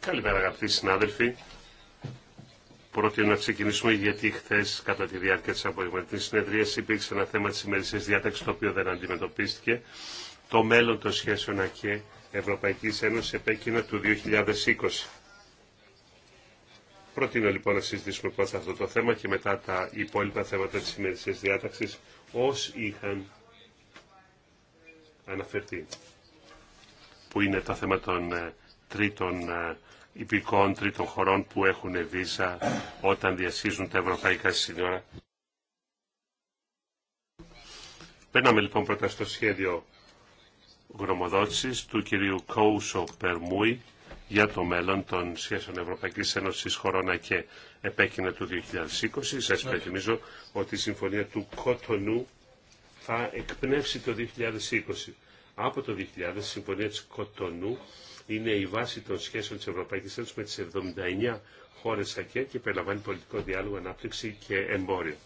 Καλημέρα αγαπητοί συνάδελφοι. Προτείνω να ξεκινήσουμε γιατί χθε κατά τη διάρκεια τη απογευματινή συνεδρία υπήρξε ένα θέμα τη ημερησία διάταξη το οποίο δεν αντιμετωπίστηκε. Το μέλλον των σχέσεων ΑΚΕ Ευρωπαϊκή Ένωση επέκεινα του 2020. Προτείνω λοιπόν να συζητήσουμε πρώτα αυτό το θέμα και μετά τα υπόλοιπα θέματα τη ημερησία διάταξη ω είχαν αναφερθεί, που είναι τα θέματα των ε, τρίτων ε, υπηκών τρίτων χωρών που έχουν βίζα όταν διασχίζουν τα ευρωπαϊκά σύνορα. Παίρναμε λοιπόν πρώτα στο σχέδιο γνωμοδότησης του κυρίου Κόουσο Περμούι για το μέλλον των σχέσεων Ευρωπαϊκής Ένωσης χωρών και επέκεινα του 2020. Σας υπενθυμίζω ότι η Συμφωνία του Κοτονού θα εκπνεύσει το 2020. Από το 2000 η Συμφωνία της Κοτονού είναι η βάση των σχέσεων της Ευρωπαϊκής Ένωσης με τις 79 χώρες ΑΚΕ και περιλαμβάνει πολιτικό διάλογο, ανάπτυξη και εμπόριο.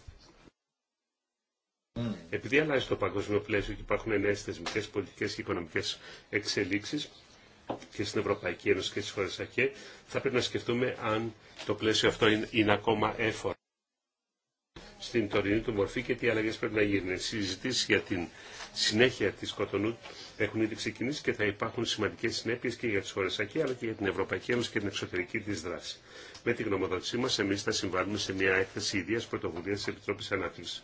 Επειδή αλλάζει το παγκόσμιο πλαίσιο και υπάρχουν νέε θεσμικέ, πολιτικέ και οικονομικέ εξελίξει και στην Ευρωπαϊκή Ένωση και στι χώρε ΑΚΕ, θα πρέπει να σκεφτούμε αν το πλαίσιο αυτό είναι ακόμα έφορο την τωρινή του μορφή και τι αλλαγέ πρέπει να γίνουν. Οι συζητήσει για την συνέχεια τη Κοτονού έχουν ήδη ξεκινήσει και θα υπάρχουν σημαντικέ συνέπειε και για τι χώρε ΑΚΕ αλλά και για την Ευρωπαϊκή Ένωση και την εξωτερική τη δράση. Με την γνωμοδότησή μα, εμεί θα συμβάλλουμε σε μια έκθεση ιδέα πρωτοβουλία τη Επιτροπή Ανάπτυξη.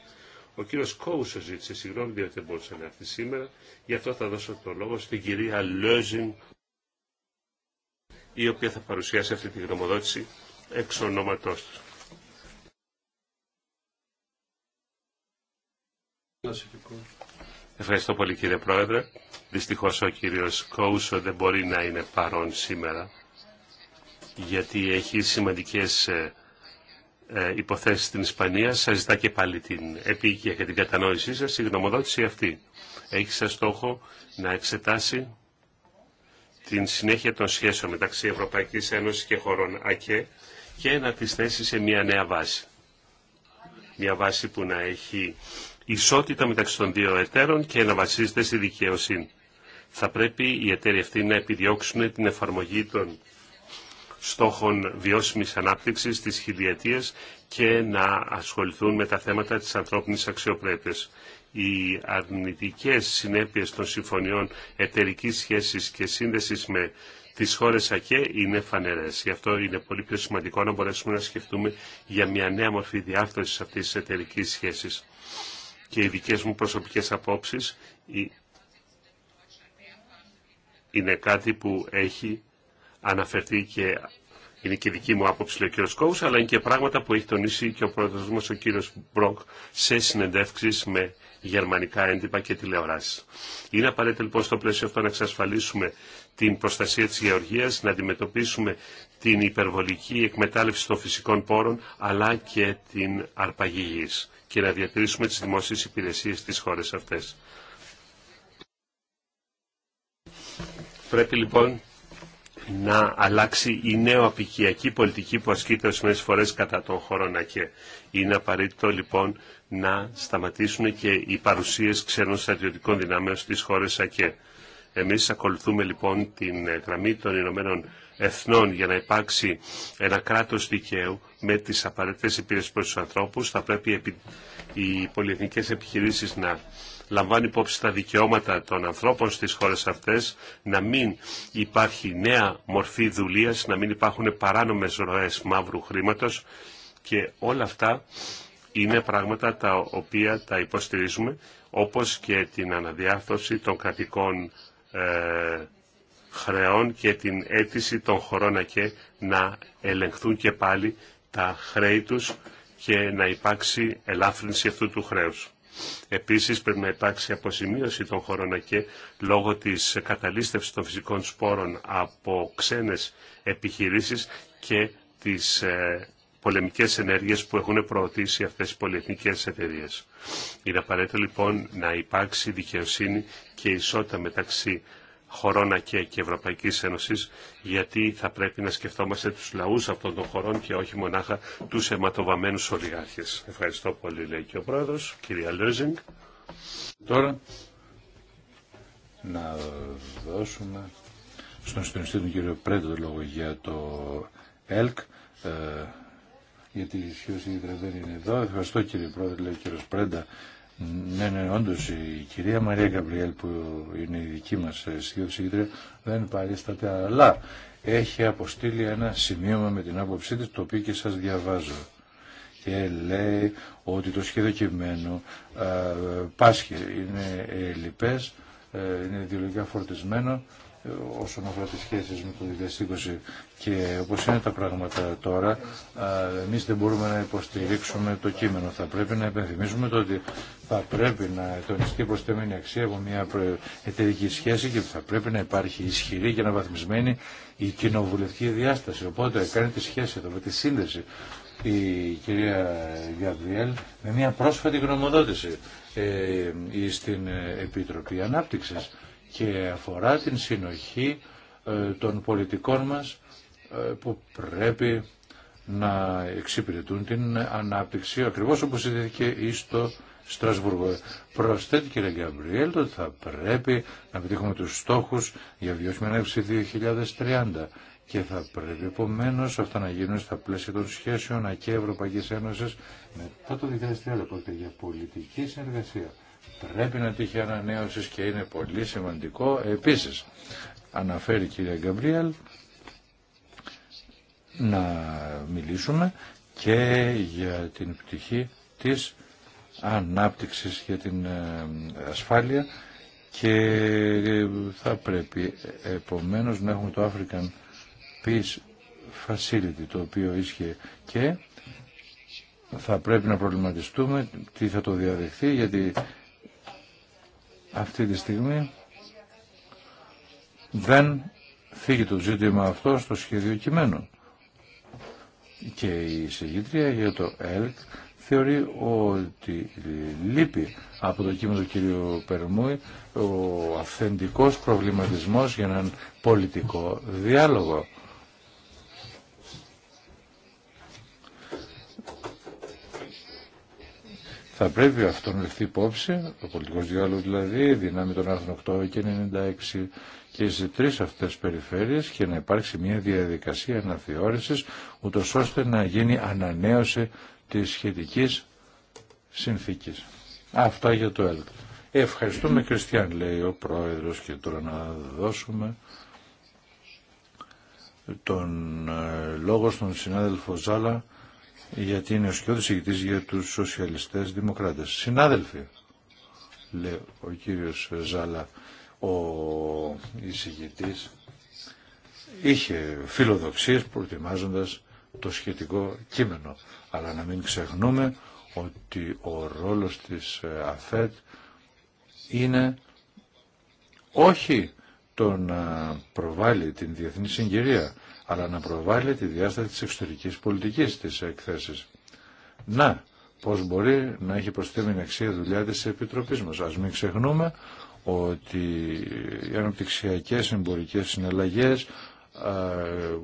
Ο κύριο Κόουσο ζήτησε συγγνώμη διότι δεν μπορούσε να έρθει σήμερα. Γι' αυτό θα δώσω το λόγο στην κυρία Λόζιν, η οποία θα παρουσιάσει αυτή τη γνωμοδότηση εξ του. Ευχαριστώ πολύ κύριε Πρόεδρε. Δυστυχώς ο κύριος Κόουσο δεν μπορεί να είναι παρόν σήμερα γιατί έχει σημαντικές ε, ε, υποθέσεις στην Ισπανία. Σας ζητά και πάλι την επίκεια και την κατανόησή σας. Η γνωμοδότηση αυτή έχει σαν στόχο να εξετάσει την συνέχεια των σχέσεων μεταξύ Ευρωπαϊκής Ένωσης και χωρών ΑΚΕ και να τις θέσει σε μια νέα βάση. Μια βάση που να έχει ισότητα μεταξύ των δύο εταίρων και να βασίζεται στη δικαιοσύνη. Θα πρέπει οι εταίροι αυτοί να επιδιώξουν την εφαρμογή των στόχων βιώσιμης ανάπτυξης της χιλιετίας και να ασχοληθούν με τα θέματα της ανθρώπινης αξιοπρέπειας. Οι αρνητικές συνέπειες των συμφωνιών εταιρικής σχέσης και σύνδεσης με τις χώρες ΑΚΕ είναι φανερές. Γι' αυτό είναι πολύ πιο σημαντικό να μπορέσουμε να σκεφτούμε για μια νέα μορφή διάρθρωσης αυτής της εταιρικής σχέσης και οι δικές μου προσωπικές απόψεις είναι κάτι που έχει αναφερθεί και είναι και δική μου άποψη, λέει ο κ. Κόβους, αλλά είναι και πράγματα που έχει τονίσει και ο πρόεδρος μας, ο κ. Μπρόκ, σε συνεντεύξεις με γερμανικά έντυπα και τηλεοράσεις. Είναι απαραίτητο λοιπόν στο πλαίσιο αυτό να εξασφαλίσουμε την προστασία της γεωργίας, να αντιμετωπίσουμε την υπερβολική εκμετάλλευση των φυσικών πόρων, αλλά και την αρπαγή γης και να διατηρήσουμε τις δημόσιες υπηρεσίες στις χώρες αυτές. Πρέπει λοιπόν να αλλάξει η νέο απικιακή πολιτική που ασκείται μέσες φορές κατά των χωρών ΑΚΕ. Είναι απαραίτητο λοιπόν να σταματήσουν και οι παρουσίες ξένων στρατιωτικών δυνάμεων στις χώρες ΑΚΕ. Εμείς ακολουθούμε λοιπόν την γραμμή των Ηνωμένων Εθνών για να υπάρξει ένα κράτος δικαίου με τις απαραίτητες υπηρεσίες προς τους ανθρώπους. Θα πρέπει οι πολυεθνικές επιχειρήσεις να λαμβάνουν υπόψη τα δικαιώματα των ανθρώπων στις χώρες αυτές, να μην υπάρχει νέα μορφή δουλείας, να μην υπάρχουν παράνομες ροές μαύρου χρήματος και όλα αυτά είναι πράγματα τα οποία τα υποστηρίζουμε, όπως και την αναδιάρθρωση των κρατικών ε, χρεών και την αίτηση των χωρών ΑΚΕ να ελεγχθούν και πάλι τα χρέη τους και να υπάρξει ελάφρυνση αυτού του χρέους. Επίσης πρέπει να υπάρξει αποσημείωση των χωρών ΑΚΕ λόγω της καταλήστευσης των φυσικών σπόρων από ξένες επιχειρήσεις και τις ε, πολεμικές ενέργειες που έχουν προωθήσει αυτές οι πολυεθνικές εταιρείε. Είναι απαραίτητο λοιπόν να υπάρξει δικαιοσύνη και ισότητα μεταξύ χωρών ΑΚΕ και Ευρωπαϊκή Ένωση, γιατί θα πρέπει να σκεφτόμαστε τους λαού αυτών των χωρών και όχι μονάχα του αιματοβαμένου ολιγάρχε. Ευχαριστώ πολύ, λέει και ο Πρόεδρος, κυρία Λέζινγκ. Τώρα, να δώσουμε στον συντονιστή του κύριο το λόγο για το ΕΛΚ, ε, γιατί η ισχύωση δεν είναι εδώ. Ευχαριστώ κύριε Πρόεδρε, λέει ο κύριο Πρέντα. Ναι, ναι, όντω η κυρία Μαρία Γκαμπριέλ που είναι η δική μα ε, συγκέντρια δεν παρίσταται, αλλά έχει αποστείλει ένα σημείωμα με την άποψή τη το οποίο και σα διαβάζω. Και λέει ότι το σχέδιο κειμένου ε, πάσχει, είναι ε, λοιπέ, είναι ιδεολογικά φορτισμένο όσον αφορά τις σχέσεις με το 2020 και όπως είναι τα πράγματα τώρα εμεί δεν μπορούμε να υποστηρίξουμε το κείμενο. Θα πρέπει να επενθυμίσουμε το ότι θα πρέπει να τονιστεί τεμένη αξία από μια εταιρική σχέση και θα πρέπει να υπάρχει ισχυρή και αναβαθμισμένη η κοινοβουλευτική διάσταση. Οπότε κάνει τη σχέση εδώ με τη σύνδεση η κυρία Γιαβριέλ με μια πρόσφατη γνωμοδότηση ε, στην Επιτροπή Ανάπτυξης και αφορά την συνοχή ε, των πολιτικών μας ε, που πρέπει να εξυπηρετούν την ανάπτυξη ακριβώς όπως ειδήθηκε στο Στρασβούργο. Προσθέτει κύριε Γκαμπριέλ ότι θα πρέπει να πετύχουμε τους στόχους για βιώσιμη ανάπτυξη 2030 και θα πρέπει επομένω αυτά να γίνουν στα πλαίσια των σχέσεων ΑΚΕ Ευρωπαϊκής Ένωσης μετά το 2030 για πολιτική συνεργασία πρέπει να τύχει ανανέωσης και είναι πολύ σημαντικό. Επίσης, αναφέρει η κυρία Γκαμπρίελ, να μιλήσουμε και για την πτυχή της ανάπτυξης για την ε, ασφάλεια και ε, θα πρέπει επομένως να έχουμε το African Peace Facility το οποίο ίσχυε και θα πρέπει να προβληματιστούμε τι θα το διαδεχθεί γιατί αυτή τη στιγμή δεν φύγει το ζήτημα αυτό στο σχέδιο κειμένου. Και η συγγήτρια για το ΕΛΚ θεωρεί ότι λείπει από το κείμενο του κ. Περμούη ο αυθεντικός προβληματισμός για έναν πολιτικό διάλογο. Θα πρέπει αυτό να ληφθεί υπόψη, ο πολιτικός διάλογος δηλαδή, δυνάμη των άρθρων 8 και 96 και σε τρεις αυτές περιφέρειες και να υπάρξει μια διαδικασία αναθεώρησης, ούτως ώστε να γίνει ανανέωση της σχετικής συνθήκης. Αυτά για το ΕΛΤ. Ευχαριστούμε Κριστιαν, λέει ο Πρόεδρος, και τώρα να δώσουμε τον ε, λόγο στον συνάδελφο Ζάλα γιατί είναι ο σκιώδης ηγητής για τους σοσιαλιστές δημοκράτες. Συνάδελφοι, λέει ο κύριος Ζάλα, ο εισηγητής, είχε φιλοδοξίες προετοιμάζοντας το σχετικό κείμενο. Αλλά να μην ξεχνούμε ότι ο ρόλος της ε, ΑΦΕΤ είναι όχι το να προβάλλει την διεθνή συγκυρία, αλλά να προβάλλει τη διάσταση της εξωτερικής πολιτικής της εκθέσεις. Να, πώς μπορεί να έχει προσθέμενη αξία δουλειά της Επιτροπής μας. Ας μην ξεχνούμε ότι οι αναπτυξιακές εμπορικές συναλλαγές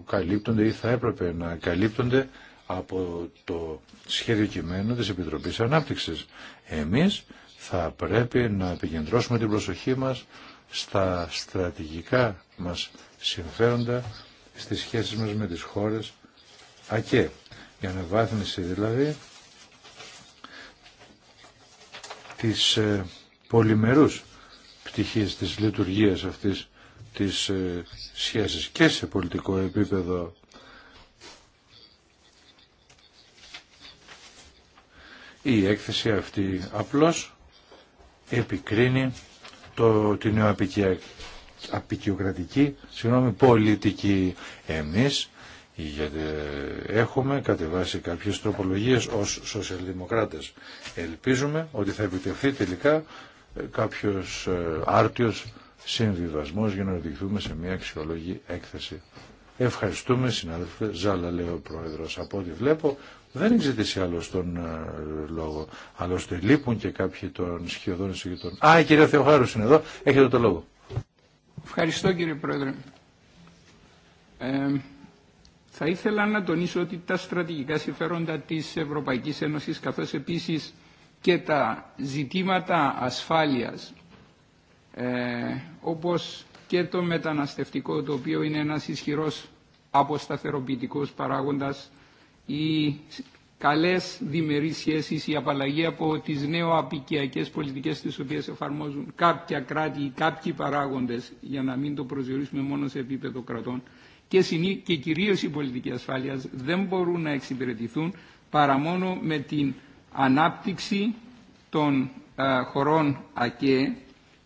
καλύπτονται ή θα έπρεπε να καλύπτονται από το σχέδιο κειμένου της Επιτροπής Ανάπτυξης. Εμείς θα πρέπει να επικεντρώσουμε την προσοχή μας στα στρατηγικά μας συμφέροντα στις σχέσεις μας με τις χώρες ΑΚΕ. Η αναβάθμιση δηλαδή της ε, πολυμερούς πτυχής της λειτουργίας αυτής της ε, σχέσης και σε πολιτικό επίπεδο η έκθεση αυτή απλώς επικρίνει το, την νεοαπικία απεικιοκρατική συγγνώμη, πολιτική. Εμείς γιατί έχουμε κατεβάσει κάποιες τροπολογίες ως σοσιαλδημοκράτες. Ελπίζουμε ότι θα επιτευχθεί τελικά ε, κάποιος ε, άρτιος συμβιβασμός για να οδηγηθούμε σε μια αξιολόγη έκθεση. Ευχαριστούμε συνάδελφε Ζάλα, λέει ο Πρόεδρος. Από ό,τι βλέπω δεν έχει άλλο τον ε, λόγο. Άλλωστε λείπουν και κάποιοι των σχεδόν συγκεκριτών. Α, η κυρία Θεοχάρου είναι εδώ. Έχετε το λόγο. Ευχαριστώ κύριε Πρόεδρε. Ε, θα ήθελα να τονίσω ότι τα στρατηγικά συμφέροντα της Ευρωπαϊκής Ένωσης καθώς επίσης και τα ζητήματα ασφάλειας ε, όπως και το μεταναστευτικό το οποίο είναι ένας ισχυρός αποσταθεροποιητικός παράγοντας καλές διμερείς σχέσεις, η απαλλαγή από τις νέο-απικιακές πολιτικές τις οποίες εφαρμόζουν κάποια κράτη ή κάποιοι παράγοντες, για να μην το προσδιορίσουμε μόνο σε επίπεδο κρατών, και, και κυρίως η πολιτική ασφάλειας δεν μπορούν να εξυπηρετηθούν παρά μόνο με την ανάπτυξη των ε, χωρών ΑΚΕ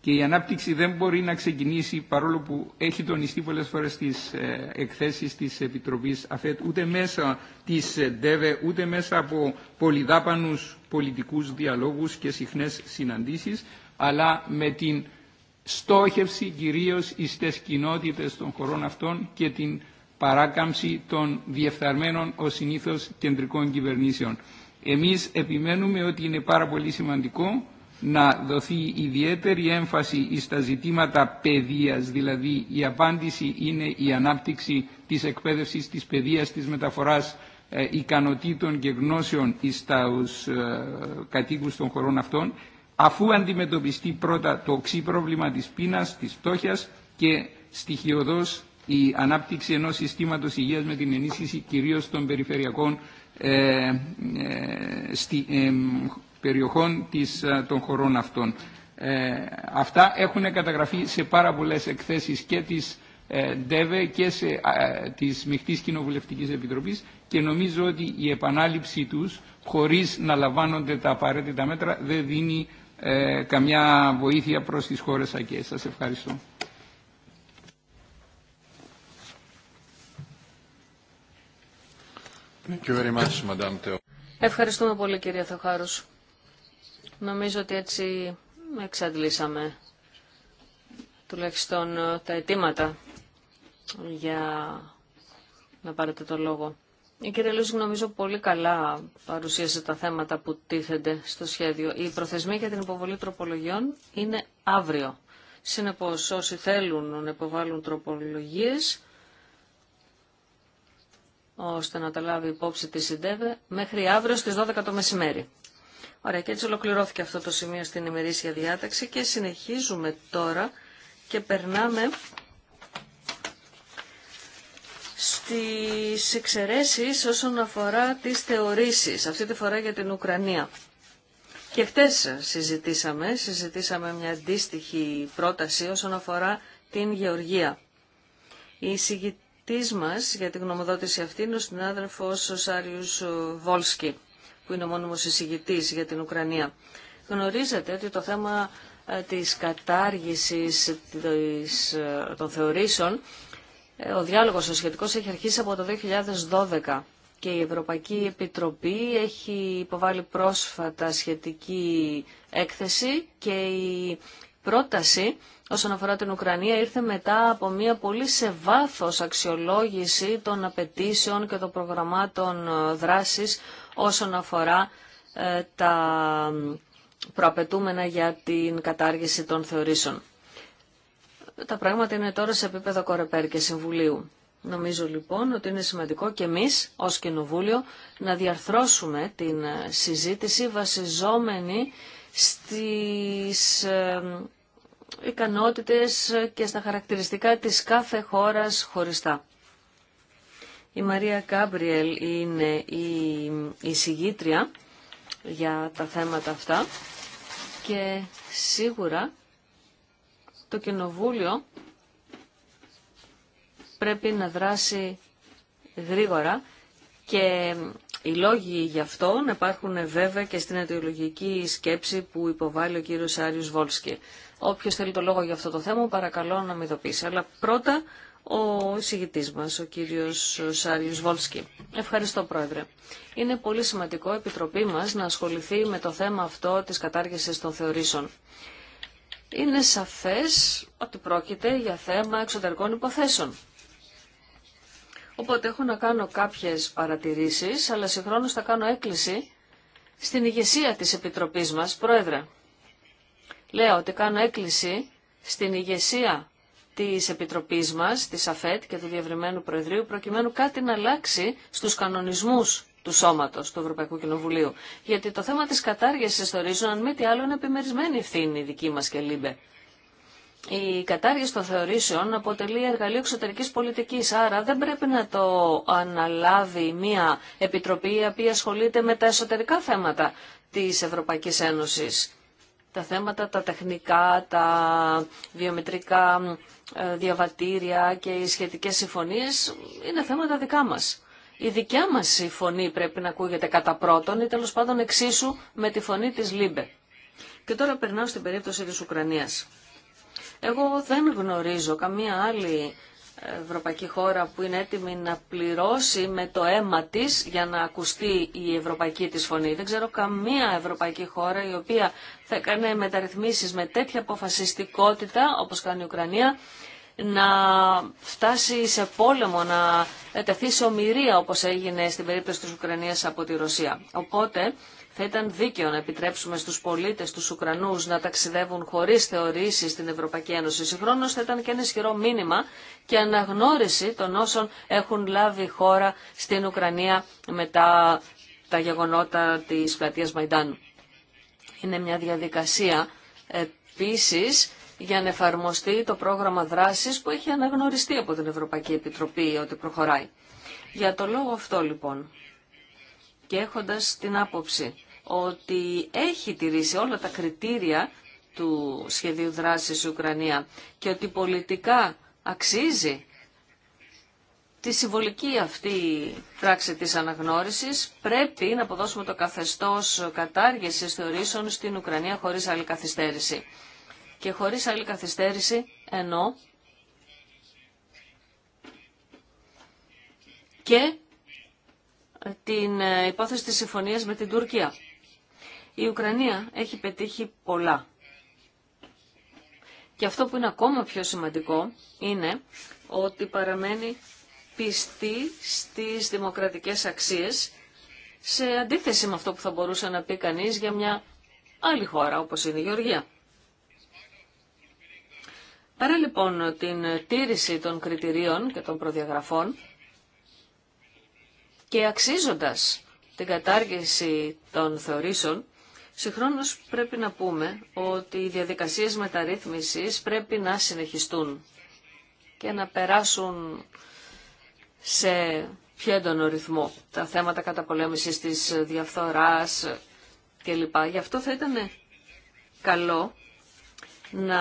και η ανάπτυξη δεν μπορεί να ξεκινήσει παρόλο που έχει τονιστεί πολλές φορές στις ε, εκθέσεις της Επιτροπής ΑΦΕΤ ούτε μέσα της ε, ΔΕΒΕ ούτε μέσα από πολυδάπανους πολιτικούς διαλόγους και συχνές συναντήσεις αλλά με την στόχευση κυρίως στις κοινότητες των χωρών αυτών και την παράκαμψη των διεφθαρμένων ως συνήθως κεντρικών κυβερνήσεων. Εμείς επιμένουμε ότι είναι πάρα πολύ σημαντικό να δοθεί ιδιαίτερη έμφαση στα ζητήματα παιδείας, δηλαδή η απάντηση είναι η ανάπτυξη της εκπαίδευσης, της παιδείας, της μεταφοράς ε, ικανοτήτων και γνώσεων τα ε, κατοίκους των χωρών αυτών, αφού αντιμετωπιστεί πρώτα το οξύ πρόβλημα της πείνας, της φτώχειας και στοιχειοδός η ανάπτυξη ενός συστήματος υγείας με την ενίσχυση κυρίως των περιφερειακών ε, ε, περιοχών της, ε, των χωρών αυτών. Ε, αυτά έχουν καταγραφεί σε πάρα πολλές εκθέσεις και της ε, ΔΕΒΕ και σε, ε, της Μιχτής Κοινοβουλευτικής Επιτροπής και νομίζω ότι η επανάληψή τους χωρίς να λαμβάνονται τα απαραίτητα μέτρα δεν δίνει ε, καμιά βοήθεια προς τις χώρες ΑΚΕΣ. Σας ευχαριστώ. Ευχαριστούμε πολύ κυρία Θεοχάρους. Νομίζω ότι έτσι εξαντλήσαμε τουλάχιστον ε, τα αιτήματα για να πάρετε το λόγο. Η κυρία Λούση νομίζω πολύ καλά παρουσίασε τα θέματα που τίθενται στο σχέδιο. Η προθεσμία για την υποβολή τροπολογιών είναι αύριο. Συνεπώς όσοι θέλουν να υποβάλουν τροπολογίες ώστε να τα λάβει υπόψη τη ΣΥΝΤΕΒΕ μέχρι αύριο στις 12 το μεσημέρι. Ωραία, και έτσι ολοκληρώθηκε αυτό το σημείο στην ημερήσια διάταξη και συνεχίζουμε τώρα και περνάμε στις εξαιρέσεις όσον αφορά τις θεωρήσεις, αυτή τη φορά για την Ουκρανία. Και χτες συζητήσαμε, συζητήσαμε μια αντίστοιχη πρόταση όσον αφορά την Γεωργία. Η εισηγητής μας για την γνωμοδότηση αυτή είναι ο συνάδελφος Σάριους Βόλσκι που είναι ο μόνιμος εισηγητής για την Ουκρανία. Γνωρίζετε ότι το θέμα ε, της κατάργησης ε, των θεωρήσεων, ε, ο διάλογος ο σχετικό έχει αρχίσει από το 2012 και η Ευρωπαϊκή Επιτροπή έχει υποβάλει πρόσφατα σχετική έκθεση και η πρόταση όσον αφορά την Ουκρανία ήρθε μετά από μια πολύ σε βάθος αξιολόγηση των απαιτήσεων και των προγραμμάτων δράσης όσον αφορά ε, τα προαπαιτούμενα για την κατάργηση των θεωρήσεων. Τα πράγματα είναι τώρα σε επίπεδο Κορεπέρ και Συμβουλίου. Νομίζω λοιπόν ότι είναι σημαντικό και εμείς ως Κοινοβούλιο να διαρθρώσουμε την ε, συζήτηση βασιζόμενη στις ε, ικανότητες και στα χαρακτηριστικά της κάθε χώρας χωριστά. Η Μαρία Κάμπριελ είναι η συγγήτρια για τα θέματα αυτά και σίγουρα το Κοινοβούλιο πρέπει να δράσει γρήγορα και οι λόγοι γι' αυτό να υπάρχουν βέβαια και στην αιτιολογική σκέψη που υποβάλλει ο κύριος Άριος Βόλσκι. Όποιος θέλει το λόγο για αυτό το θέμα παρακαλώ να με ειδοποιήσει. Αλλά πρώτα ο εισηγητής μας, ο κύριος Σάριος Βόλσκι. Ευχαριστώ Πρόεδρε. Είναι πολύ σημαντικό η Επιτροπή μας να ασχοληθεί με το θέμα αυτό της κατάργησης των θεωρήσεων. Είναι σαφές ότι πρόκειται για θέμα εξωτερικών υποθέσεων. Οπότε έχω να κάνω κάποιες παρατηρήσεις, αλλά συγχρόνως θα κάνω έκκληση στην ηγεσία της Επιτροπής μας, Πρόεδρε. Λέω ότι κάνω έκκληση στην ηγεσία τη Επιτροπής μας, της ΑΦΕΤ και του Διευρυμένου Προεδρείου, προκειμένου κάτι να αλλάξει στους κανονισμούς του σώματος του Ευρωπαϊκού Κοινοβουλίου. Γιατί το θέμα της κατάργησης των αν μη τι άλλο, είναι επιμερισμένη ευθύνη η δική μας και λίμπε. Η κατάργηση των θεωρήσεων αποτελεί εργαλείο εξωτερικής πολιτικής, άρα δεν πρέπει να το αναλάβει μια επιτροπή η οποία ασχολείται με τα εσωτερικά θέματα της Ευρωπαϊκής Ένωσης τα θέματα, τα τεχνικά, τα βιομετρικά ε, διαβατήρια και οι σχετικές συμφωνίες είναι θέματα δικά μας. Η δικιά μας η φωνή πρέπει να ακούγεται κατά πρώτον ή τέλος πάντων εξίσου με τη φωνή της Λίμπε. Και τώρα περνάω στην περίπτωση της Ουκρανίας. Εγώ δεν γνωρίζω καμία άλλη ευρωπαϊκή χώρα που είναι έτοιμη να πληρώσει με το αίμα της για να ακουστεί η ευρωπαϊκή της φωνή. Δεν ξέρω καμία ευρωπαϊκή χώρα η οποία θα έκανε μεταρρυθμίσεις με τέτοια αποφασιστικότητα όπως κάνει η Ουκρανία να φτάσει σε πόλεμο, να τεθεί σε ομοιρία όπως έγινε στην περίπτωση της Ουκρανίας από τη Ρωσία. Οπότε θα ήταν δίκαιο να επιτρέψουμε στους πολίτες, τους Ουκρανούς, να ταξιδεύουν χωρίς θεωρήσεις στην Ευρωπαϊκή Ένωση. Συγχρόνως θα ήταν και ένα ισχυρό μήνυμα και αναγνώριση των όσων έχουν λάβει χώρα στην Ουκρανία μετά τα γεγονότα της πλατείας Μαϊντάνου. Είναι μια διαδικασία επίσης για να εφαρμοστεί το πρόγραμμα δράσης που έχει αναγνωριστεί από την Ευρωπαϊκή Επιτροπή ότι προχωράει. Για το λόγο αυτό λοιπόν και έχοντας την άποψη ότι έχει τηρήσει όλα τα κριτήρια του σχεδίου δράσης η Ουκρανία και ότι πολιτικά αξίζει τη συμβολική αυτή πράξη της αναγνώρισης πρέπει να αποδώσουμε το καθεστώς κατάργησης θεωρήσεων στην Ουκρανία χωρίς άλλη καθυστέρηση. Και χωρίς άλλη καθυστέρηση ενώ και την υπόθεση της συμφωνίας με την Τουρκία. Η Ουκρανία έχει πετύχει πολλά. Και αυτό που είναι ακόμα πιο σημαντικό είναι ότι παραμένει πιστή στις δημοκρατικές αξίες σε αντίθεση με αυτό που θα μπορούσε να πει κανείς για μια άλλη χώρα όπως είναι η Γεωργία. Παρά λοιπόν την τήρηση των κριτηρίων και των προδιαγραφών και αξίζοντας την κατάργηση των θεωρήσεων, Συγχρόνως πρέπει να πούμε ότι οι διαδικασίες μεταρρύθμισης πρέπει να συνεχιστούν και να περάσουν σε πιο έντονο ρυθμό τα θέματα καταπολέμησης της διαφθοράς κλπ. Γι' αυτό θα ήταν καλό να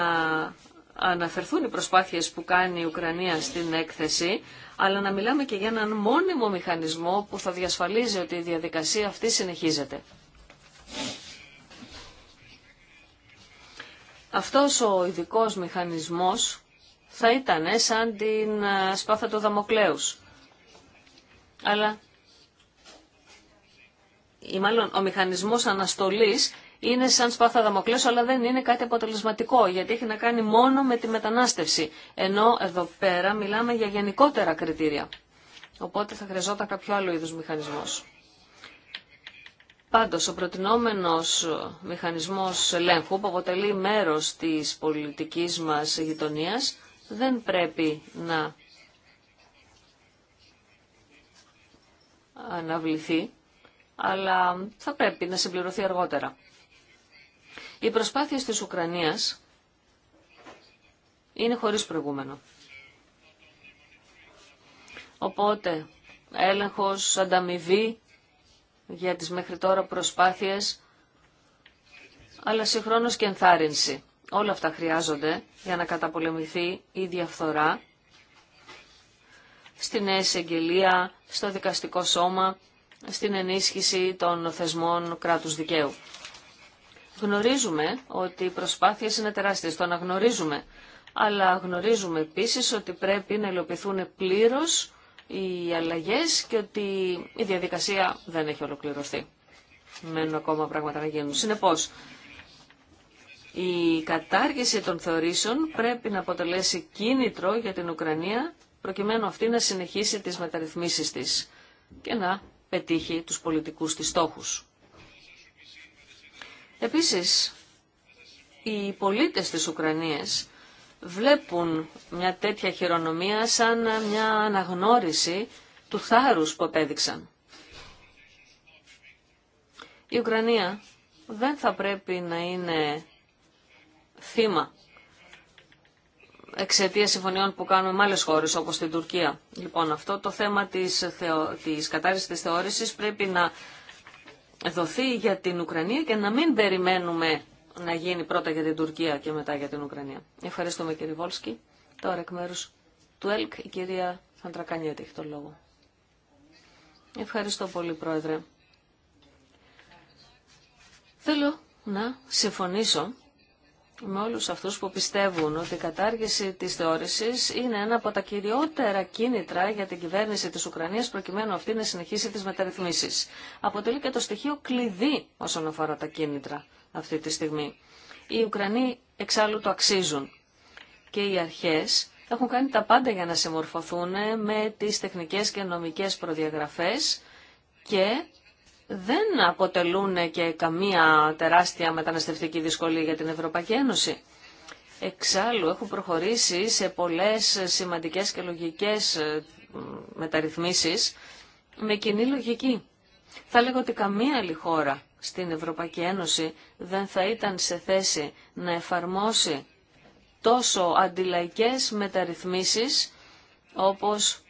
αναφερθούν οι προσπάθειες που κάνει η Ουκρανία στην έκθεση, αλλά να μιλάμε και για έναν μόνιμο μηχανισμό που θα διασφαλίζει ότι η διαδικασία αυτή συνεχίζεται. Αυτός ο ειδικό μηχανισμός θα ήταν σαν την ε, σπάθα του Δαμοκλέους. Αλλά ή μάλλον ο μηχανισμός αναστολής είναι σαν σπάθα Δαμοκλέους, αλλά δεν είναι κάτι αποτελεσματικό, γιατί έχει να κάνει μόνο με τη μετανάστευση. Ενώ εδώ πέρα μιλάμε για γενικότερα κριτήρια. Οπότε θα χρειαζόταν κάποιο άλλο είδους μηχανισμός. Πάντως, ο προτινόμενος μηχανισμός ελέγχου που αποτελεί μέρος της πολιτικής μας γειτονία δεν πρέπει να αναβληθεί, αλλά θα πρέπει να συμπληρωθεί αργότερα. Η προσπάθεια της Ουκρανίας είναι χωρίς προηγούμενο. Οπότε, έλεγχος, ανταμοιβή, για τις μέχρι τώρα προσπάθειες, αλλά συγχρόνως και ενθάρρυνση. Όλα αυτά χρειάζονται για να καταπολεμηθεί η διαφθορά στην εισεγγελία, στο δικαστικό σώμα, στην ενίσχυση των θεσμών κράτους δικαίου. Γνωρίζουμε ότι οι προσπάθειες είναι τεράστιες, το αναγνωρίζουμε, αλλά γνωρίζουμε επίσης ότι πρέπει να υλοποιηθούν πλήρως οι αλλαγές και ότι η διαδικασία δεν έχει ολοκληρωθεί. Μένουν ακόμα πράγματα να γίνουν. Συνεπώς, η κατάργηση των θεωρήσεων πρέπει να αποτελέσει κίνητρο για την Ουκρανία προκειμένου αυτή να συνεχίσει τις μεταρρυθμίσεις της και να πετύχει τους πολιτικούς της στόχους. Επίσης, οι πολίτες της Ουκρανίας βλέπουν μια τέτοια χειρονομία σαν μια αναγνώριση του θάρρους που απέδειξαν. Η Ουκρανία δεν θα πρέπει να είναι θύμα εξαιτία συμφωνιών που κάνουμε με άλλε χώρε όπω την Τουρκία. Λοιπόν, αυτό το θέμα τη θεω... της τη θεώρηση πρέπει να δοθεί για την Ουκρανία και να μην περιμένουμε να γίνει πρώτα για την Τουρκία και μετά για την Ουκρανία. Ευχαριστούμε κύριε Βόλσκι. Τώρα εκ μέρου του ΕΛΚ η κυρία Αντρακανιέτη έχει τον λόγο. Ευχαριστώ πολύ πρόεδρε. Θέλω να συμφωνήσω με όλους αυτούς που πιστεύουν ότι η κατάργηση της θεώρησης είναι ένα από τα κυριότερα κίνητρα για την κυβέρνηση της Ουκρανίας προκειμένου αυτή να συνεχίσει τις μεταρρυθμίσεις. Αποτελεί και το στοιχείο κλειδί όσον αφορά τα κίνητρα αυτή τη στιγμή. Οι Ουκρανοί εξάλλου το αξίζουν και οι αρχές έχουν κάνει τα πάντα για να συμμορφωθούν με τις τεχνικές και νομικές προδιαγραφές και δεν αποτελούν και καμία τεράστια μεταναστευτική δυσκολία για την Ευρωπαϊκή Ένωση. Εξάλλου έχουν προχωρήσει σε πολλές σημαντικές και λογικές ε, μεταρρυθμίσεις με κοινή λογική. Θα λέγω ότι καμία άλλη χώρα στην Ευρωπαϊκή Ένωση δεν θα ήταν σε θέση να εφαρμόσει τόσο αντιλαϊκές μεταρρυθμίσεις όπως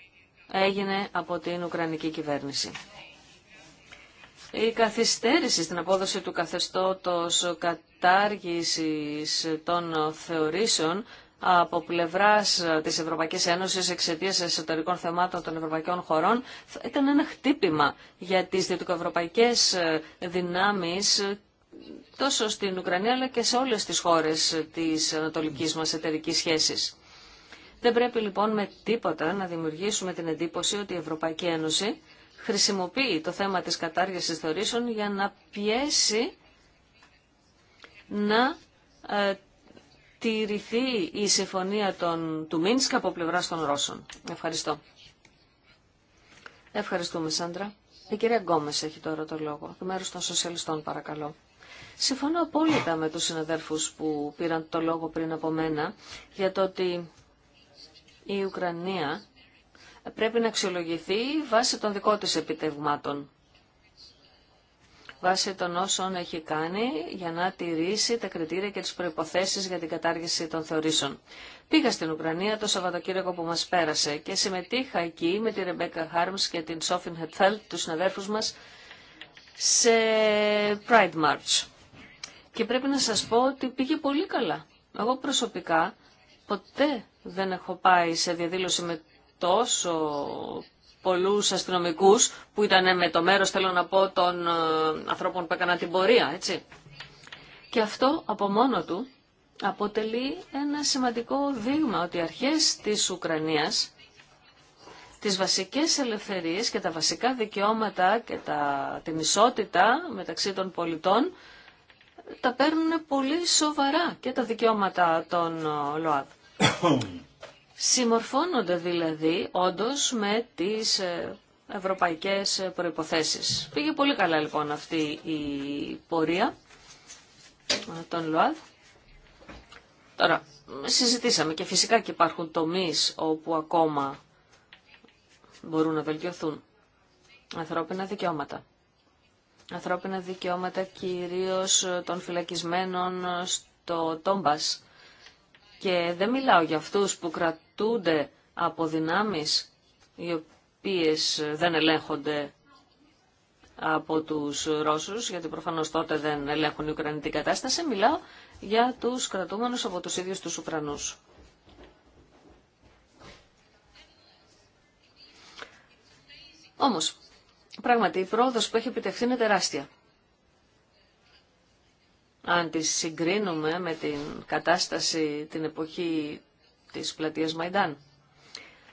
έγινε από την Ουκρανική κυβέρνηση. Η καθυστέρηση στην απόδοση του καθεστώτος κατάργησης των θεωρήσεων από πλευρά ε, τη Ευρωπαϊκή Ένωση εξαιτία εσωτερικών θεμάτων των ευρωπαϊκών χωρών ήταν ένα χτύπημα για τι δυτικοευρωπαϊκέ ε, δυνάμει ε, τόσο στην Ουκρανία αλλά και σε όλες τις χώρες της ανατολικής μας εταιρική σχέση. Δεν πρέπει λοιπόν με τίποτα να δημιουργήσουμε την εντύπωση ότι η Ευρωπαϊκή Ένωση χρησιμοποιεί το θέμα της κατάργησης θεωρήσεων για να πιέσει να τηρηθεί η συμφωνία των, του Μίνσκ από πλευρά των Ρώσων. Ευχαριστώ. Ευχαριστούμε, Σάντρα. Η κυρία Γκόμες έχει τώρα το λόγο, του των σοσιαλιστών παρακαλώ. Συμφωνώ απόλυτα με τους συναδέρφους που πήραν το λόγο πριν από μένα για το ότι η Ουκρανία πρέπει να αξιολογηθεί βάσει των δικών της επιτευγμάτων βάσει των όσων έχει κάνει για να τηρήσει τα κριτήρια και τις προϋποθέσεις για την κατάργηση των θεωρήσεων. Πήγα στην Ουκρανία το Σαββατοκύριακο που μας πέρασε και συμμετείχα εκεί με τη Ρεμπέκα Χάρμς και την Σόφιν Χετφέλτ, τους συναδέρφους μας, σε Pride March. Και πρέπει να σας πω ότι πήγε πολύ καλά. Εγώ προσωπικά ποτέ δεν έχω πάει σε διαδήλωση με τόσο πολλούς αστυνομικούς που ήταν με το μέρος, θέλω να πω, των ε, ανθρώπων που έκαναν την πορεία, έτσι. Και αυτό από μόνο του αποτελεί ένα σημαντικό δείγμα ότι οι αρχές της Ουκρανίας, τις βασικές ελευθερίες και τα βασικά δικαιώματα και τα, την ισότητα μεταξύ των πολιτών, τα παίρνουν πολύ σοβαρά και τα δικαιώματα των ε, ΛΟΑΔ. Συμμορφώνονται δηλαδή όντως με τις ε, ευρωπαϊκές προϋποθέσεις. Πήγε πολύ καλά λοιπόν αυτή η πορεία ε, των ΛΟΑΔ. Τώρα, συζητήσαμε και φυσικά και υπάρχουν τομείς όπου ακόμα μπορούν να βελτιωθούν. Ανθρώπινα δικαιώματα. Ανθρώπινα δικαιώματα κυρίως των φυλακισμένων στο Τόμπας και δεν μιλάω για αυτούς που κρατούνται από δυνάμεις οι οποίες δεν ελέγχονται από τους Ρώσους, γιατί προφανώς τότε δεν ελέγχουν η Ουκρανική κατάσταση. Μιλάω για τους κρατούμενους από τους ίδιους τους Ουκρανούς. Όμως, πράγματι, η πρόοδος που έχει επιτευχθεί είναι τεράστια αν τις συγκρίνουμε με την κατάσταση την εποχή της πλατείας Μαϊντάν.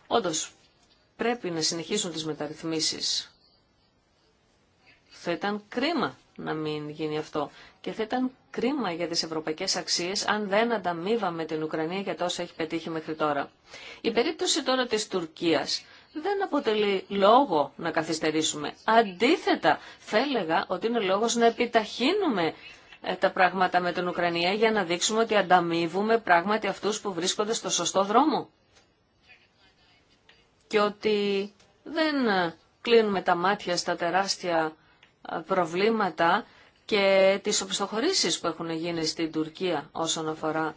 Όντως, πρέπει να συνεχίσουν τις μεταρρυθμίσεις. Θα ήταν κρίμα να μην γίνει αυτό. Και θα ήταν κρίμα για τις ευρωπαϊκές αξίες αν δεν ανταμείβαμε την Ουκρανία για τόσα έχει πετύχει μέχρι τώρα. Η περίπτωση τώρα της Τουρκίας δεν αποτελεί λόγο να καθυστερήσουμε. Αντίθετα, θα έλεγα ότι είναι λόγος να επιταχύνουμε ε, τα πράγματα με την Ουκρανία για να δείξουμε ότι ανταμείβουμε πράγματι αυτούς που βρίσκονται στο σωστό δρόμο. Και ότι δεν ε, κλείνουμε τα μάτια στα τεράστια ε, προβλήματα και τις οπισθοχωρήσεις που έχουν γίνει στην Τουρκία όσον αφορά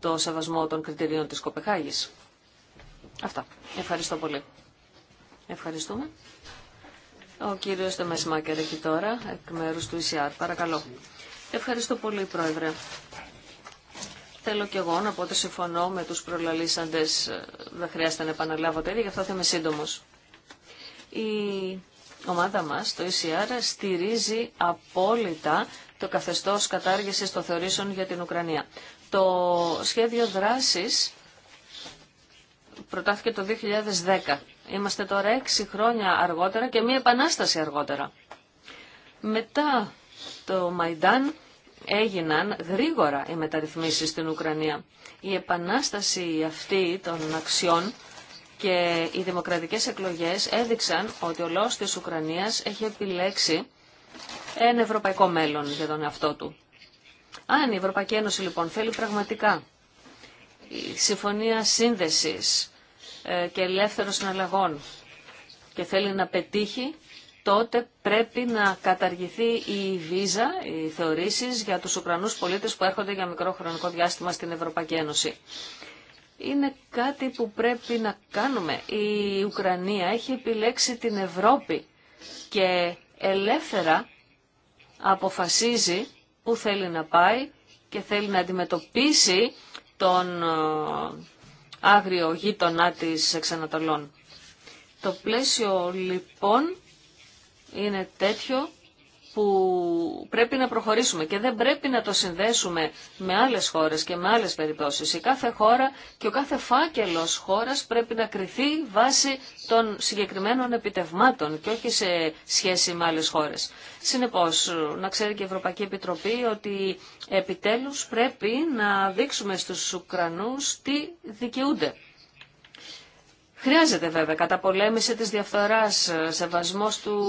το σεβασμό των κριτηρίων της Κοπεχάγης. Αυτά. Ευχαριστώ πολύ. Ευχαριστούμε. Ο κύριος Τεμεσμάκερ έχει τώρα, εκ μέρους του ECR. Παρακαλώ. Ευχαριστώ πολύ, Πρόεδρε. Θέλω κι εγώ να πω ότι συμφωνώ με τους προλαλήσαντες, ε, δεν χρειάζεται να επαναλάβω τέτοια, γι' αυτό θα είμαι σύντομος. Η ομάδα μας, το ECR, στηρίζει απόλυτα το καθεστώς κατάργησης των θεωρήσεων για την Ουκρανία. Το σχέδιο δράσης προτάθηκε το 2010 Είμαστε τώρα έξι χρόνια αργότερα και μία επανάσταση αργότερα. Μετά το Μαϊντάν έγιναν γρήγορα οι μεταρρυθμίσεις στην Ουκρανία. Η επανάσταση αυτή των αξιών και οι δημοκρατικές εκλογές έδειξαν ότι ο λαός της Ουκρανίας έχει επιλέξει ένα ευρωπαϊκό μέλλον για τον εαυτό του. Αν η Ευρωπαϊκή Ένωση λοιπόν θέλει πραγματικά η συμφωνία σύνδεσης ε, και ελεύθερο συναλλαγών και θέλει να πετύχει, τότε πρέπει να καταργηθεί η βίζα, οι θεωρήσεις για τους Ουκρανούς πολίτες που έρχονται για μικρό χρονικό διάστημα στην Ευρωπαϊκή Ένωση. Είναι κάτι που πρέπει να κάνουμε. Η Ουκρανία έχει επιλέξει την Ευρώπη και ελεύθερα αποφασίζει που θέλει να πάει και θέλει να αντιμετωπίσει τον ε, άγριο γείτονά της εξανατολών. Το πλαίσιο λοιπόν είναι τέτοιο που πρέπει να προχωρήσουμε και δεν πρέπει να το συνδέσουμε με άλλες χώρες και με άλλες περιπτώσεις. Η κάθε χώρα και ο κάθε φάκελος χώρας πρέπει να κριθεί βάσει των συγκεκριμένων επιτευμάτων και όχι σε σχέση με άλλες χώρες. Συνεπώς, να ξέρει και η Ευρωπαϊκή Επιτροπή ότι επιτέλους πρέπει να δείξουμε στους Ουκρανούς τι δικαιούνται. Χρειάζεται βέβαια καταπολέμηση της διαφθοράς, ε, σεβασμός του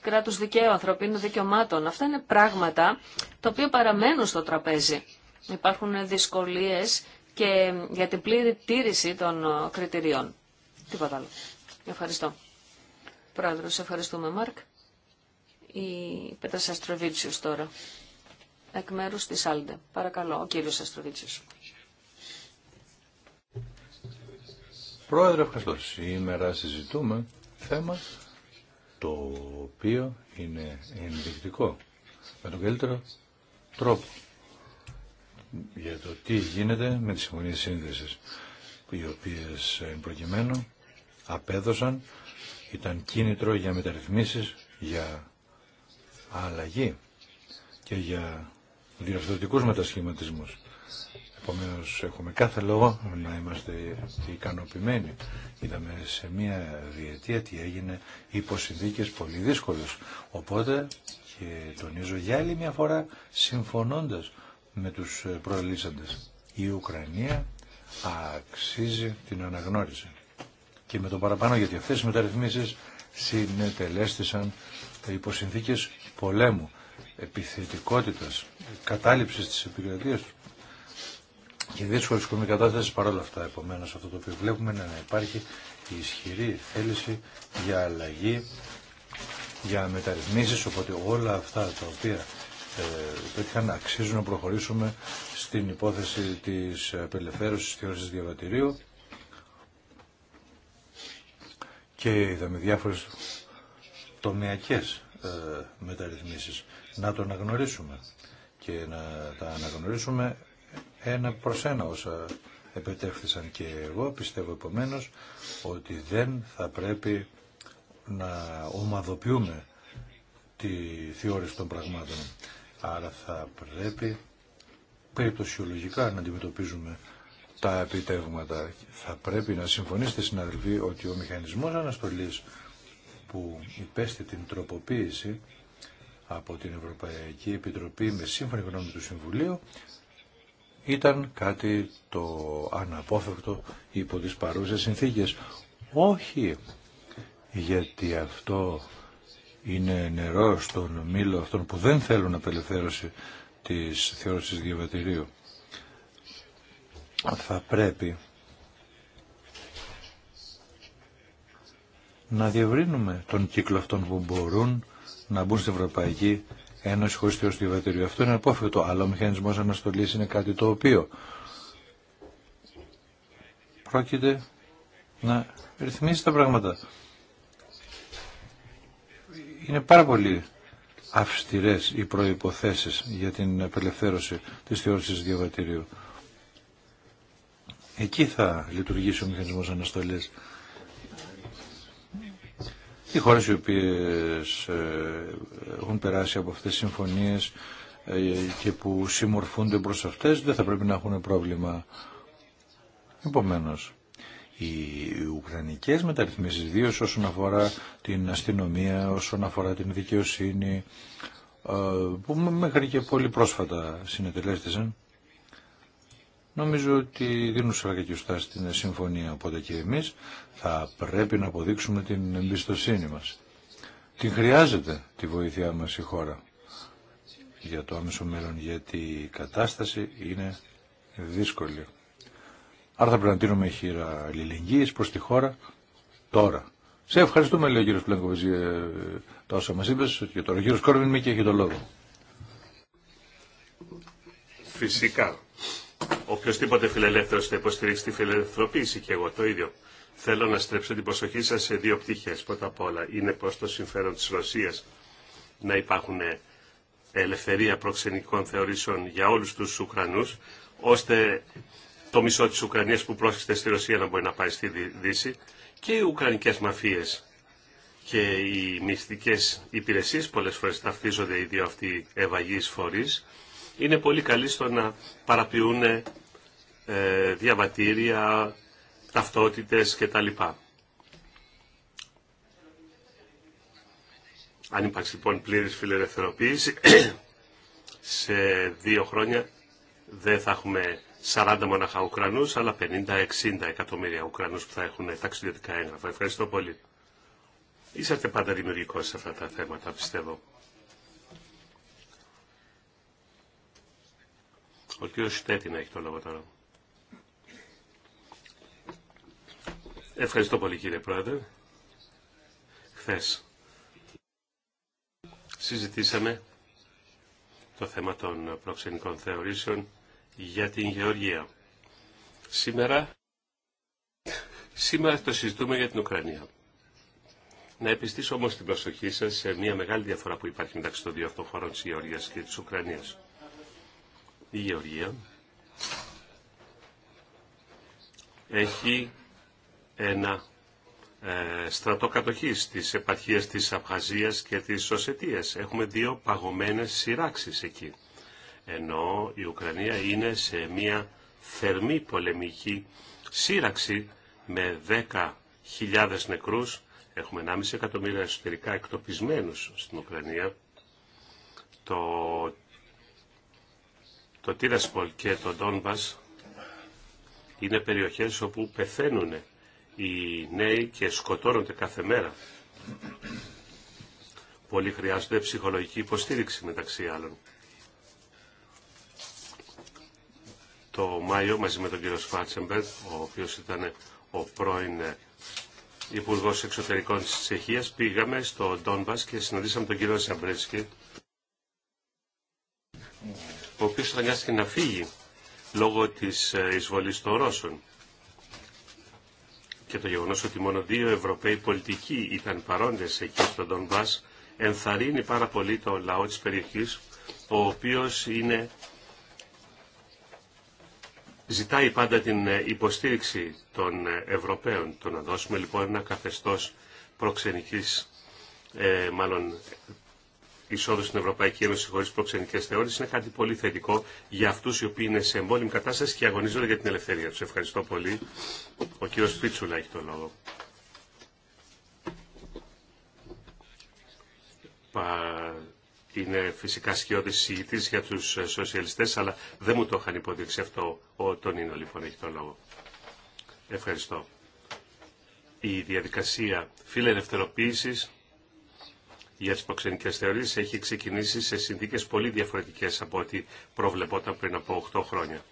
κράτους δικαίου, ανθρωπίνων δικαιωμάτων. Αυτά είναι πράγματα τα οποία παραμένουν στο τραπέζι. Υπάρχουν δυσκολίες και για την πλήρη τήρηση των ε, κριτηριών. Τίποτα άλλο. Ευχαριστώ. Πρόεδρος, ευχαριστούμε Μάρκ. Η Πέτρα Αστροβίτσιος τώρα, εκ μέρους της Άλντε. Παρακαλώ, ο κύριος Αστροβίτσιος. Πρόεδρε, ευχαριστώ. Σήμερα συζητούμε θέμα το οποίο είναι ενδεικτικό με τον καλύτερο τρόπο για το τι γίνεται με τις συμφωνίες σύνδεσης οι οποίες προκειμένου απέδωσαν ήταν κίνητρο για μεταρρυθμίσεις για αλλαγή και για διαφορετικούς μετασχηματισμούς Επομένω έχουμε κάθε λόγο να είμαστε ικανοποιημένοι. Είδαμε σε μία διετία τι έγινε υπό συνθήκε πολύ δύσκολε. Οπότε και τονίζω για άλλη μια φορά συμφωνώντα με τους προελίσσαντες. Η Ουκρανία αξίζει την αναγνώριση. Και με το παραπάνω γιατί αυτέ οι μεταρρυθμίσει συνετελέστησαν υπό συνθήκε πολέμου, επιθετικότητας, κατάληψης της επικρατείας του και δύσκολη οικονομική κατάσταση παρόλα αυτά. Επομένω, αυτό το οποίο βλέπουμε είναι να υπάρχει η ισχυρή θέληση για αλλαγή, για μεταρρυθμίσεις, οπότε όλα αυτά τα οποία ε, αξίζουν να προχωρήσουμε στην υπόθεση της απελευθέρωσης της θεωρήσης διαβατηρίου και είδαμε διάφορες τομιακές ε, μεταρρυθμίσεις. Να το αναγνωρίσουμε και να τα αναγνωρίσουμε ένα προς ένα όσα επιτεύχθησαν και εγώ πιστεύω επομένω ότι δεν θα πρέπει να ομαδοποιούμε τη θεώρηση των πραγμάτων. Άρα θα πρέπει περιπτωσιολογικά να αντιμετωπίζουμε τα επιτεύγματα. Θα πρέπει να συμφωνήσετε συναδελφοί ότι ο μηχανισμός αναστολής που υπέστη την τροποποίηση από την Ευρωπαϊκή Επιτροπή με σύμφωνη γνώμη του Συμβουλίου ήταν κάτι το αναπόφευκτο υπό τις παρούσες συνθήκες. Όχι, γιατί αυτό είναι νερό στον μήλο αυτών που δεν θέλουν απελευθέρωση της θεώρησης διαβατηρίου. Θα πρέπει να διευρύνουμε τον κύκλο αυτών που μπορούν να μπουν στην Ευρωπαϊκή χωρίς χωρί του διαβατηρίου. Αυτό είναι απόφευκτο, αλλά ο μηχανισμός αναστολής είναι κάτι το οποίο πρόκειται να ρυθμίσει τα πράγματα. Είναι πάρα πολύ αυστηρές οι προϋποθέσεις για την απελευθέρωση της θεώρησης διαβατηρίου. Εκεί θα λειτουργήσει ο μηχανισμός αναστολής. Οι χώρες οι οποίες ε, έχουν περάσει από αυτές τις συμφωνίες ε, και που συμμορφούνται προς αυτές δεν θα πρέπει να έχουν πρόβλημα. Επομένως, οι ουκρανικές μεταρρυθμίσεις, ιδίω όσον αφορά την αστυνομία, όσον αφορά την δικαιοσύνη, ε, που μέχρι και πολύ πρόσφατα συνετελέστησαν, Νομίζω ότι δίνουν και ουστά στην συμφωνία, οπότε και εμείς θα πρέπει να αποδείξουμε την εμπιστοσύνη μας. Την χρειάζεται τη βοήθειά μας η χώρα για το άμεσο μέλλον, γιατί η κατάσταση είναι δύσκολη. Άρα θα πρέπει να τίνουμε χείρα αλληλεγγύης προς τη χώρα τώρα. Σε ευχαριστούμε, λέει ο κύριος Πλέγκοβης, για τα όσα μας είπες και τώρα ο κύριος Κόρβιν Μίκη έχει το λόγο. Φυσικά. Οποιοςδήποτε φιλελεύθερος θα υποστηρίξει τη φιλελευθερωποίηση και εγώ το ίδιο. Θέλω να στρέψω την προσοχή σας σε δύο πτυχές. Πρώτα απ' όλα είναι προς το συμφέρον της Ρωσίας να υπάρχουν ελευθερία προξενικών θεωρήσεων για όλους τους Ουκρανούς, ώστε το μισό της Ουκρανίας που πρόσχεται στη Ρωσία να μπορεί να πάει στη Δύση και οι Ουκρανικές μαφίες και οι μυστικές υπηρεσίες πολλές φορές ταυτίζονται οι δύο αυτοί ευαγείς φορεί είναι πολύ καλή στο να παραποιούν ε, διαβατήρια, ταυτότητες κτλ. Αν υπάρξει λοιπόν πλήρης φιλελευθερωποίηση, σε δύο χρόνια δεν θα έχουμε 40 μοναχα Ουκρανούς, αλλά 50-60 εκατομμύρια Ουκρανούς που θα έχουν ταξιδιωτικά έγγραφα. Ευχαριστώ πολύ. Είσαστε πάντα δημιουργικός σε αυτά τα θέματα, πιστεύω. Ο κύριος Στέτινα έχει το λόγο τώρα. Ευχαριστώ πολύ κύριε Πρόεδρε. Χθες συζητήσαμε το θέμα των προξενικών θεωρήσεων για την Γεωργία. Σήμερα, σήμερα το συζητούμε για την Ουκρανία. Να επιστήσω όμως την προσοχή σας σε μια μεγάλη διαφορά που υπάρχει μεταξύ των δύο αυτών της Γεωργίας και της Ουκρανίας η Γεωργία έχει ένα ε, στρατό κατοχής της επαρχίας της Αυχαζίας και της Σωσετίας. Έχουμε δύο παγωμένες σειράξεις εκεί. Ενώ η Ουκρανία είναι σε μια θερμή πολεμική σύραξη με 10.000 νεκρούς. Έχουμε 1,5 εκατομμύρια εσωτερικά εκτοπισμένους στην Ουκρανία. Το το Τίρασπολ και το Ντόνμπας είναι περιοχές όπου πεθαίνουν οι νέοι και σκοτώνονται κάθε μέρα. Πολλοί χρειάζονται ψυχολογική υποστήριξη μεταξύ άλλων. Το Μάιο μαζί με τον κύριο Σφάτσεμπερ, ο οποίος ήταν ο πρώην Υπουργό Εξωτερικών της Τσεχίας, πήγαμε στο Ντόνμπας και συναντήσαμε τον κύριο Σαμπρέτσκι ο οποίος αναγκάστηκε να φύγει λόγω της ε, εισβολής των Ρώσων. Και το γεγονός ότι μόνο δύο Ευρωπαίοι πολιτικοί ήταν παρόντες εκεί στο Τον ενθαρρύνει πάρα πολύ το λαό της περιοχής, ο οποίος είναι ζητάει πάντα την ε, υποστήριξη των ε, Ευρωπαίων. Το να δώσουμε λοιπόν ένα καθεστώς προξενικής, ε, μάλλον εισόδου στην Ευρωπαϊκή Ένωση χωρί προξενικέ θεώρησει είναι κάτι πολύ θετικό για αυτού οι οποίοι είναι σε εμπόλεμη κατάσταση και αγωνίζονται για την ελευθερία του. Ευχαριστώ πολύ. Ο κύριο Πίτσουλα έχει το λόγο. Είναι φυσικά σκιώδη συζητή για του σοσιαλιστέ, αλλά δεν μου το είχαν υποδείξει αυτό. Ο Τονίνο λοιπόν έχει το λόγο. Ευχαριστώ. Η διαδικασία φιλελευθερωποίησης για τι προξενικέ θεωρίε έχει ξεκινήσει σε συνθήκε πολύ διαφορετικέ από ό,τι προβλεπόταν πριν από 8 χρόνια.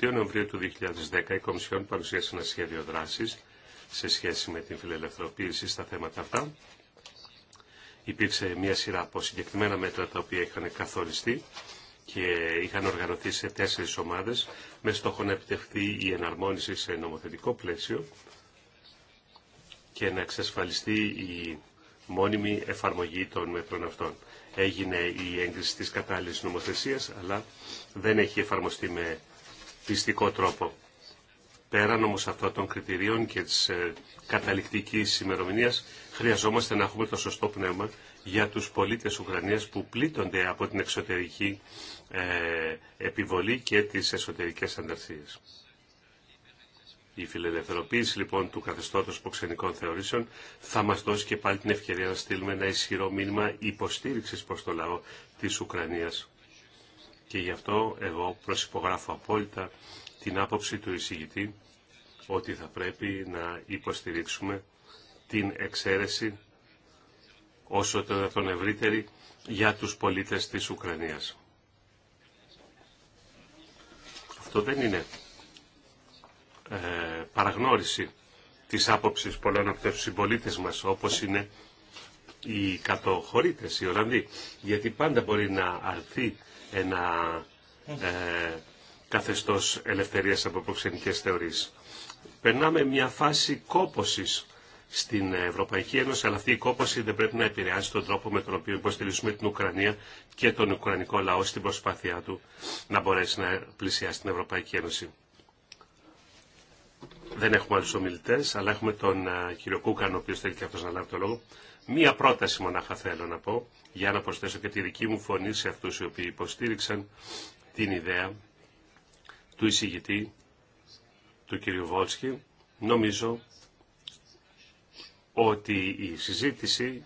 22 Νοεμβρίου του 2010 η Κομισιόν παρουσίασε ένα σχέδιο δράση σε σχέση με την φιλελευθερωποίηση στα θέματα αυτά. Υπήρξε μια σειρά από συγκεκριμένα μέτρα τα οποία είχαν καθοριστεί και είχαν οργανωθεί σε τέσσερις ομάδες με στόχο να επιτευχθεί η εναρμόνιση σε νομοθετικό πλαίσιο και να εξασφαλιστεί η μόνιμη εφαρμογή των μέτρων αυτών. Έγινε η έγκριση της κατάλληλης νομοθεσίας, αλλά δεν έχει εφαρμοστεί με πιστικό τρόπο. Πέραν όμως αυτών των κριτηρίων και της ε, καταληκτικής ημερομηνία, χρειαζόμαστε να έχουμε το σωστό πνεύμα για τους πολίτες Ουκρανίας που πλήττονται από την εξωτερική ε, επιβολή και τις εσωτερικές ανταρσίες. Η φιλελευθερωποίηση λοιπόν του καθεστώτος υποξενικών θεωρήσεων θα μας δώσει και πάλι την ευκαιρία να στείλουμε ένα ισχυρό μήνυμα υποστήριξη προ το λαό της Ουκρανίας. Και γι' αυτό εγώ προσυπογράφω απόλυτα την άποψη του εισηγητή ότι θα πρέπει να υποστηρίξουμε την εξαίρεση όσο το δυνατόν ευρύτερη για τους πολίτες της Ουκρανίας. Αυτό δεν είναι ε, παραγνώριση της άποψης πολλών από τους συμπολίτε μας, όπως είναι οι κατοχωρίτες οι Ολλανδοί. Γιατί πάντα μπορεί να αρθεί ένα ε, καθεστώς ελευθερίας από προξενικές θεωρίες. Περνάμε μια φάση κόπωσης στην Ευρωπαϊκή Ένωση, αλλά αυτή η κόπωση δεν πρέπει να επηρεάσει τον τρόπο με τον οποίο υποστηρίζουμε την Ουκρανία και τον Ουκρανικό λαό στην προσπάθειά του να μπορέσει να πλησιάσει την Ευρωπαϊκή Ένωση. Δεν έχουμε άλλου ομιλητέ, αλλά έχουμε τον κύριο Κούκαν, ο οποίο θέλει και αυτό να λάβει το λόγο. Μία πρόταση μονάχα θέλω να πω, για να προσθέσω και τη δική μου φωνή σε αυτού οι οποίοι υποστήριξαν την ιδέα του εισηγητή, του κύριου Βόλσκι. Νομίζω ότι η συζήτηση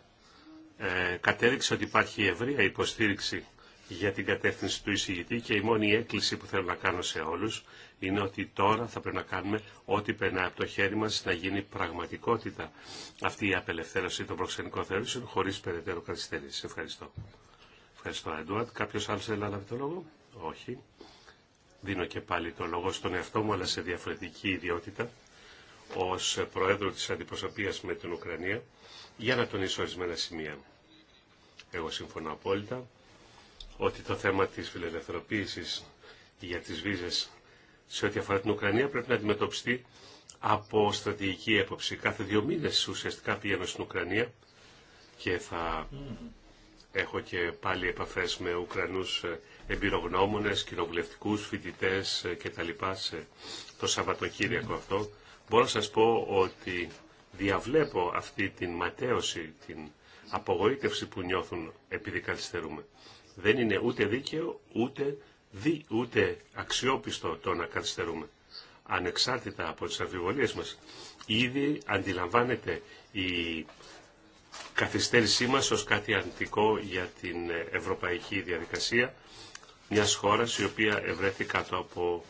ε, κατέδειξε ότι υπάρχει ευρεία υποστήριξη για την κατεύθυνση του εισηγητή και η μόνη έκκληση που θέλω να κάνω σε όλους είναι ότι τώρα θα πρέπει να κάνουμε ό,τι περνάει από το χέρι μας να γίνει πραγματικότητα αυτή η απελευθέρωση των προξενικών θεωρήσεων χωρίς περαιτέρω καθυστέρηση. Ευχαριστώ. Ευχαριστώ, Έντουαρτ. Κάποιο άλλο θέλει να λάβει το λόγο. Όχι. Δίνω και πάλι το λόγο στον εαυτό μου, αλλά σε διαφορετική ιδιότητα, ω Προέδρο τη Αντιπροσωπείας με την Ουκρανία, για να τονίσω ορισμένα σημεία. Εγώ συμφωνώ απόλυτα ότι το θέμα της φιλελευθερωποίηση για τις βίζες σε ό,τι αφορά την Ουκρανία πρέπει να αντιμετωπιστεί από στρατηγική έποψη. Κάθε δύο μήνες ουσιαστικά πηγαίνω στην Ουκρανία και θα έχω και πάλι επαφές με Ουκρανούς ε, εμπειρογνώμονε, κοινοβουλευτικού, φοιτητές ε, κτλ. το Σαββατοκύριακο αυτό. Μπορώ να σας πω ότι διαβλέπω αυτή την ματέωση, την απογοήτευση που νιώθουν επειδή καθυστερούμε. Δεν είναι ούτε δίκαιο, ούτε δι, ούτε αξιόπιστο το να καθυστερούμε. Ανεξάρτητα από τις αμφιβολίες μας, ήδη αντιλαμβάνεται η καθυστέρησή μας ως κάτι αρνητικό για την ευρωπαϊκή διαδικασία μια χώρας η οποία ευρέθη κάτω από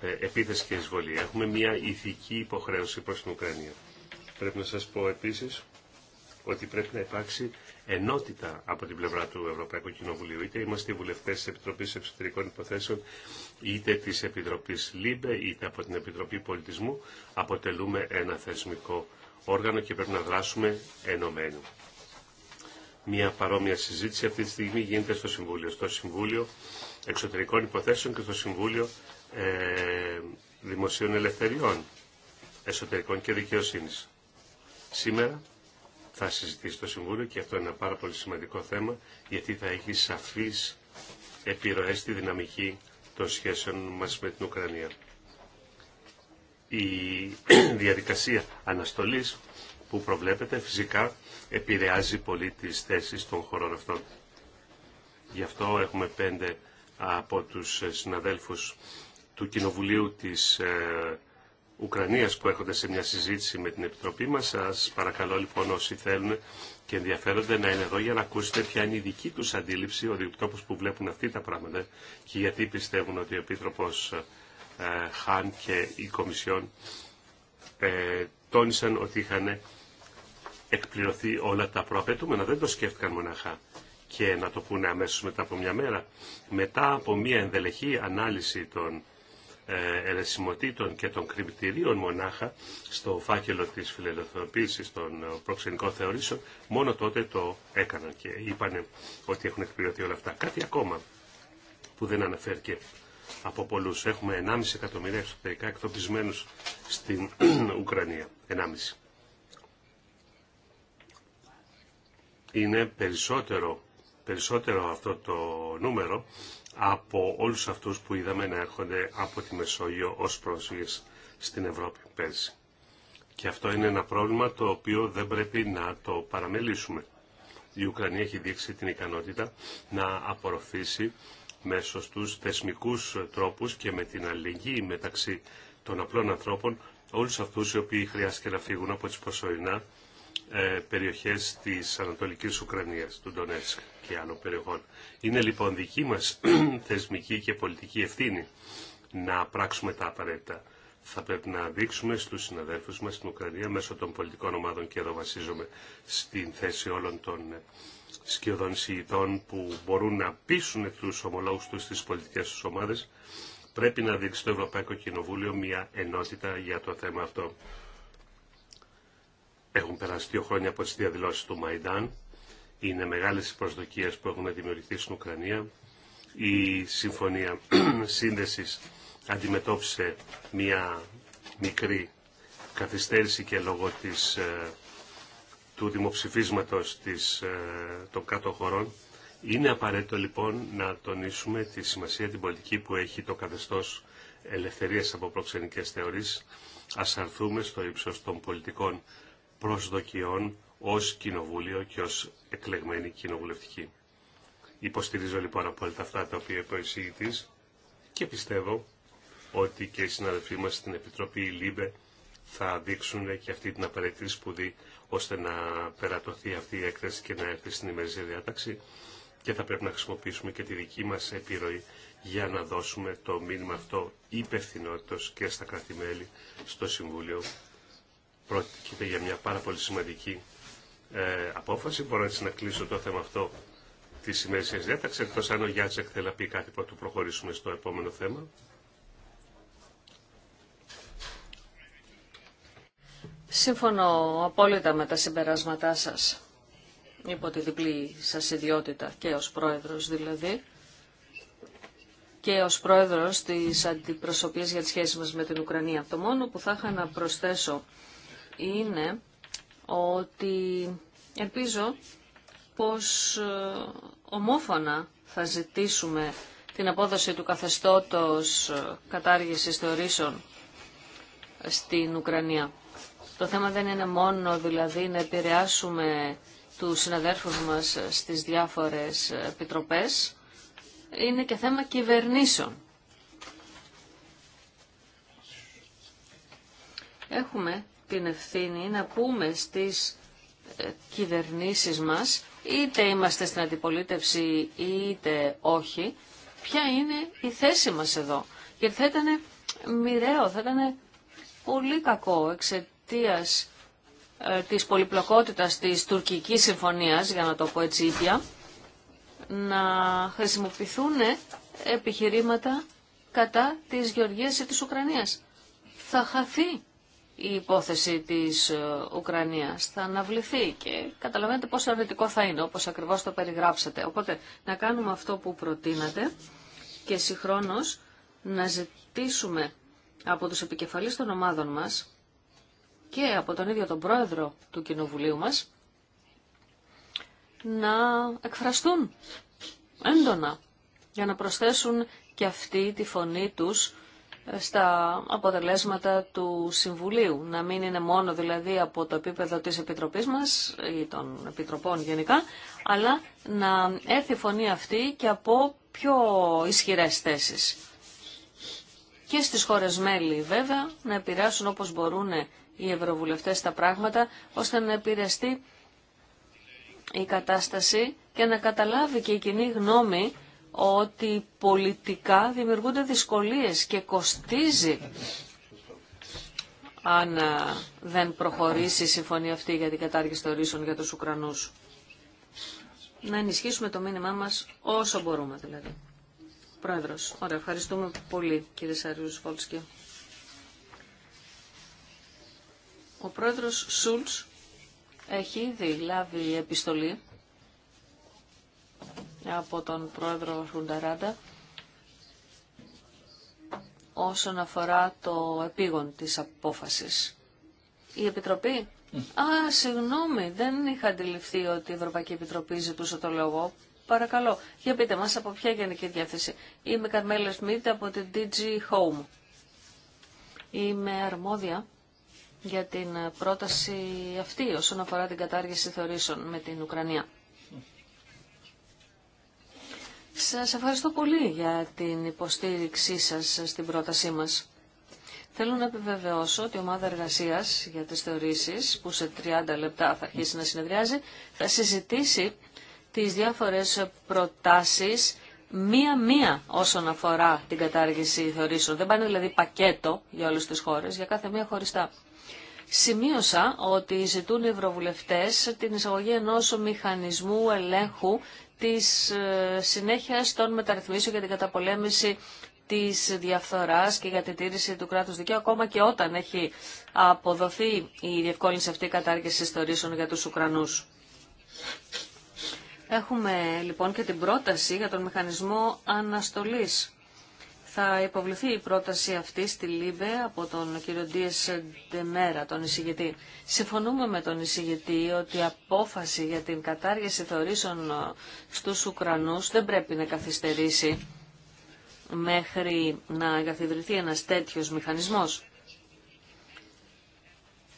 ε, επίθεση και εισβολή. Έχουμε μια ηθική υποχρέωση προς την Ουκρανία. Πρέπει να σας πω επίσης ότι πρέπει να υπάρξει ενότητα από την πλευρά του Ευρωπαϊκού Κοινοβουλίου. Είτε είμαστε οι βουλευτέ τη Επιτροπή Εξωτερικών Υποθέσεων, είτε τη Επιτροπή ΛΥΜΠΕ, είτε από την Επιτροπή Πολιτισμού, αποτελούμε ένα θεσμικό όργανο και πρέπει να δράσουμε ενωμένοι. Μια παρόμοια συζήτηση αυτή τη στιγμή γίνεται στο Συμβούλιο. Στο Συμβούλιο Εξωτερικών Υποθέσεων και στο Συμβούλιο ε, Δημοσίων Ελευθεριών, Εσωτερικών και Δικαιοσύνη. Σήμερα θα συζητήσει το Συμβούλιο και αυτό είναι ένα πάρα πολύ σημαντικό θέμα γιατί θα έχει σαφείς επιρροές στη δυναμική των σχέσεων μας με την Ουκρανία. Η διαδικασία αναστολής που προβλέπεται φυσικά επηρεάζει πολύ τις θέσεις των χωρών αυτών. Γι' αυτό έχουμε πέντε από τους συναδέλφους του Κοινοβουλίου της ε, Ουκρανίας που έρχονται σε μια συζήτηση με την Επιτροπή μας. Σας παρακαλώ λοιπόν όσοι θέλουν και ενδιαφέρονται να είναι εδώ για να ακούσετε ποια είναι η δική τους αντίληψη, ο διεκτόπος που βλέπουν αυτή τα πράγματα και γιατί πιστεύουν ότι ο Επίτροπος ε, Χάν και η Κομισιόν ε, τόνισαν ότι είχαν εκπληρωθεί όλα τα προαπαιτούμενα. Δεν το σκέφτηκαν μοναχά και να το πούνε αμέσως μετά από μια μέρα. Μετά από μια ενδελεχή ανάλυση των ερεσιμοτήτων και των κριτηρίων μονάχα στο φάκελο της φιλελευθερωποίησης των ε, προξενικών θεωρήσεων, μόνο τότε το έκαναν και είπαν ότι έχουν εκπληρωθεί όλα αυτά. Κάτι ακόμα που δεν αναφέρθηκε από πολλούς. Έχουμε 1,5 εκατομμύρια εσωτερικά εκτοπισμένους στην Ουκρανία. 1,5. Είναι περισσότερο, περισσότερο αυτό το νούμερο από όλους αυτούς που είδαμε να έρχονται από τη Μεσόγειο ως πρόσφυγες στην Ευρώπη πέρσι. Και αυτό είναι ένα πρόβλημα το οποίο δεν πρέπει να το παραμελήσουμε. Η Ουκρανία έχει δείξει την ικανότητα να απορροφήσει μέσω στους θεσμικούς τρόπους και με την αλληλεγγύη μεταξύ των απλών ανθρώπων όλους αυτούς οι οποίοι χρειάστηκε να φύγουν από τις προσωρινά ε, περιοχές της Ανατολικής Ουκρανίας, του Ντονέσκ και άλλων περιοχών. Είναι λοιπόν δική μας θεσμική και πολιτική ευθύνη να πράξουμε τα απαραίτητα. Θα πρέπει να δείξουμε στους συναδέλφους μας στην Ουκρανία μέσω των πολιτικών ομάδων και εδώ βασίζομαι στην θέση όλων των σκιωδών συγητών που μπορούν να πείσουν τους ομολόγους τους στις πολιτικές τους ομάδες πρέπει να δείξει το Ευρωπαϊκό Κοινοβούλιο μια ενότητα για το θέμα αυτό. Έχουν περάσει δύο χρόνια από τι διαδηλώσει του Μαϊντάν. Είναι μεγάλε οι προσδοκίες που έχουν δημιουργηθεί στην Ουκρανία. Η Συμφωνία Σύνδεσης αντιμετώπισε μια μικρή καθυστέρηση και λόγω της, ε, του δημοψηφίσματος ε, των κάτω χωρών. Είναι απαραίτητο λοιπόν να τονίσουμε τη σημασία την πολιτική που έχει το καθεστώ ελευθερίας από προξενικέ θεωρίες. Ας αρθούμε στο ύψος των πολιτικών προσδοκιών ως κοινοβούλιο και ως εκλεγμένη κοινοβουλευτική. Υποστηρίζω λοιπόν απόλυτα αυτά τα οποία είπε ο εισηγητής και πιστεύω ότι και οι συναδελφοί μας στην Επιτροπή ΛΥΜΠΕ θα δείξουν και αυτή την απαραίτητη σπουδή ώστε να περατωθεί αυτή η έκθεση και να έρθει στην ημερήσια διάταξη και θα πρέπει να χρησιμοποιήσουμε και τη δική μας επιρροή για να δώσουμε το μήνυμα αυτό υπευθυνότητος και στα κρατημέλη, στο Συμβούλιο πρόκειται για μια πάρα πολύ σημαντική ε, απόφαση. Μπορώ έτσι να κλείσω το θέμα αυτό τη σημερινή διάταξη, εκτό αν ο Γιάτσεκ θέλει να πει κάτι που προχωρήσουμε στο επόμενο θέμα. Σύμφωνο απόλυτα με τα συμπεράσματά σας, υπό τη διπλή σας ιδιότητα και ως πρόεδρος δηλαδή, και ως πρόεδρος της αντιπροσωπής για τις σχέσεις μας με την Ουκρανία. Το μόνο που θα είχα να προσθέσω είναι ότι ελπίζω πως ε, ομόφωνα θα ζητήσουμε την απόδοση του καθεστώτος ε, κατάργησης θεωρήσεων στην Ουκρανία. Το θέμα δεν είναι μόνο δηλαδή να επηρεάσουμε του συναδέρφους μας στις διάφορες επιτροπές, είναι και θέμα κυβερνήσεων. Έχουμε την ευθύνη να πούμε στις ε, κυβερνήσεις μας, είτε είμαστε στην αντιπολίτευση είτε όχι, ποια είναι η θέση μας εδώ. Γιατί θα ήταν μοιραίο, θα ήταν πολύ κακό εξαιτία ε, της πολυπλοκότητας της τουρκικής συμφωνίας, για να το πω έτσι ίδια να χρησιμοποιηθούν επιχειρήματα κατά της Γεωργίας ή της Ουκρανίας. Θα χαθεί η υπόθεση της ε, Ουκρανίας θα αναβληθεί και καταλαβαίνετε πόσο αρνητικό θα είναι, όπως ακριβώς το περιγράψατε. Οπότε να κάνουμε αυτό που προτείνατε και συγχρόνως να ζητήσουμε από τους επικεφαλείς των ομάδων μας και από τον ίδιο τον πρόεδρο του Κοινοβουλίου μας να εκφραστούν έντονα για να προσθέσουν και αυτή τη φωνή τους στα αποτελέσματα του Συμβουλίου. Να μην είναι μόνο δηλαδή από το επίπεδο της Επιτροπής μας ή των Επιτροπών γενικά, αλλά να έρθει η φωνή ερθει φωνη αυτη και από πιο ισχυρές θέσεις. Και στις χώρες μέλη βέβαια να επηρεάσουν όπως μπορούν οι ευρωβουλευτές τα πράγματα, ώστε να επηρεαστεί η κατάσταση και να καταλάβει και η κοινή γνώμη ότι πολιτικά δημιουργούνται δυσκολίες και κοστίζει αν ε, δεν προχωρήσει η συμφωνία αυτή για την κατάργηση των για τους Ουκρανούς. Να ενισχύσουμε το μήνυμά μας όσο μπορούμε δηλαδή. Πρόεδρος, ωραία, ευχαριστούμε πολύ κύριε Σαριούς Φόλσκι. Ο πρόεδρος Σούλτς έχει ήδη λάβει επιστολή από τον πρόεδρο Ρουνταράντα όσον αφορά το επίγον της απόφασης. Η Επιτροπή. Α, συγγνώμη, δεν είχα αντιληφθεί ότι η Ευρωπαϊκή Επιτροπή ζητούσε το λόγο. Παρακαλώ, για πείτε μας από ποια γενική διάθεση. Είμαι Καρμέλα Σμίτ από την DG Home. Είμαι αρμόδια για την πρόταση αυτή όσον αφορά την κατάργηση θεωρήσεων με την Ουκρανία. Σας ευχαριστώ πολύ για την υποστήριξή σας στην πρότασή μας. Θέλω να επιβεβαιώσω ότι η ομάδα εργασίας για τις θεωρήσεις, που σε 30 λεπτά θα αρχίσει να συνεδριάζει, θα συζητήσει τις διάφορες προτάσεις μία-μία όσον αφορά την κατάργηση θεωρήσεων. Δεν πάνε δηλαδή πακέτο για όλες τις χώρες, για κάθε μία χωριστά. Σημείωσα ότι ζητούν οι ευρωβουλευτές την εισαγωγή ενός μηχανισμού ελέγχου της ε, συνέχειας των μεταρρυθμίσεων για την καταπολέμηση της διαφθοράς και για την τήρηση του κράτους δικαίου, ακόμα και όταν έχει αποδοθεί η διευκόλυνση αυτή κατάργηση ιστορίσεων για τους Ουκρανούς. Έχουμε λοιπόν και την πρόταση για τον μηχανισμό αναστολής θα υποβληθεί η πρόταση αυτή στη ΛΥΜΠΕ από τον κύριο Ντίες Ντεμέρα, τον εισηγητή. Συμφωνούμε με τον εισηγητή ότι η απόφαση για την κατάργηση θεωρήσεων ε, στους Ουκρανούς δεν πρέπει να καθυστερήσει μέχρι να εγκαθιδρυθεί ένας τέτοιος μηχανισμός.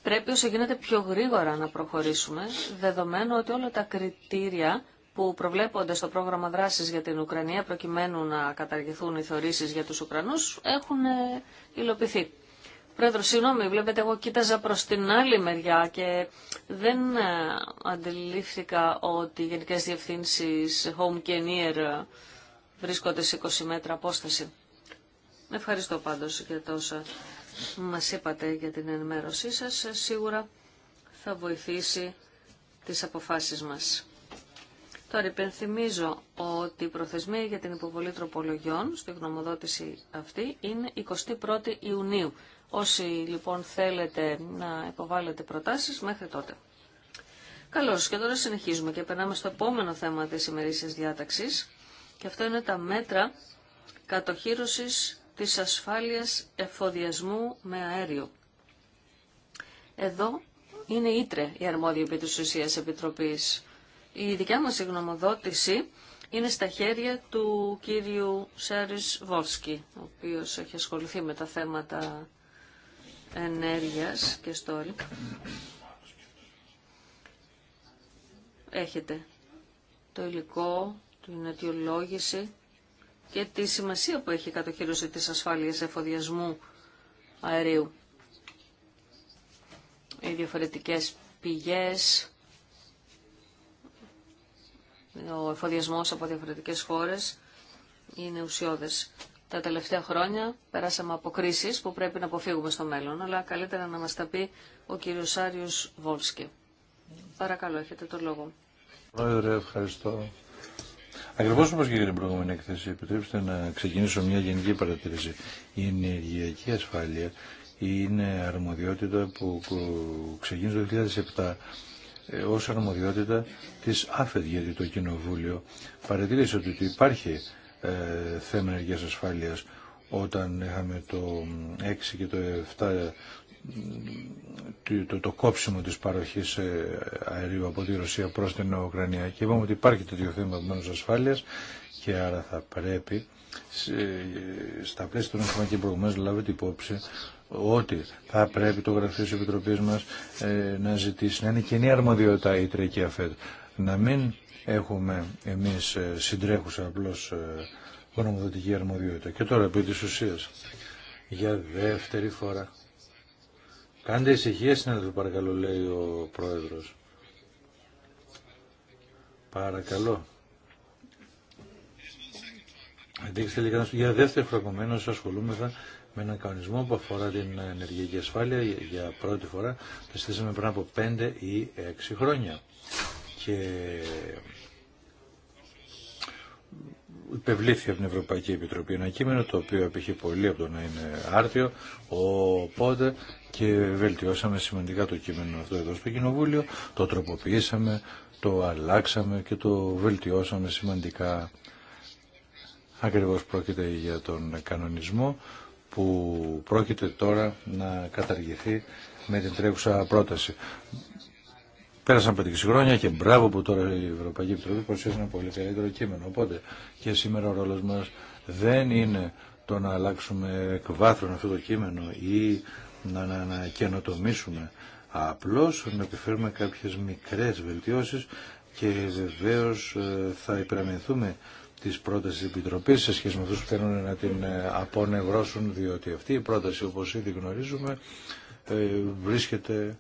Πρέπει όσο γίνεται πιο γρήγορα να προχωρήσουμε, δεδομένου ότι όλα τα κριτήρια που προβλέπονται στο πρόγραμμα δράσης για την Ουκρανία προκειμένου να καταργηθούν οι θεωρήσεις για τους Ουκρανούς έχουν ε, υλοποιηθεί. Πρόεδρο, συγγνώμη, βλέπετε, εγώ κοίταζα προς την άλλη μεριά και δεν ε, αντιλήφθηκα ότι οι Γενικές Διευθύνσεις Home και Near ε, βρίσκονται σε 20 μέτρα απόσταση. Ευχαριστώ πάντως για τόσα μας είπατε για την ενημέρωσή σας. Σίγουρα θα βοηθήσει τις αποφάσεις μας. Τώρα υπενθυμίζω ότι η προθεσμία για την υποβολή τροπολογιών στη γνωμοδότηση αυτή είναι 21η Ιουνίου. Όσοι λοιπόν θέλετε να υποβάλλετε προτάσεις μέχρι τότε. Καλώς και τώρα συνεχίζουμε και περνάμε στο επόμενο θέμα της ημερήσιας διάταξης και αυτό είναι τα μέτρα κατοχύρωσης της ασφάλειας εφοδιασμού με αέριο. Εδώ είναι ήτρε η αρμόδια επί της ουσίας με αεριο εδω ειναι ητρε η αρμοδια επι της επιτροπης η δικιά μας γνωμοδότηση είναι στα χέρια του κύριου Σάρις Βόλσκι, ο οποίος έχει ασχοληθεί με τα θέματα ενέργειας και στόλ. Έχετε το υλικό, την αιτιολόγηση και τη σημασία που έχει η κατοχήρωση της ασφάλειας εφοδιασμού αερίου. Οι διαφορετικές πηγές ο εφοδιασμός από διαφορετικές χώρες είναι ουσιώδες. Τα τελευταία χρόνια περάσαμε από κρίσεις που πρέπει να αποφύγουμε στο μέλλον, αλλά καλύτερα να μας τα πει ο κύριος Άριος Βόλσκι. Παρακαλώ, έχετε το λόγο. Πρόεδρε, ευχαριστώ. Ακριβώ όπω και για την προηγούμενη εκθέση, επιτρέψτε να ξεκινήσω μια γενική παρατήρηση. Η ενεργειακή ασφάλεια είναι αρμοδιότητα που ξεκίνησε το 2007 ε, ως αρμοδιότητα της ΑΦΕΔ γιατί το Κοινοβούλιο παρατηρήσε ότι υπάρχει ε, θέμα ενεργείας ασφάλειας όταν είχαμε το 6 και το 7 το, το, κόψιμο της παροχής ε, αερίου από τη Ρωσία προς την Ουκρανία και είπαμε ότι υπάρχει τέτοιο θέμα ασφάλεια. ασφάλειας και άρα θα πρέπει στα πλαίσια των έχουμε και να λάβετε υπόψη ότι θα πρέπει το γραφείο της Επιτροπής μας ε, να ζητήσει να είναι κοινή αρμοδιότητα η τρεκή ΑΦΕΤ. Να μην έχουμε εμείς ε, συντρέχουσα απλώς ε, γνωμοδοτική αρμοδιότητα. Και τώρα επί της ουσίας για δεύτερη φορά. Κάντε ησυχία συνάδελφοι παρακαλώ λέει ο Πρόεδρος. Παρακαλώ λίγα για δεύτερη φορά επομένω ασχολούμεθα με έναν κανονισμό που αφορά την ενεργειακή ασφάλεια για πρώτη φορά. το στήσαμε πριν από 5 ή 6 χρόνια. Και υπευλήθη από την Ευρωπαϊκή Επιτροπή ένα κείμενο το οποίο απήχε πολύ από το να είναι άρτιο οπότε και βελτιώσαμε σημαντικά το κείμενο αυτό εδώ στο Κοινοβούλιο το τροποποιήσαμε, το αλλάξαμε και το βελτιώσαμε σημαντικά Ακριβώς πρόκειται για τον κανονισμό που πρόκειται τώρα να καταργηθεί με την τρέχουσα πρόταση. Πέρασαν 5 χρόνια και μπράβο που τώρα η Ευρωπαϊκή Επιτροπή προσθέσει ένα πολύ καλύτερο κείμενο. Οπότε και σήμερα ο ρόλος μας δεν είναι το να αλλάξουμε εκ βάθρων αυτό το κείμενο ή να, να, να Απλώς να επιφέρουμε κάποιες μικρές βελτιώσεις και βεβαίως ε, θα υπεραμεινθούμε της πρότασης της Επιτροπής σε σχέση με αυτούς που θέλουν να την ε, απονευρώσουν διότι αυτή η πρόταση όπως ήδη γνωρίζουμε ε, βρίσκεται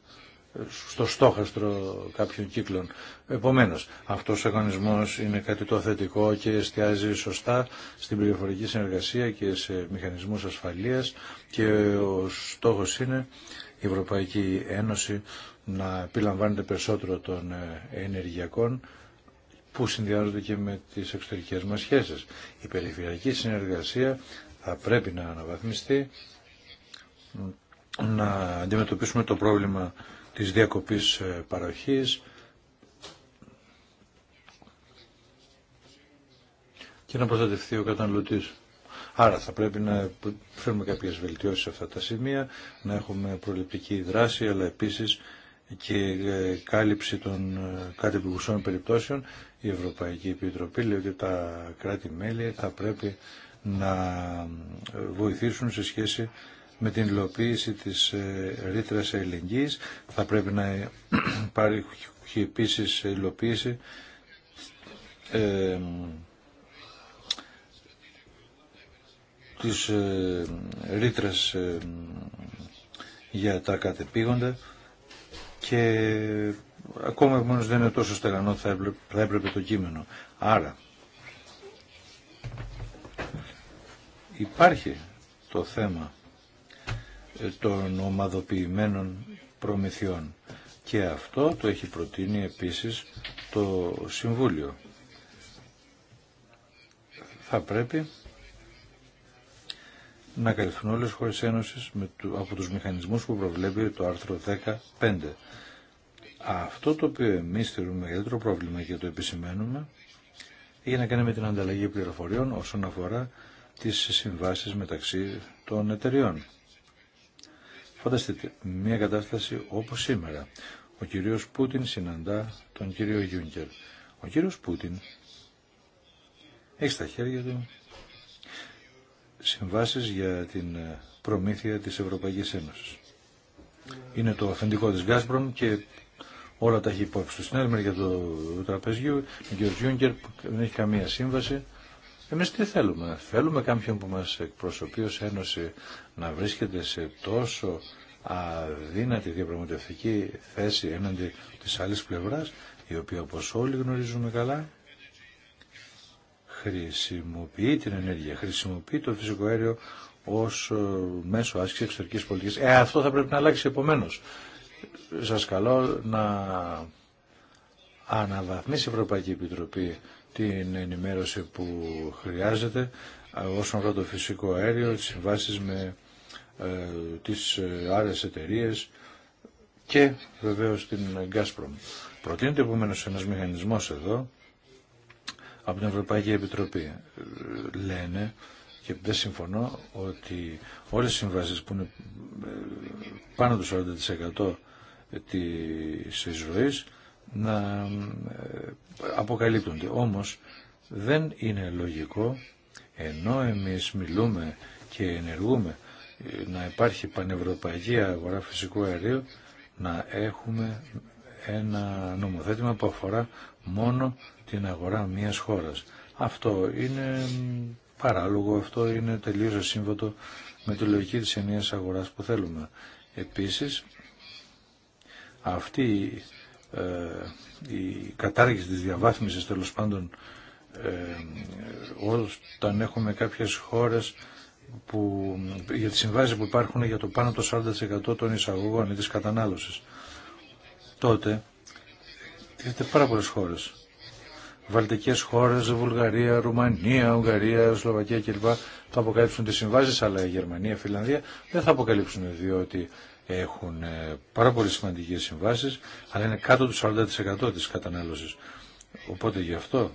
ε, στο στόχαστρο κάποιων κύκλων. Επομένως, αυτός ο οργανισμός είναι κάτι το θετικό και εστιάζει σωστά στην πληροφορική συνεργασία και σε μηχανισμούς ασφαλείας και ο στόχος είναι η Ευρωπαϊκή Ένωση να επιλαμβάνεται περισσότερο των ενεργειακών που συνδυάζονται και με τις εξωτερικές μας σχέσεις. Η περιφερειακή συνεργασία θα πρέπει να αναβαθμιστεί, να αντιμετωπίσουμε το πρόβλημα της διακοπής ε, παροχής και να προστατευτεί ο καταναλωτής. Άρα θα πρέπει να φέρουμε κάποιες βελτιώσεις σε αυτά τα σημεία, να έχουμε προληπτική δράση, αλλά επίσης και ε, κάλυψη των ε, κατεπηγουσών περιπτώσεων η Ευρωπαϊκή Επιτροπή λέει ότι τα κράτη-μέλη θα πρέπει να βοηθήσουν σε σχέση με την υλοποίηση της ε, ρήτρας ελληνικής. Θα πρέπει να υπάρχει επίσης υλοποίηση ε, της ε, ρήτρας ε, για τα κατεπήγοντα και ακόμα μόνος δεν είναι τόσο στεγανό θα έπρεπε, το κείμενο. Άρα υπάρχει το θέμα ε, των ομαδοποιημένων προμηθειών και αυτό το έχει προτείνει επίσης το Συμβούλιο. Θα πρέπει να καλυφθούν όλες ένωσης με, από τους μηχανισμούς που προβλέπει το άρθρο 15 αυτό το οποίο εμεί θεωρούμε μεγαλύτερο πρόβλημα και το επισημαίνουμε έχει να κάνει με την ανταλλαγή πληροφοριών όσον αφορά τις συμβάσεις μεταξύ των εταιριών. Φανταστείτε, μια κατάσταση όπως σήμερα. Ο κύριος Πούτιν συναντά τον κύριο Γιούνκερ. Ο κύριος Πούτιν έχει στα χέρια του συμβάσεις για την προμήθεια της Ευρωπαϊκής Ένωσης. Είναι το αφεντικό της Γκάσπρομ και όλα τα έχει υπόψη. του Στην άλλη μεριά του τραπεζιού, ο κ. Γιούγκερ που δεν έχει καμία σύμβαση. Εμεί τι θέλουμε. Θέλουμε κάποιον που μα εκπροσωπεί ω Ένωση να βρίσκεται σε τόσο αδύνατη διαπραγματευτική θέση έναντι τη άλλη πλευρά, η οποία όπω όλοι γνωρίζουμε καλά χρησιμοποιεί την ενέργεια, χρησιμοποιεί το φυσικό αέριο ω μέσο άσκηση εξωτερική πολιτική. Ε, αυτό θα πρέπει να αλλάξει επομένω σας καλώ να αναβαθμίσει η Ευρωπαϊκή Επιτροπή την ενημέρωση που χρειάζεται ε, όσον αφορά το φυσικό αέριο, τις συμβάσεις με ε, τις ε, άλλες εταιρείε και βεβαίως την Gazprom. Προτείνεται επομένω ένας μηχανισμός εδώ από την Ευρωπαϊκή Επιτροπή. Λένε και δεν συμφωνώ ότι όλες οι συμβάσεις που είναι πάνω του 40% της ζωής να ε, αποκαλύπτονται. Όμως δεν είναι λογικό ενώ εμείς μιλούμε και ενεργούμε ε, να υπάρχει πανευρωπαϊκή αγορά φυσικού αερίου να έχουμε ένα νομοθέτημα που αφορά μόνο την αγορά μιας χώρας. Αυτό είναι παράλογο, αυτό είναι τελείως ασύμβατο με τη λογική της ενιαίας αγοράς που θέλουμε. Επίσης, αυτή ε, η κατάργηση της διαβάθμισης τέλο πάντων ε, όταν έχουμε κάποιες χώρες που, για τις συμβάσεις που υπάρχουν για το πάνω το 40% των εισαγωγών ή της κατανάλωσης τότε έχετε πάρα πολλές χώρες βαλτικές χώρες, Βουλγαρία, Ρουμανία, Ουγγαρία, Σλοβακία κλπ. θα αποκαλύψουν τις συμβάσεις, αλλά η Γερμανία, η Φιλανδία δεν θα αποκαλύψουν διότι έχουν ε, πάρα πολύ σημαντικές συμβάσεις, αλλά είναι κάτω του 40% της κατανάλωσης. Οπότε γι' αυτό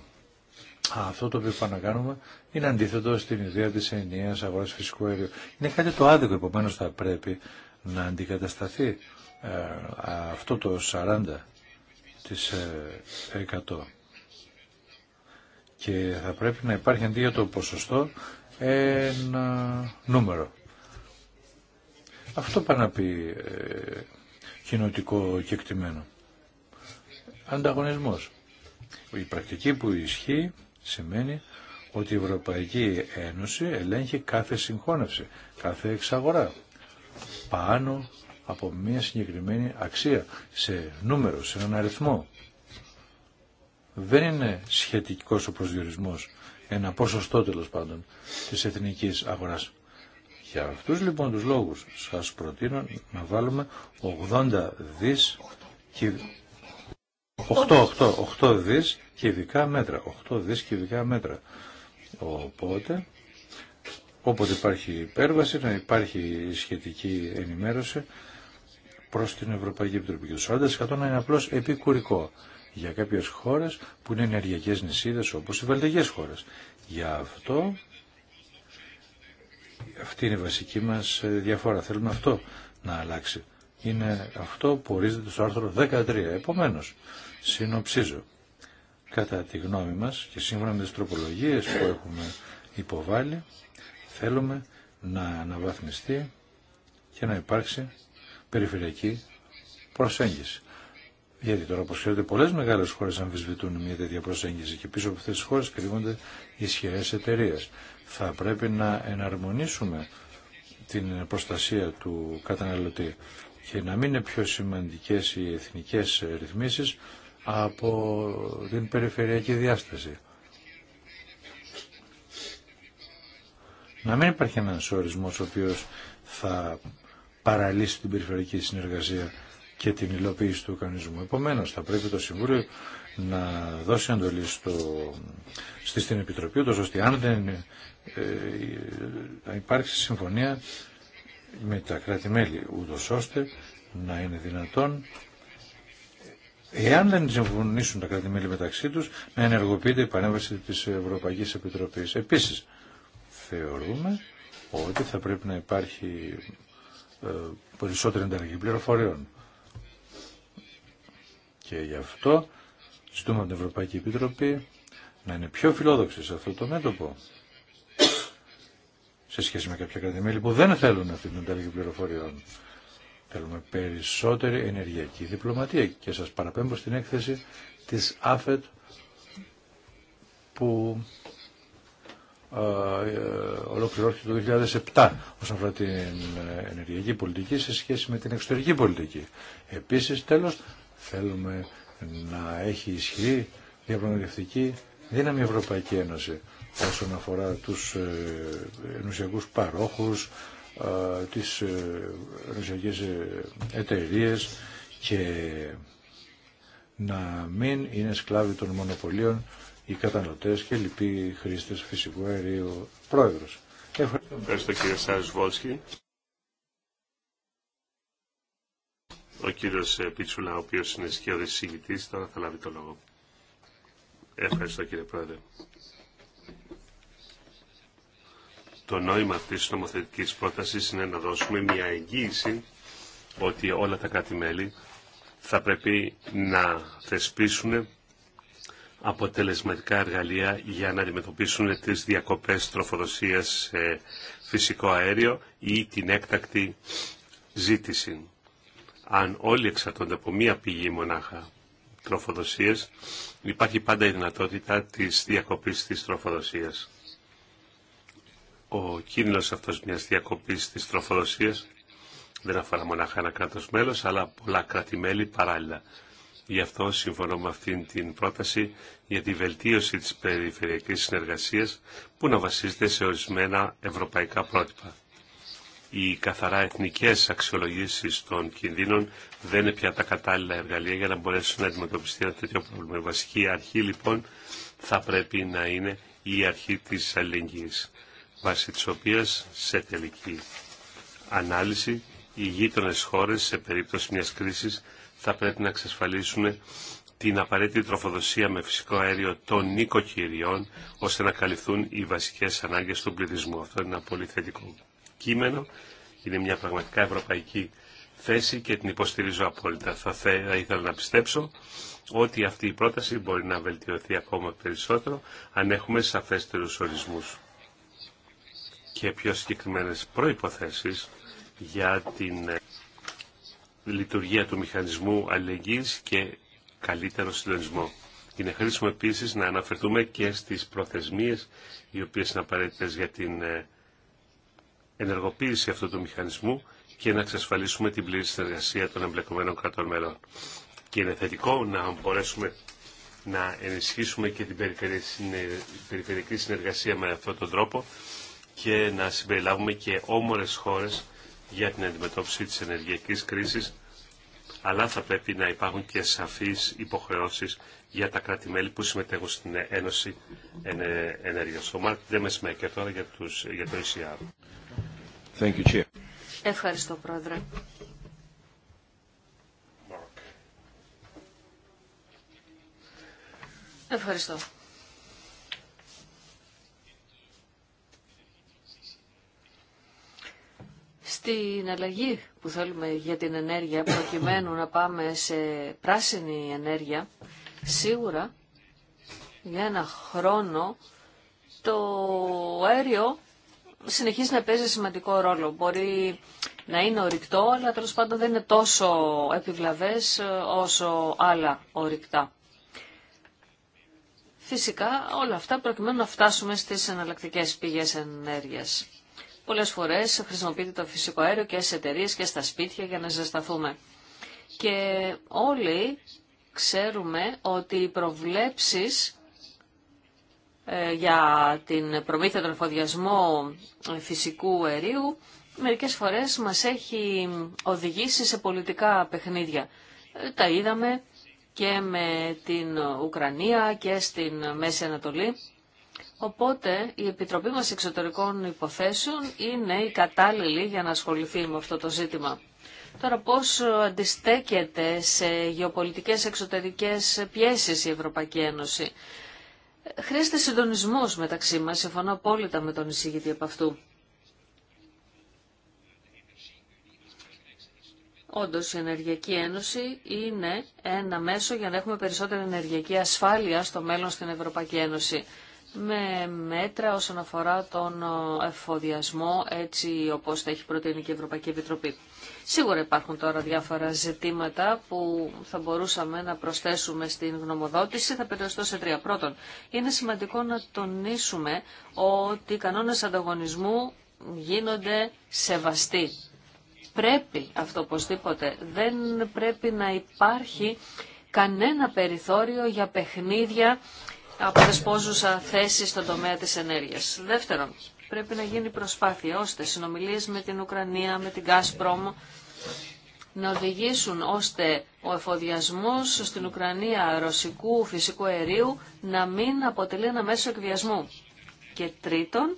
αυτό το οποίο πάμε να κάνουμε είναι αντίθετο στην ιδέα της ενιαίας αγοράς φυσικού αερίου. Είναι κάτι το άδικο, επομένως θα πρέπει να αντικατασταθεί ε, αυτό το 40% της, και θα πρέπει να υπάρχει αντί για το ποσοστό ένα νούμερο. Αυτό πάει να πει ε, κοινοτικό κεκτημένο. Ανταγωνισμός. Η πρακτική που ισχύει σημαίνει ότι η Ευρωπαϊκή Ένωση ελέγχει κάθε συγχώνευση, κάθε εξαγορά πάνω από μια συγκεκριμένη αξία, σε νούμερο, σε έναν αριθμό. Δεν είναι σχετικός ο προσδιορισμός, ένα ποσοστό τέλο πάντων, της εθνικής αγοράς. Για αυτούς λοιπόν τους λόγους σας προτείνω να βάλουμε 80 δις και 8, 8, 8 δις κυβικά μέτρα. 8 δις κυβικά μέτρα. Οπότε, όποτε υπάρχει υπέρβαση, να υπάρχει σχετική ενημέρωση προς την Ευρωπαϊκή Επιτροπή. Και το 40% να είναι απλώς επικουρικό για κάποιες χώρες που είναι ενεργειακές νησίδες όπως οι βαλτικές χώρες. Για αυτό αυτή είναι η βασική μας ε, διαφορά. Θέλουμε αυτό να αλλάξει. Είναι αυτό που ορίζεται στο άρθρο 13. Επομένως, συνοψίζω. Κατά τη γνώμη μας και σύμφωνα με τις τροπολογίες που έχουμε υποβάλει, θέλουμε να αναβαθμιστεί και να υπάρξει περιφερειακή προσέγγιση. Γιατί τώρα, όπω ξέρετε, πολλέ μεγάλε χώρε αμφισβητούν μια τέτοια προσέγγιση και πίσω από αυτέ τι χώρε κρύβονται ισχυρέ εταιρείε θα πρέπει να εναρμονίσουμε την προστασία του καταναλωτή και να μην είναι πιο σημαντικές οι εθνικές ρυθμίσεις από την περιφερειακή διάσταση. Να μην υπάρχει ένας ορισμός ο οποίος θα παραλύσει την περιφερειακή συνεργασία και την υλοποίηση του οργανισμού. Επομένως, θα πρέπει το Συμβούλιο να δώσει εντολή στο, στην Επιτροπή, ούτως ώστε αν δεν ε, ε, υπάρξει συμφωνία με τα κράτη-μέλη, ούτως ώστε να είναι δυνατόν Εάν δεν συμφωνήσουν τα κράτη-μέλη μεταξύ τους, να ενεργοποιείται η παρέμβαση της Ευρωπαϊκής Επιτροπής. Επίσης, θεωρούμε ότι θα πρέπει να υπάρχει ε, περισσότερη ανταλλαγή πληροφοριών. Και γι' αυτό Ζητούμε από την Ευρωπαϊκή Επιτροπή να είναι πιο φιλόδοξη σε αυτό το μέτωπο σε σχέση με κάποια κρατημέλη που δεν θέλουν αυτή την ανταλλαγή πληροφοριών. Θέλουμε περισσότερη ενεργειακή διπλωματία και σας παραπέμπω στην έκθεση της ΑΦΕΤ που ε, ε, ολοκληρώθηκε το 2007 όσον αφορά την ενεργειακή πολιτική σε σχέση με την εξωτερική πολιτική. Επίσης, τέλος, θέλουμε να έχει ισχυρή διαπραγματευτική δύναμη Ευρωπαϊκή Ένωση όσον αφορά τους ε, ενουσιακού παρόχους, ε, τις ε, ενουσιακές εταιρείες και να μην είναι σκλάβοι των μονοπωλίων οι καταναλωτές και λοιποί χρήστες φυσικού αερίου πρόεδρος. Ευχαριστώ, κύριε Σάρις Ο κύριος ε, Πίτσουλα, ο οποίος είναι σχεδόν συγητής, τώρα θα λάβει το λόγο. Ευχαριστώ κύριε Πρόεδρε. Το νόημα αυτής της νομοθετικής πρότασης είναι να δώσουμε μια εγγύηση ότι όλα τα κράτη-μέλη θα πρέπει να θεσπίσουν αποτελεσματικά εργαλεία για να αντιμετωπίσουν τις διακοπές τροφοδοσίας σε φυσικό αέριο ή την έκτακτη ζήτηση αν όλοι εξαρτώνται από μία πηγή μονάχα τροφοδοσίας, υπάρχει πάντα η δυνατότητα της διακοπής της τροφοδοσίας. Ο κίνδυνος αυτός μιας διακοπής της τροφοδοσίας δεν αφορά μονάχα ένα κράτος μέλος, αλλά πολλά κράτη-μέλη παράλληλα. Γι' αυτό συμφωνώ με αυτήν την πρόταση για τη βελτίωση της περιφερειακής συνεργασίας που να βασίζεται σε ορισμένα ευρωπαϊκά πρότυπα οι καθαρά εθνικές αξιολογήσεις των κινδύνων δεν είναι πια τα κατάλληλα εργαλεία για να μπορέσουν να αντιμετωπιστεί ένα τέτοιο πρόβλημα. Η βασική αρχή λοιπόν θα πρέπει να είναι η αρχή της αλληλεγγύης, βάσει της οποίας σε τελική ανάλυση οι γείτονε χώρες σε περίπτωση μιας κρίσης θα πρέπει να εξασφαλίσουν την απαραίτητη τροφοδοσία με φυσικό αέριο των οικοκυριών ώστε να καλυφθούν οι βασικές ανάγκες του πληθυσμού. Αυτό είναι ένα πολύ θετικό κείμενο. Είναι μια πραγματικά ευρωπαϊκή θέση και την υποστηρίζω απόλυτα. Θα, ήθελα να πιστέψω ότι αυτή η πρόταση μπορεί να βελτιωθεί ακόμα περισσότερο αν έχουμε σαφέστερους ορισμούς και πιο συγκεκριμένες προϋποθέσεις για την ε, λειτουργία του μηχανισμού αλληλεγγύης και καλύτερο συντονισμό. Είναι χρήσιμο επίσης να αναφερθούμε και στις προθεσμίες οι οποίες είναι απαραίτητες για την ε, ενεργοποίηση αυτού του μηχανισμού και να εξασφαλίσουμε την πλήρη συνεργασία των εμπλεκομένων κρατών μελών. Και είναι θετικό να μπορέσουμε να ενισχύσουμε και την περιφερειακή συνεργασία με αυτόν τον τρόπο και να συμπεριλάβουμε και όμορες χώρες για την αντιμετώπιση της ενεργειακής κρίσης, αλλά θα πρέπει να υπάρχουν και σαφείς υποχρεώσεις για τα κράτη-μέλη που συμμετέχουν στην Ένωση Ενέργειας. Ο Μάρκ Ντέμεσμέκερ τώρα για, τους, για το ECR. Ευχαριστώ, Πρόεδρε. Ευχαριστώ. Στην αλλαγή που θέλουμε για την ενέργεια, προκειμένου να πάμε σε πράσινη ενέργεια, σίγουρα για ένα χρόνο το αέριο συνεχίζει να παίζει σημαντικό ρόλο. Μπορεί να είναι ορυκτό, αλλά τέλο πάντων δεν είναι τόσο επιβλαβές ε, όσο άλλα ορυκτά. Φυσικά όλα αυτά προκειμένου να φτάσουμε στις εναλλακτικέ πηγές ενέργειας. Πολλές φορές χρησιμοποιείται το φυσικό αέριο και σε εταιρείε και στα σπίτια για να ζεσταθούμε. Και όλοι ξέρουμε ότι οι προβλέψεις ε, για την προμήθεια των εφοδιασμό φυσικού αερίου μερικές φορές μας έχει οδηγήσει σε πολιτικά παιχνίδια. Ε, τα είδαμε και με την Ουκρανία και στην Μέση Ανατολή. Οπότε η Επιτροπή μας Εξωτερικών Υποθέσεων είναι η κατάλληλη για να ασχοληθεί με αυτό το ζήτημα. Τώρα πώς αντιστέκεται σε γεωπολιτικές εξωτερικές πιέσεις η Ευρωπαϊκή Ένωση. Χρειάζεται συντονισμό μεταξύ μας, συμφωνώ απόλυτα με τον εισηγητή από αυτού. Όντω, η Ενεργειακή Ένωση είναι ένα μέσο για να έχουμε περισσότερη ενεργειακή ασφάλεια στο μέλλον στην Ευρωπαϊκή Ένωση. Με μέτρα όσον αφορά τον εφοδιασμό, έτσι όπω τα έχει προτείνει και η Ευρωπαϊκή Επιτροπή. Σίγουρα υπάρχουν τώρα διάφορα ζητήματα που θα μπορούσαμε να προσθέσουμε στην γνωμοδότηση. Θα περιοριστώ σε τρία. Πρώτον, είναι σημαντικό να τονίσουμε ότι οι κανόνες ανταγωνισμού γίνονται σεβαστοί. Πρέπει αυτό οπωσδήποτε. Δεν πρέπει να υπάρχει κανένα περιθώριο για παιχνίδια από δεσπόζουσα θέση στον τομέα της ενέργειας. Δεύτερον, πρέπει να γίνει προσπάθεια ώστε συνομιλίε με την Ουκρανία, με την Gazprom να οδηγήσουν ώστε ο εφοδιασμός στην Ουκρανία ρωσικού φυσικού αερίου να μην αποτελεί ένα μέσο εκβιασμού. Και τρίτον,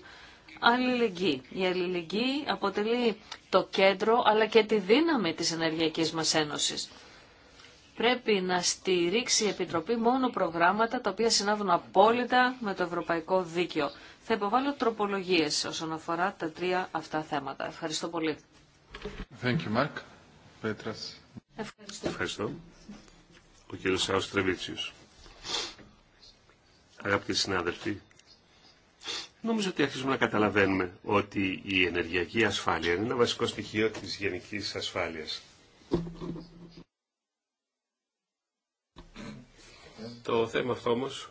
αλληλεγγύη. Η αλληλεγγύη αποτελεί το κέντρο αλλά και τη δύναμη της Ενεργειακής μας Ένωσης. Πρέπει να στηρίξει η Επιτροπή μόνο προγράμματα τα οποία συνάδουν απόλυτα με το Ευρωπαϊκό Δίκαιο. Θα υποβάλω τροπολογίες όσον αφορά τα τρία αυτά θέματα. Ευχαριστώ πολύ. Thank you, Mark. Ευχαριστώ. Ευχαριστώ. Ο κύριος Αουστρεβίτσιος. Αγαπητοί συνάδελφοι, νομίζω ότι αρχίζουμε να καταλαβαίνουμε ότι η ενεργειακή ασφάλεια είναι ένα βασικό στοιχείο της γενικής ασφάλειας. Το θέμα αυτό όμως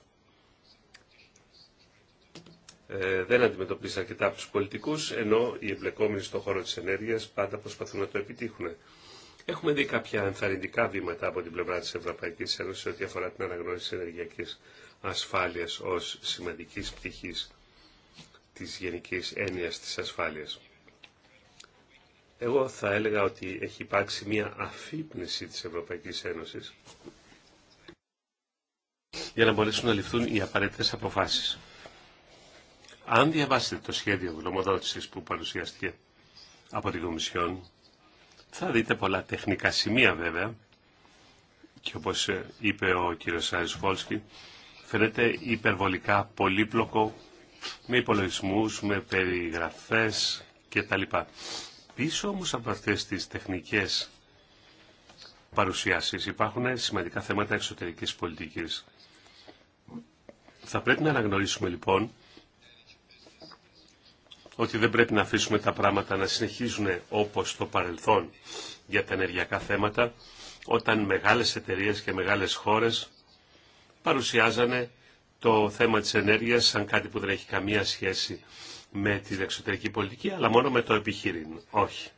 ε, δεν αντιμετωπίζει αρκετά από τους πολιτικούς, ενώ οι εμπλεκόμενοι στον χώρο της ενέργειας πάντα προσπαθούν να το επιτύχουν. Έχουμε δει κάποια ενθαρρυντικά βήματα από την πλευρά της Ευρωπαϊκής Ένωσης ό,τι αφορά την αναγνώριση ενεργειακής ασφάλειας ως σημαντικής πτυχής της γενικής έννοιας της ασφάλειας. Εγώ θα έλεγα ότι έχει υπάρξει μια αφύπνιση της Ευρωπαϊκής Ένωσης για να μπορέσουν να ληφθούν οι απαραίτητες αποφάσεις. Αν διαβάσετε το σχέδιο γνωμοδότηση που παρουσιάστηκε από την Κομισιόν, θα δείτε πολλά τεχνικά σημεία βέβαια και όπως ε, είπε ο κύριος Σάρις Φόλσκι, φαίνεται υπερβολικά πολύπλοκο με υπολογισμούς, με περιγραφές κτλ. Πίσω όμως από αυτές τις τεχνικές παρουσιάσεις υπάρχουν σημαντικά θέματα εξωτερικής πολιτικής. Θα πρέπει να αναγνωρίσουμε λοιπόν ότι δεν πρέπει να αφήσουμε τα πράγματα να συνεχίζουν όπως το παρελθόν για τα ενεργειακά θέματα, όταν μεγάλες εταιρείες και μεγάλες χώρες παρουσιάζανε το θέμα της ενέργειας σαν κάτι που δεν έχει καμία σχέση με την εξωτερική πολιτική, αλλά μόνο με το επιχείρημα. Όχι.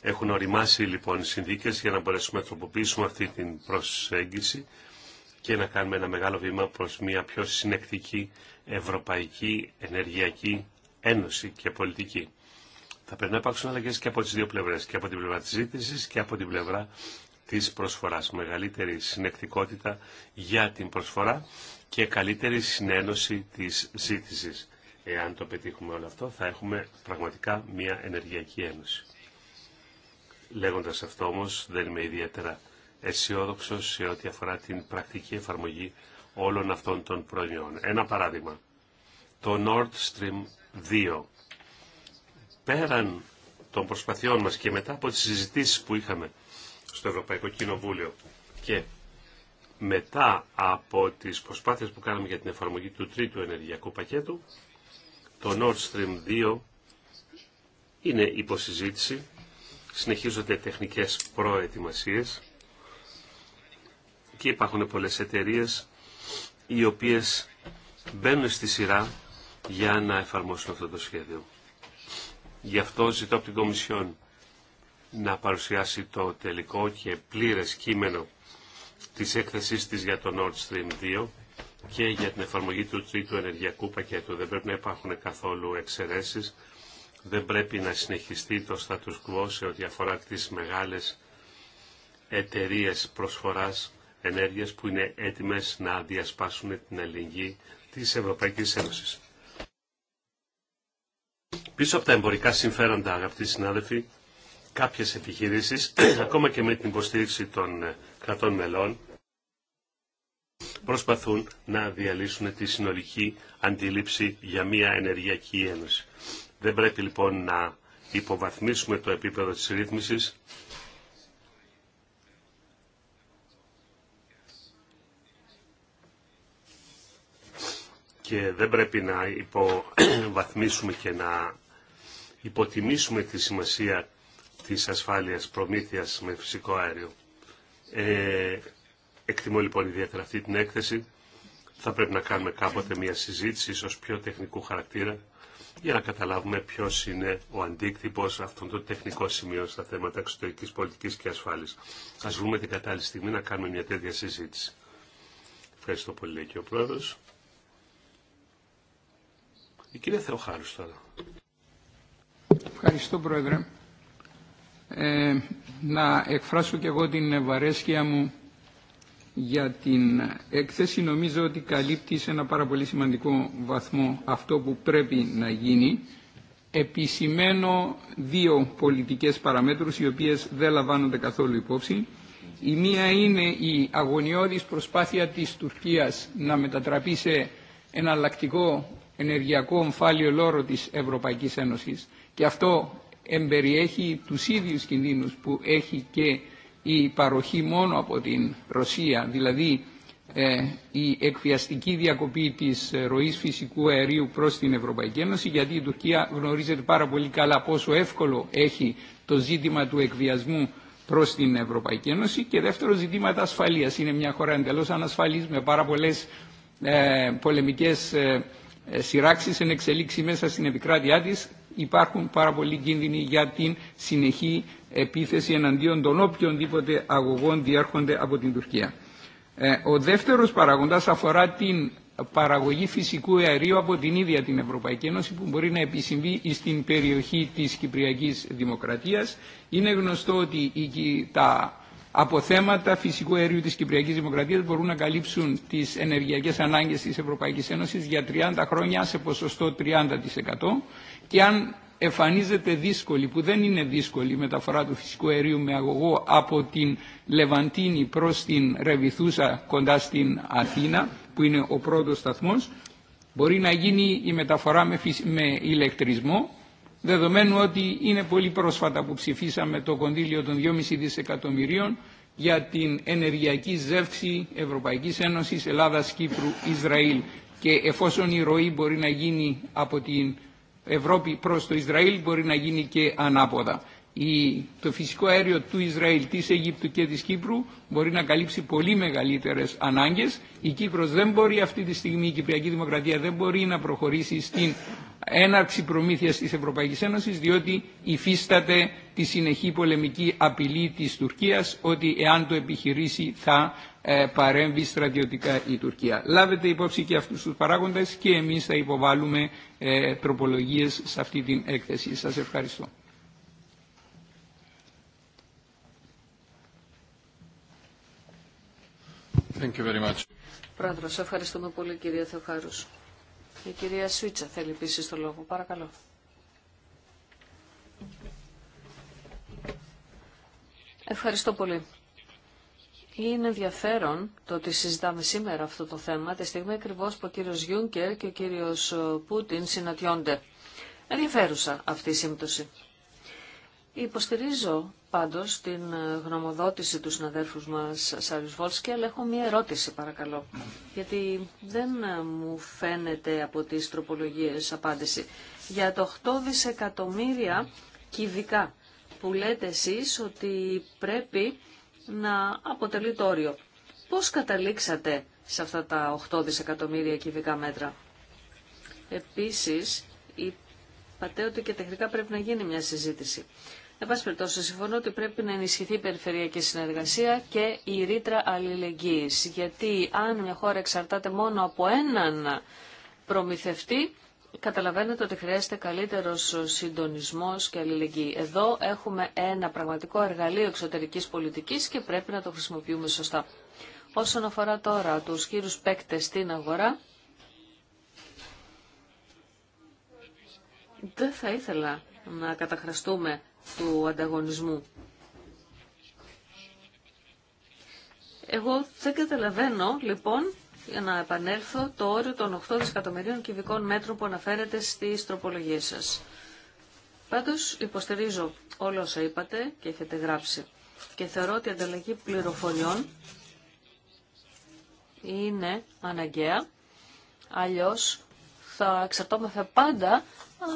Έχουν οριμάσει λοιπόν οι συνδίκες για να μπορέσουμε να τροποποιήσουμε αυτή την προσέγγιση και να κάνουμε ένα μεγάλο βήμα προς μια πιο συνεκτική ευρωπαϊκή ενεργειακή ένωση και πολιτική. Θα πρέπει να υπάρξουν αλλαγέ και από τι δύο πλευρέ, και από την πλευρά τη ζήτηση και από την πλευρά τη προσφορά. Μεγαλύτερη συνεκτικότητα για την προσφορά και καλύτερη συνένωση τη ζήτηση. Εάν το πετύχουμε όλο αυτό, θα έχουμε πραγματικά μια ενεργειακή ένωση. Λέγοντα αυτό όμω, δεν είμαι ιδιαίτερα αισιόδοξο σε ό,τι αφορά την πρακτική εφαρμογή όλων αυτών των προνοιών. Ένα παράδειγμα. Το Nord Stream 2. Πέραν των προσπαθειών μας και μετά από τις συζητήσεις που είχαμε στο Ευρωπαϊκό Κοινοβούλιο και μετά από τις προσπάθειες που κάναμε για την εφαρμογή του τρίτου ενεργειακού πακέτου, το Nord Stream 2 είναι υποσυζήτηση, συνεχίζονται τεχνικές προετοιμασίες και υπάρχουν πολλές εταιρείες οι οποίες μπαίνουν στη σειρά για να εφαρμόσουν αυτό το σχέδιο. Γι' αυτό ζητώ από την Κομισιόν να παρουσιάσει το τελικό και πλήρες κείμενο της έκθεσής της για το Nord Stream 2 και για την εφαρμογή του τρίτου ενεργειακού πακέτου. Δεν πρέπει να υπάρχουν καθόλου εξαιρέσει. Δεν πρέπει να συνεχιστεί το status quo σε ό,τι αφορά τις μεγάλες εταιρείε προσφοράς ενέργειας που είναι έτοιμες να διασπάσουν την ελληνική της Ευρωπαϊκής Ένωσης. Πίσω από τα εμπορικά συμφέροντα, αγαπητοί συνάδελφοι, κάποιες επιχειρήσεις, ακόμα και με την υποστήριξη των ε, κρατών μελών, προσπαθούν να διαλύσουν τη συνολική αντίληψη για μια ενεργειακή ένωση. Δεν πρέπει λοιπόν να υποβαθμίσουμε το επίπεδο της ρύθμισης και δεν πρέπει να υποβαθμίσουμε και να υποτιμήσουμε τη σημασία της ασφάλειας προμήθειας με φυσικό αέριο. Ε, εκτιμώ λοιπόν ιδιαίτερα αυτή την έκθεση. Θα πρέπει να κάνουμε κάποτε μια συζήτηση, ίσως πιο τεχνικού χαρακτήρα, για να καταλάβουμε ποιο είναι ο αντίκτυπο αυτών των τεχνικών σημείων στα θέματα εξωτερική πολιτική και ασφάλεια. Α βρούμε την κατάλληλη στιγμή να κάνουμε μια τέτοια συζήτηση. Ευχαριστώ πολύ, λέει και ο πρόεδρο. Η κυρία Θεοχάρου τώρα. Ευχαριστώ, Πρόεδρε. Ε, να εκφράσω κι εγώ την βαρέσκεια μου για την έκθεση. Νομίζω ότι καλύπτει σε ένα πάρα πολύ σημαντικό βαθμό αυτό που πρέπει να γίνει. Επισημένω δύο πολιτικές παραμέτρους οι οποίες δεν λαμβάνονται καθόλου υπόψη. Η μία είναι η αγωνιώδης προσπάθεια της Τουρκίας να μετατραπεί σε εναλλακτικό ενεργειακό ομφάλιο λόρο της Ευρωπαϊκής Ένωσης και αυτό εμπεριέχει τους ίδιους κινδύνους που έχει και η παροχή μόνο από την Ρωσία, δηλαδή ε, η εκβιαστική διακοπή της ροής φυσικού αερίου προς την Ευρωπαϊκή Ένωση, γιατί η Τουρκία γνωρίζεται πάρα πολύ καλά πόσο εύκολο έχει το ζήτημα του εκβιασμού προς την Ευρωπαϊκή Ένωση και δεύτερο ζητήματα ασφαλείας. Είναι μια χώρα εντελώς ανασφαλής με πάρα πολλές ε, πολεμικές ε, ε σειράξεις εν εξελίξει μέσα στην επικράτειά της υπάρχουν πάρα πολλοί κίνδυνοι για την συνεχή επίθεση εναντίον των οποιονδήποτε αγωγών διέρχονται από την Τουρκία. Ε, ο δεύτερος παραγοντάς αφορά την παραγωγή φυσικού αερίου από την ίδια την Ευρωπαϊκή Ένωση που μπορεί να επισυμβεί στην περιοχή της Κυπριακής Δημοκρατίας. Είναι γνωστό ότι τα αποθέματα φυσικού αερίου της Κυπριακής Δημοκρατίας μπορούν να καλύψουν τις ενεργειακές ανάγκες της Ευρωπαϊκής Ένωσης για 30 χρόνια σε ποσοστό 30% και αν εμφανίζεται δύσκολη, που δεν είναι δύσκολη η μεταφορά του φυσικού αερίου με αγωγό από την Λεβαντίνη προς την Ρεβιθούσα κοντά στην Αθήνα, που είναι ο πρώτος σταθμός, μπορεί να γίνει η μεταφορά με, με ηλεκτρισμό, δεδομένου ότι είναι πολύ πρόσφατα που ψηφίσαμε το κονδύλιο των 2,5 δισεκατομμυρίων για την ενεργειακή ζεύξη Ευρωπαϊκής Ένωσης Ελλάδας, Κύπρου, Ισραήλ και εφόσον η ροή μπορεί να γίνει από την Ευρώπη προς το Ισραήλ μπορεί να γίνει και ανάποδα. Η, το φυσικό αέριο του Ισραήλ, της Αιγύπτου και της Κύπρου μπορεί να καλύψει πολύ μεγαλύτερες ανάγκες. Η Κύπρος δεν μπορεί αυτή τη στιγμή, η Κυπριακή Δημοκρατία δεν μπορεί να προχωρήσει στην έναρξη προμήθειας της Ευρωπαϊκής Ένωσης διότι υφίσταται τη συνεχή πολεμική απειλή της Τουρκίας ότι εάν το επιχειρήσει θα ε, παρέμβει στρατιωτικά η Τουρκία. Λάβετε υπόψη και αυτούς τους παράγοντες και εμείς θα υποβάλουμε ε, τροπολογίες σε αυτή την έκθεση. Σας ευχαριστώ. Thank you very much. σε ευχαριστούμε πολύ κυρία Θεοχάρους. Η κυρία Σουίτσα θέλει επίση το λόγο. Παρακαλώ. Ευχαριστώ πολύ. Είναι ενδιαφέρον το ότι συζητάμε σήμερα αυτό το θέμα, τη στιγμή ακριβώ που ο κύριος Γιούνκερ και ο κύριος ε, Πούτιν συναντιόνται. Ενδιαφέρουσα αυτή η σύμπτωση. Υποστηρίζω πάντως την ε, γνωμοδότηση του συναδέλφου μας Σάριους Βόλσκι, αλλά έχω μία ερώτηση παρακαλώ, γιατί δεν ε, μου φαίνεται από τις τροπολογίες απάντηση. Για το 8 δισεκατομμύρια κυβικά που λέτε εσείς ότι πρέπει να αποτελεί το όριο. Πώς καταλήξατε σε αυτά τα 8 δισεκατομμύρια κυβικά μέτρα. Επίσης, είπατε ότι και τεχνικά πρέπει να γίνει μια συζήτηση. Εν πάση περιπτώσει, συμφωνώ ότι πρέπει να ενισχυθεί η περιφερειακή συνεργασία και η ρήτρα αλληλεγγύης. Γιατί αν μια χώρα εξαρτάται μόνο από έναν προμηθευτή, καταλαβαίνετε ότι χρειάζεται καλύτερος συντονισμός και αλληλεγγύη. Εδώ έχουμε ένα πραγματικό εργαλείο εξωτερικής πολιτικής και πρέπει να το χρησιμοποιούμε σωστά. Όσον αφορά τώρα τους κύριου παίκτε στην αγορά, δεν θα ήθελα να καταχραστούμε του ανταγωνισμού. Εγώ δεν καταλαβαίνω, λοιπόν, για να επανέλθω το όριο των 8 δισεκατομμυρίων κυβικών μέτρων που αναφέρεται στι τροπολογίες σας. Πάντως υποστηρίζω όλα όσα είπατε και έχετε γράψει και θεωρώ ότι η ανταλλαγή πληροφοριών είναι αναγκαία, αλλιώς θα εξαρτώμεθα πάντα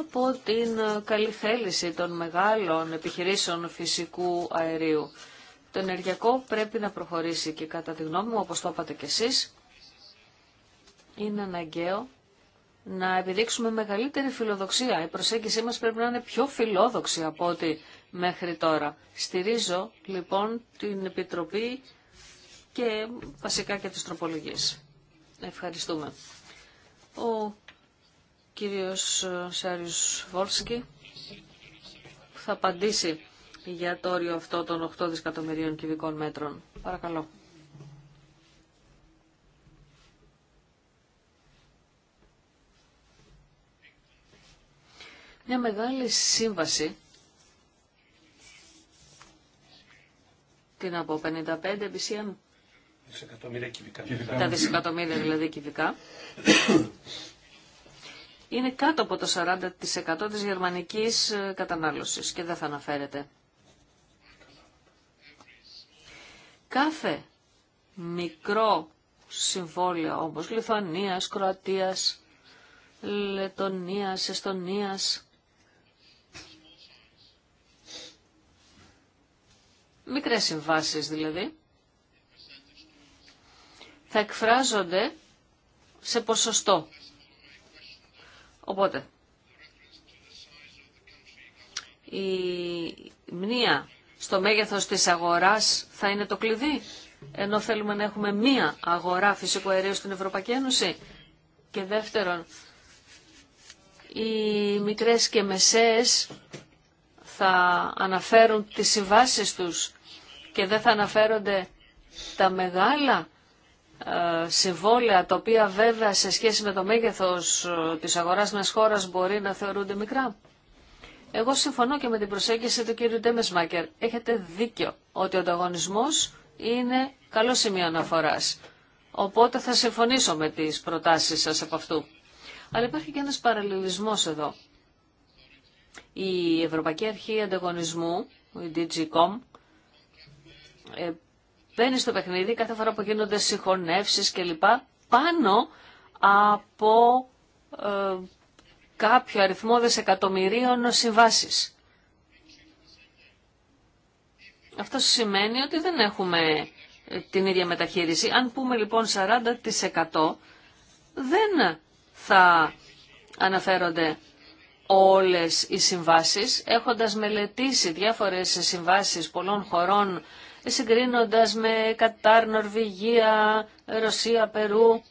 από την καλή θέληση των μεγάλων επιχειρήσεων φυσικού αερίου. Το ενεργειακό πρέπει να προχωρήσει και κατά τη γνώμη μου, όπως το είπατε κι εσείς, είναι αναγκαίο να επιδείξουμε μεγαλύτερη φιλοδοξία. Η προσέγγιση μας πρέπει να είναι πιο φιλόδοξη από ό,τι μέχρι τώρα. Στηρίζω λοιπόν την Επιτροπή και βασικά και τις τροπολογίες. Ευχαριστούμε. Ο κύριος Σάριος Βόλσκι θα απαντήσει για το όριο αυτό των 8 δισεκατομμυρίων κυβικών μέτρων. Παρακαλώ. μια μεγάλη σύμβαση την να πω, 55 BCM. Δισεκατομμύρια κυβικά. Τα δισεκατομμύρια δηλαδή κυβικά. Είναι κάτω από το 40% της γερμανικής ε, κατανάλωσης και δεν θα αναφέρεται. Κάθε μικρό συμβόλαιο όπως Λιθουανίας, Κροατίας, Λετωνίας, Εστονίας μικρές συμβάσεις δηλαδή, θα εκφράζονται σε ποσοστό. Οπότε, η μνήα στο μέγεθος της αγοράς θα είναι το κλειδί, ενώ θέλουμε να έχουμε μία αγορά φυσικού αερίου στην Ευρωπαϊκή Ένωση. Και δεύτερον, οι μικρές και μεσαίες θα αναφέρουν τις συμβάσεις τους και δεν θα αναφέρονται τα μεγάλα ε, συμβόλαια, τα οποία βέβαια σε σχέση με το μέγεθος ε, της αγοράς μιας χώρας μπορεί να θεωρούνται μικρά. Εγώ συμφωνώ και με την προσέγγιση του κύριου Ντέμεσμάκερ. Έχετε δίκιο ότι ο ανταγωνισμός είναι καλό σημείο αναφοράς. Οπότε θα συμφωνήσω με τις προτάσεις σας από αυτού. Αλλά υπάρχει και ένας παραλληλισμός εδώ. Η Ευρωπαϊκή Αρχή Ανταγωνισμού, η DGCOM, ε, μπαίνει στο παιχνίδι κάθε φορά που γίνονται συγχωνεύσεις κλπ. πάνω από ε, κάποιο αριθμό δισεκατομμυρίων συμβάσεις. Αυτό σημαίνει ότι δεν έχουμε ε, την ίδια μεταχείριση. Αν πούμε λοιπόν 40% δεν θα αναφέρονται όλες οι συμβάσεις. Έχοντας μελετήσει διάφορες συμβάσεις πολλών χωρών συγκρίνοντας με Κατάρ, Νορβηγία, Ρωσία, Περού.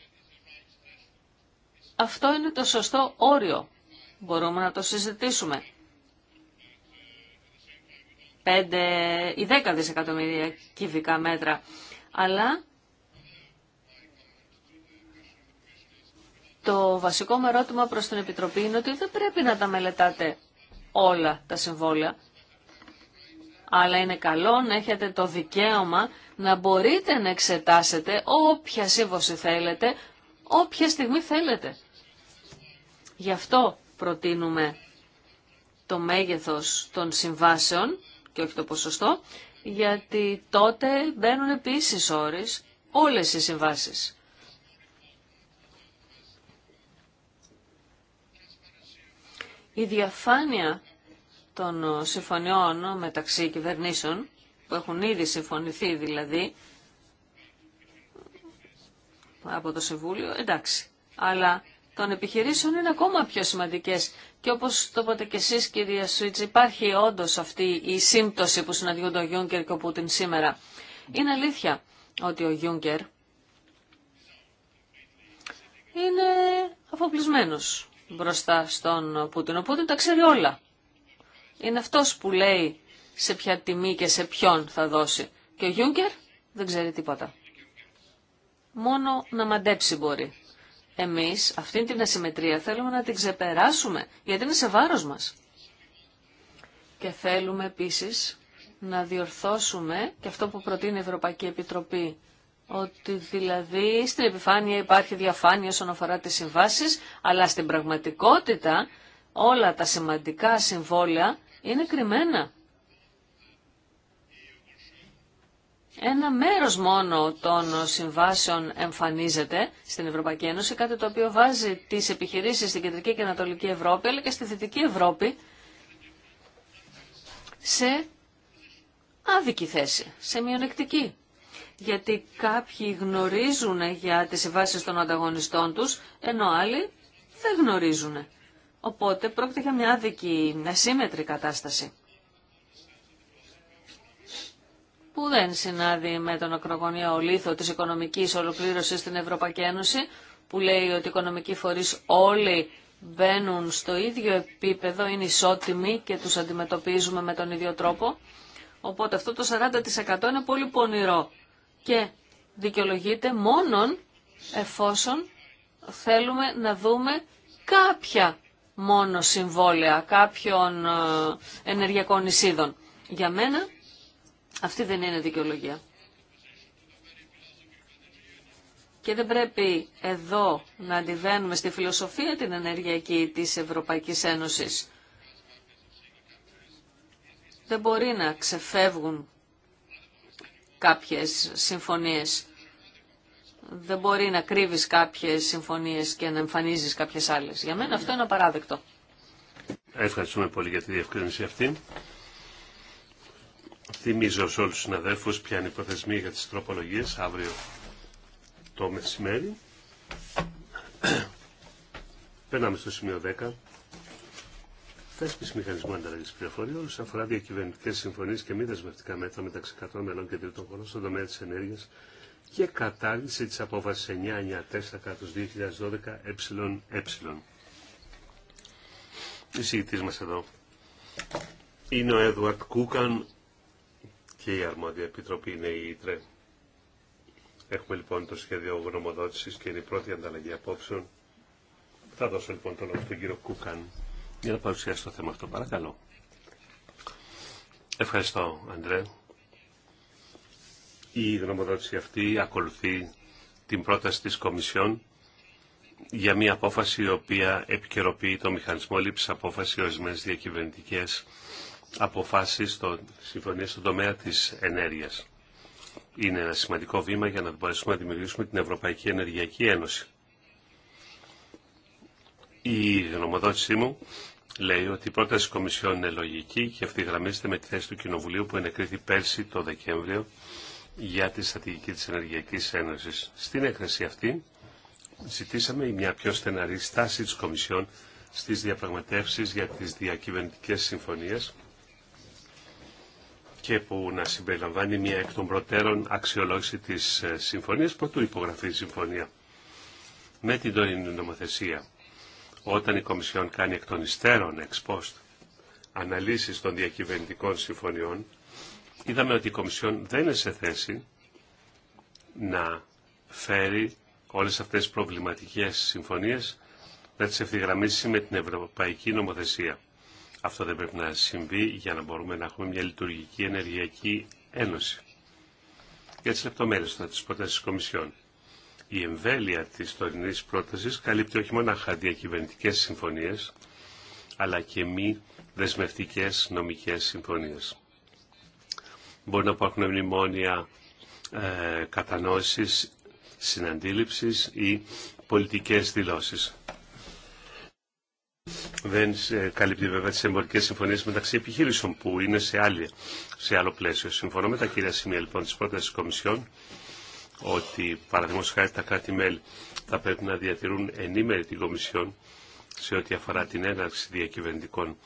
Αυτό είναι το σωστό όριο. Μπορούμε να το συζητήσουμε. 5 ή 10 δισεκατομμύρια κυβικά μέτρα. Αλλά το βασικό μου ερώτημα προς την Επιτροπή είναι ότι δεν πρέπει να τα μελετάτε όλα τα συμβόλαια αλλά είναι καλό να έχετε το δικαίωμα να μπορείτε να εξετάσετε όποια σύμβοση θέλετε, όποια στιγμή θέλετε. Γι' αυτό προτείνουμε το μέγεθος των συμβάσεων και όχι το ποσοστό, γιατί τότε μπαίνουν επίσης όρις όλες οι συμβάσεις. Η διαφάνεια των συμφωνιών μεταξύ κυβερνήσεων, που έχουν ήδη συμφωνηθεί δηλαδή από το Συμβούλιο, εντάξει. Αλλά των επιχειρήσεων είναι ακόμα πιο σημαντικές. Και όπως το είπατε και εσείς κυρία Σουίτς, υπάρχει όντως αυτή η σύμπτωση που συναντιούνται ο Γιούγκερ και ο Πούτιν σήμερα. Είναι αλήθεια ότι ο Γιούγκερ είναι αφοπλισμένος μπροστά στον Πούτιν. Ο Πούτιν τα ξέρει όλα. Είναι αυτός που λέει σε ποια τιμή και σε ποιον θα δώσει. Και ο Γιούγκερ δεν ξέρει τίποτα. Μόνο να μαντέψει μπορεί. Εμείς αυτήν την ασυμμετρία θέλουμε να την ξεπεράσουμε, γιατί είναι σε βάρος μας. Και θέλουμε επίσης να διορθώσουμε και αυτό που προτείνει η Ευρωπαϊκή Επιτροπή, ότι δηλαδή στην επιφάνεια υπάρχει διαφάνεια όσον αφορά τις συμβάσεις, αλλά στην πραγματικότητα όλα τα σημαντικά συμβόλαια είναι κρυμμένα. Ένα μέρος μόνο των συμβάσεων εμφανίζεται στην Ευρωπαϊκή Ένωση, κάτι το οποίο βάζει τις επιχειρήσεις στην Κεντρική και Ανατολική Ευρώπη, αλλά και στη Δυτική Ευρώπη, σε άδικη θέση, σε μειονεκτική. Γιατί κάποιοι γνωρίζουν για τις συμβάσεις των ανταγωνιστών τους, ενώ άλλοι δεν γνωρίζουν. Οπότε πρόκειται για μια άδικη, ασύμετρη κατάσταση που δεν συνάδει με τον ακρογωνία ολίθο της οικονομικής ολοκλήρωσης στην Ευρωπαϊκή Ένωση, που λέει ότι οι οικονομικοί φορείς όλοι μπαίνουν στο ίδιο επίπεδο, είναι ισότιμοι και τους αντιμετωπίζουμε με τον ίδιο τρόπο. Οπότε αυτό το 40% είναι πολύ πονηρό και δικαιολογείται μόνον εφόσον θέλουμε να δούμε κάποια μόνο συμβόλαια κάποιων ε, ενεργειακών εισίδων. Για μένα αυτή δεν είναι δικαιολογία. Και δεν πρέπει εδώ να αντιβαίνουμε στη φιλοσοφία την ενεργειακή της Ευρωπαϊκής Ένωσης. Δεν μπορεί να ξεφεύγουν κάποιες συμφωνίες. Δεν μπορεί να κρύβεις κάποιες συμφωνίες και να εμφανίζεις κάποιες άλλες. Για μένα αυτό είναι απαράδεκτο. Ευχαριστούμε πολύ για τη διευκρίνηση αυτή. Θυμίζω σε όλους τους συναδέλφους ποια είναι η προθεσμία για τις τροπολογίες αύριο το μεσημέρι. Περνάμε στο σημείο 10. Θέσπιση μηχανισμού ανταλλαγή πληροφοριών όσον αφορά διακυβερνητικέ συμφωνίε και μη δεσμευτικά μέτρα μεταξύ 100 μελών και τρίτων χωρών στον τομέα τη ενέργεια και κατάργηση της απόφασης 994 2012 ΕΕ. Η μας εδώ είναι ο Έδουαρτ Κούκαν και η αρμόδια επιτροπή είναι η ΙΤΡΕ. Έχουμε λοιπόν το σχέδιο γνωμοδότησης και είναι η πρώτη ανταλλαγή απόψεων. Θα δώσω λοιπόν τον λόγο στον κύριο Κούκαν για να παρουσιάσει το θέμα αυτό. Παρακαλώ. Ευχαριστώ, Αντρέ. Η γνωμοδότηση αυτή ακολουθεί την πρόταση της Κομισιόν για μια απόφαση η οποία επικαιροποιεί το μηχανισμό λήψης απόφαση ορισμένε διακυβερνητικές αποφάσεις στο, συμφωνία στον τομέα της ενέργειας. Είναι ένα σημαντικό βήμα για να μπορέσουμε να δημιουργήσουμε την Ευρωπαϊκή Ενεργειακή Ένωση. Η γνωμοδότησή μου λέει ότι η πρόταση της Κομισιόν είναι λογική και αυτή γραμμίζεται με τη θέση του Κοινοβουλίου που ενεκρίθη πέρσι το Δεκέμβριο για τη στρατηγική της Ενεργειακής Ένωσης. Στην έκθεση αυτή ζητήσαμε μια πιο στεναρή στάση της Κομισιόν στις διαπραγματεύσεις για τις διακυβερνητικές συμφωνίες και που να συμπεριλαμβάνει μια εκ των προτέρων αξιολόγηση της ε, συμφωνίας προτού υπογραφεί η συμφωνία με την τωρινή νομοθεσία. Όταν η Κομισιόν κάνει εκ των υστέρων εξ αναλύσεις των διακυβερνητικών συμφωνιών είδαμε ότι η Κομισιόν δεν είναι σε θέση να φέρει όλες αυτές τις προβληματικές συμφωνίες να τις ευθυγραμμίσει με την Ευρωπαϊκή Νομοθεσία. Αυτό δεν πρέπει να συμβεί για να μπορούμε να έχουμε μια λειτουργική ενεργειακή ένωση. Για τις λεπτομέρειες τώρα της πρότασης Κομισιόν. Η εμβέλεια της τωρινής πρότασης καλύπτει όχι μόνο διακυβερνητικές συμφωνίες, αλλά και μη δεσμευτικές νομικές συμφωνίες. Μπορεί να υπάρχουν μνημόνια ε, κατανόησης, συναντήληψης ή πολιτικές δηλώσεις. Δεν καλύπτει βέβαια τι εμπορικέ συμφωνίε μεταξύ επιχείρησεων που είναι σε, άλλη, σε άλλο πλαίσιο. Συμφωνώ με τα κύρια σημεία λοιπόν τη πρόταση Κομισιόν ότι παραδείγματος τα κράτη-μέλη θα πρέπει να διατηρούν ενήμερη την Κομισιόν σε ό,τι αφορά την έναρξη διακυβερνητικών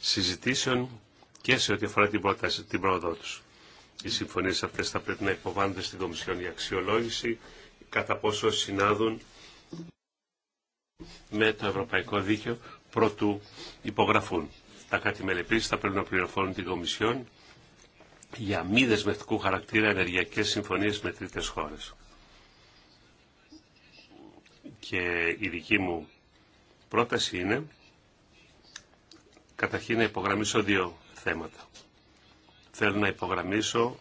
συζητήσεων και σε ό,τι αφορά την, πρόταση, την πρόοδό του. Οι συμφωνίες αυτές θα πρέπει να υποβάλλονται στην Κομισιόν για αξιολόγηση κατά πόσο συνάδουν με το Ευρωπαϊκό Δίκαιο πρώτου υπογραφούν. Τα κάτι μελη θα πρέπει να πληροφώνουν την Κομισιόν για μη δεσμευτικού χαρακτήρα ενεργειακέ συμφωνίε με τρίτες χώρε. Και η δική μου πρόταση είναι καταρχήν να υπογραμμίσω δύο θέματα. Θέλω να υπογραμμίσω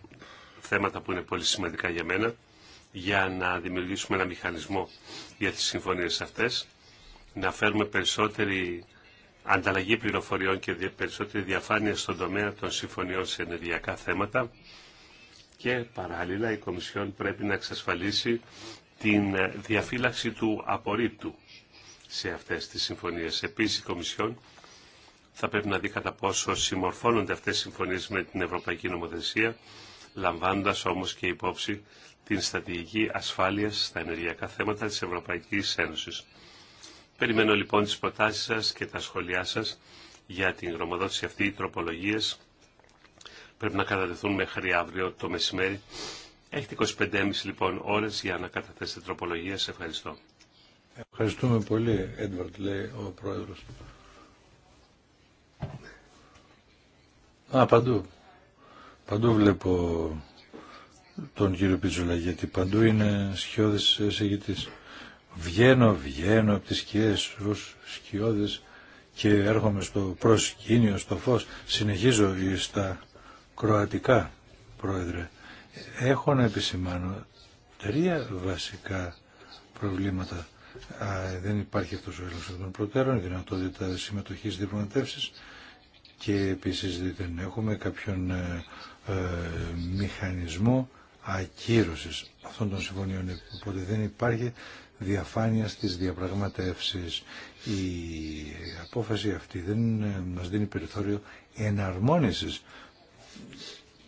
θέματα που είναι πολύ σημαντικά για μένα για να δημιουργήσουμε ένα μηχανισμό για τις συμφωνίες αυτές, να φέρουμε περισσότερη ανταλλαγή πληροφοριών και περισσότερη διαφάνεια στον τομέα των συμφωνιών σε ενεργειακά θέματα και παράλληλα η Κομισιόν πρέπει να εξασφαλίσει την διαφύλαξη του απορρίπτου σε αυτές τις συμφωνίες. Επίσης η Κομισιόν θα πρέπει να δει κατά πόσο συμμορφώνονται αυτές οι συμφωνίες με την Ευρωπαϊκή Νομοθεσία, λαμβάνοντας όμως και υπόψη την στρατηγική ασφάλειας στα ενεργειακά θέματα της Ευρωπαϊκής Ένωσης. Περιμένω λοιπόν τις προτάσεις σας και τα σχόλιά σας για την γνωμοδότηση αυτή. Οι τροπολογίες πρέπει να κατατεθούν μέχρι αύριο το μεσημέρι. Έχετε 25,5 λοιπόν ώρες για να καταθέσετε Σε Ευχαριστώ. Ευχαριστούμε πολύ, Έντβαρτ, λέει ο Πρόεδρος. Α, παντού. Παντού βλέπω τον κύριο Πιτζουλα, γιατί παντού είναι σκιώδης εισηγητής. Βγαίνω, βγαίνω από τις σκιές ως σκιώδης και έρχομαι στο προσκήνιο, στο φως. Συνεχίζω στα κροατικά, πρόεδρε. Έχω να επισημάνω τρία βασικά προβλήματα. δεν υπάρχει αυτός ο έλεγχος των προτέρων, η δυνατότητα συμμετοχής διπλωματεύσης και επίσης δεν έχουμε κάποιον ε, ε, μηχανισμό ακύρωσης αυτών των συμφωνιών. Οπότε δεν υπάρχει διαφάνεια στις διαπραγματεύσεις. Η απόφαση αυτή δεν ε, μας δίνει περιθώριο εναρμόνισης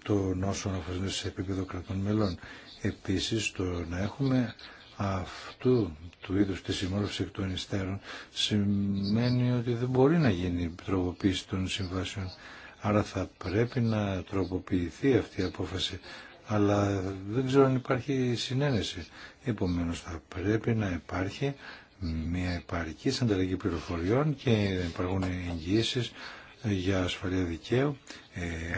των όσων αφορούν σε επίπεδο κρατών μελών. Επίσης το να έχουμε αυτού του είδους της συμμόρφωσης εκ των υστέρων σημαίνει ότι δεν μπορεί να γίνει τροποποίηση των συμβάσεων. Άρα θα πρέπει να τροποποιηθεί αυτή η απόφαση. Αλλά δεν ξέρω αν υπάρχει συνένεση. Επομένως θα πρέπει να υπάρχει μια επαρκή ανταλλαγή πληροφοριών και υπάρχουν εγγυήσει για ασφαλεία δικαίου,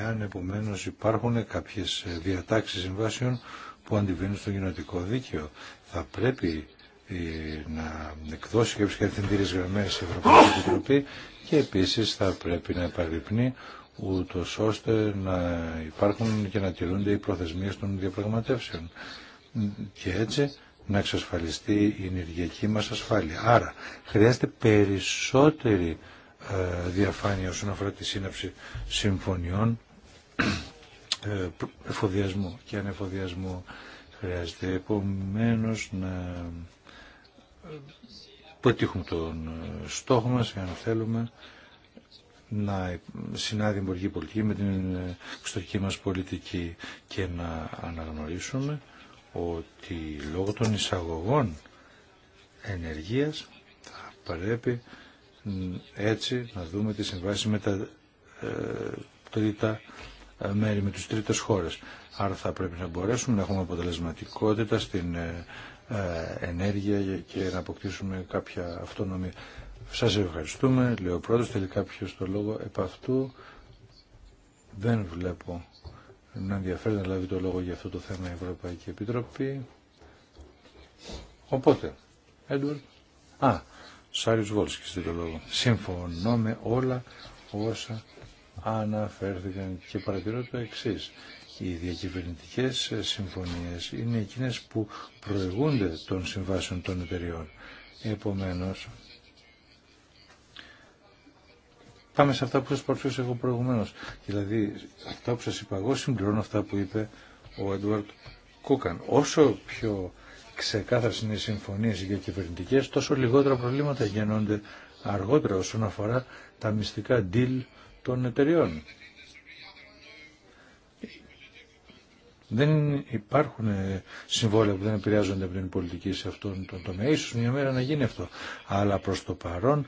αν επομένως υπάρχουν κάποιες διατάξεις συμβάσεων που αντιβαίνουν στο κοινοτικό δίκαιο θα πρέπει ε, να εκδώσει κάποιες κατευθυντήριες γραμμές η Ευρωπαϊκή Επιτροπή και επίσης θα πρέπει να επαρρυπνεί ούτω ώστε να υπάρχουν και να τηρούνται οι προθεσμίες των διαπραγματεύσεων και έτσι να εξασφαλιστεί η ενεργειακή μας ασφάλεια. Άρα χρειάζεται περισσότερη ε, διαφάνεια όσον αφορά τη σύναψη συμφωνιών ε, εφοδιασμού και ανεφοδιασμού Χρειάζεται επομένω να πετύχουμε τον στόχο μας, να θέλουμε, να συνάδει η εμπορική πολιτική με την εξωτερική μας πολιτική και να αναγνωρίσουμε ότι λόγω των εισαγωγών ενεργείας θα πρέπει έτσι να δούμε τη συμβάση με τα ε, τρίτα μέρη, με τους τρίτες χώρες. Άρα θα πρέπει να μπορέσουμε να έχουμε αποτελεσματικότητα στην ε, ε, ενέργεια και να αποκτήσουμε κάποια αυτονομία. Σας ευχαριστούμε. Λέω πρώτος, θέλει κάποιο το λόγο. Επ' αυτού δεν βλέπω να ενδιαφέρει να λάβει το λόγο για αυτό το θέμα η Ευρωπαϊκή Επιτροπή. Οπότε, Έντουερτ. Α, Σάριος Βόλσκης το λόγο. Συμφωνώ με όλα όσα αναφέρθηκαν και παρατηρώ το εξής οι διακυβερνητικές συμφωνίες είναι εκείνες που προηγούνται των συμβάσεων των εταιριών. Επομένως, πάμε σε αυτά που σας παρουσίασα εγώ προηγουμένως. Δηλαδή, αυτά που σας είπα εγώ συμπληρώνω αυτά που είπε ο Έντουαρτ Κούκαν. Όσο πιο ξεκάθαρε είναι οι συμφωνίες οι τόσο λιγότερα προβλήματα γεννώνται αργότερα όσον αφορά τα μυστικά deal των εταιριών. Δεν υπάρχουν ε, συμβόλαια που δεν επηρεάζονται από την πολιτική σε αυτόν τον τομέα. Ίσως μια μέρα να γίνει αυτό. Αλλά προς το παρόν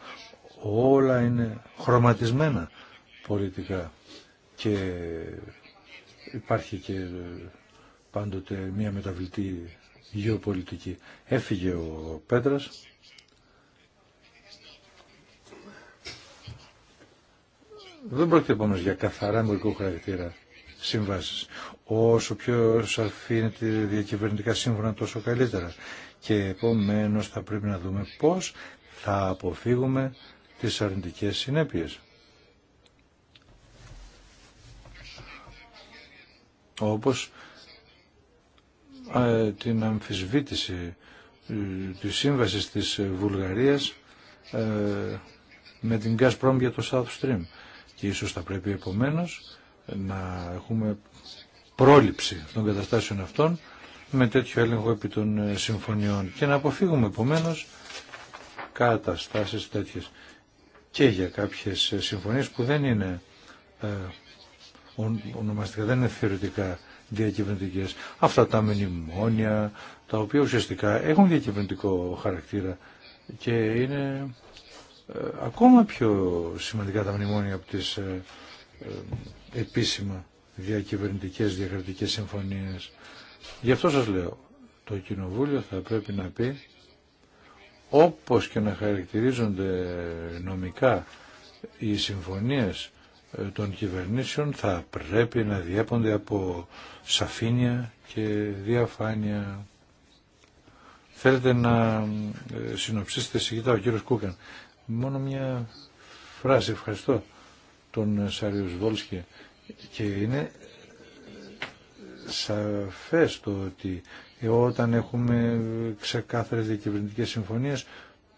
όλα είναι χρωματισμένα πολιτικά. Και υπάρχει και ε, πάντοτε μια μεταβλητή γεωπολιτική. Έφυγε ο Πέτρας. Δεν πρόκειται όμω για καθαρά εμπορικό χαρακτήρα σύμβασης. Όσο πιο σαφή είναι τη διακυβερνητικά σύμφωνα τόσο καλύτερα. Και επομένω θα πρέπει να δούμε πώς θα αποφύγουμε τις αρνητικές συνέπειες. Όπως ε, την αμφισβήτηση ε, της σύμβασης της Βουλγαρίας ε, με την Gazprom για το South Stream. Και ίσως θα πρέπει επομένως να έχουμε πρόληψη των καταστάσεων αυτών με τέτοιο έλεγχο επί των ε, συμφωνιών και να αποφύγουμε επομένω καταστάσεις τέτοιες και για κάποιες ε, συμφωνίες που δεν είναι ε, ονομαστικά, δεν είναι θεωρητικά διακυβερνητικές. Αυτά τα μνημόνια, τα οποία ουσιαστικά έχουν διακυβερνητικό χαρακτήρα και είναι ε, ακόμα πιο σημαντικά τα μνημόνια από τις ε, επίσημα διακυβερνητικές διακρατικές συμφωνίες. Γι' αυτό σας λέω, το Κοινοβούλιο θα πρέπει να πει όπως και να χαρακτηρίζονται νομικά οι συμφωνίες ε, των κυβερνήσεων θα πρέπει να διέπονται από σαφήνεια και διαφάνεια. Θέλετε να ε, συνοψίσετε συγκεκριτά ο κύριος Κούκαν. Μόνο μια φράση ευχαριστώ τον ε, Σάριους Βόλσκε και είναι ε, σαφές το ότι όταν έχουμε ε, ξεκάθαρες διακυβερνητικέ συμφωνίες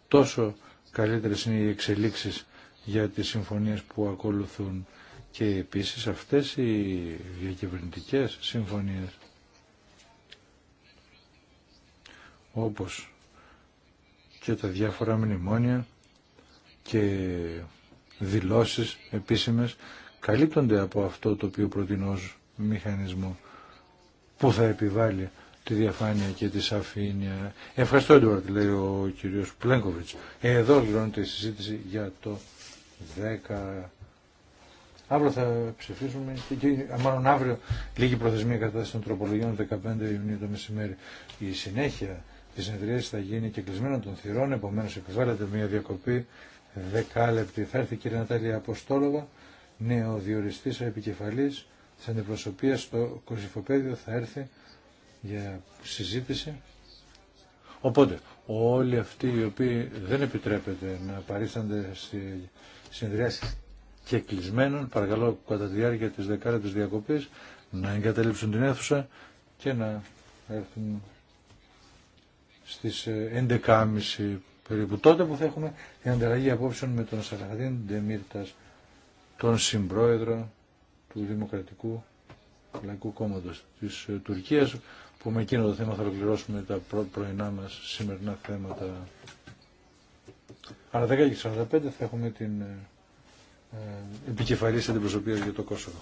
τόσο καλύτερες είναι οι εξελίξεις για τις συμφωνίες που ακολουθούν και επίσης αυτές οι διακυβερνητικέ συμφωνίες όπως και τα διάφορα μνημόνια και δηλώσεις επίσημες καλύπτονται από αυτό το οποίο προτείνω ως μηχανισμό που θα επιβάλλει τη διαφάνεια και τη σαφήνεια. Ευχαριστώ, Έντουαρτ, λέει ο κύριος Πλέγκοβιτς. Εδώ λιγώνεται η συζήτηση για το 10. Αύριο θα ψηφίσουμε, και, μάλλον αύριο, λίγη προθεσμία κατάσταση των τροπολογιών 15 Ιουνίου το μεσημέρι. Η συνέχεια της συνεδρίας θα γίνει και κλεισμένο των θυρών, επομένως επιβάλλεται μια διακοπή δεκάλεπτη. Θα έρθει η κυρία Νατάλια Αποστόλοβα, νεοδιοριστής επικεφαλής της αντιπροσωπείας στο Κωσυφοπέδιο θα έρθει για συζήτηση. Οπότε, όλοι αυτοί οι οποίοι δεν επιτρέπεται να παρίστανται σε συνδυάσει και κλεισμένων, παρακαλώ κατά τη διάρκεια της δεκάλεπτης διακοπής, να εγκαταλείψουν την αίθουσα και να έρθουν στις 11.30 ε, περίπου τότε που θα έχουμε την ανταλλαγή απόψεων με τον Σαραχαδίν Ντεμίρτα, τον συμπρόεδρο του Δημοκρατικού Λαϊκού κόμματο της ε, Τουρκίας, που με εκείνο το θέμα θα ολοκληρώσουμε τα πρωινά μα σημερινά θέματα. Αλλά 10.45 θα έχουμε την ε, ε, επικεφαλής αντιπροσωπεία για το Κόσοβο.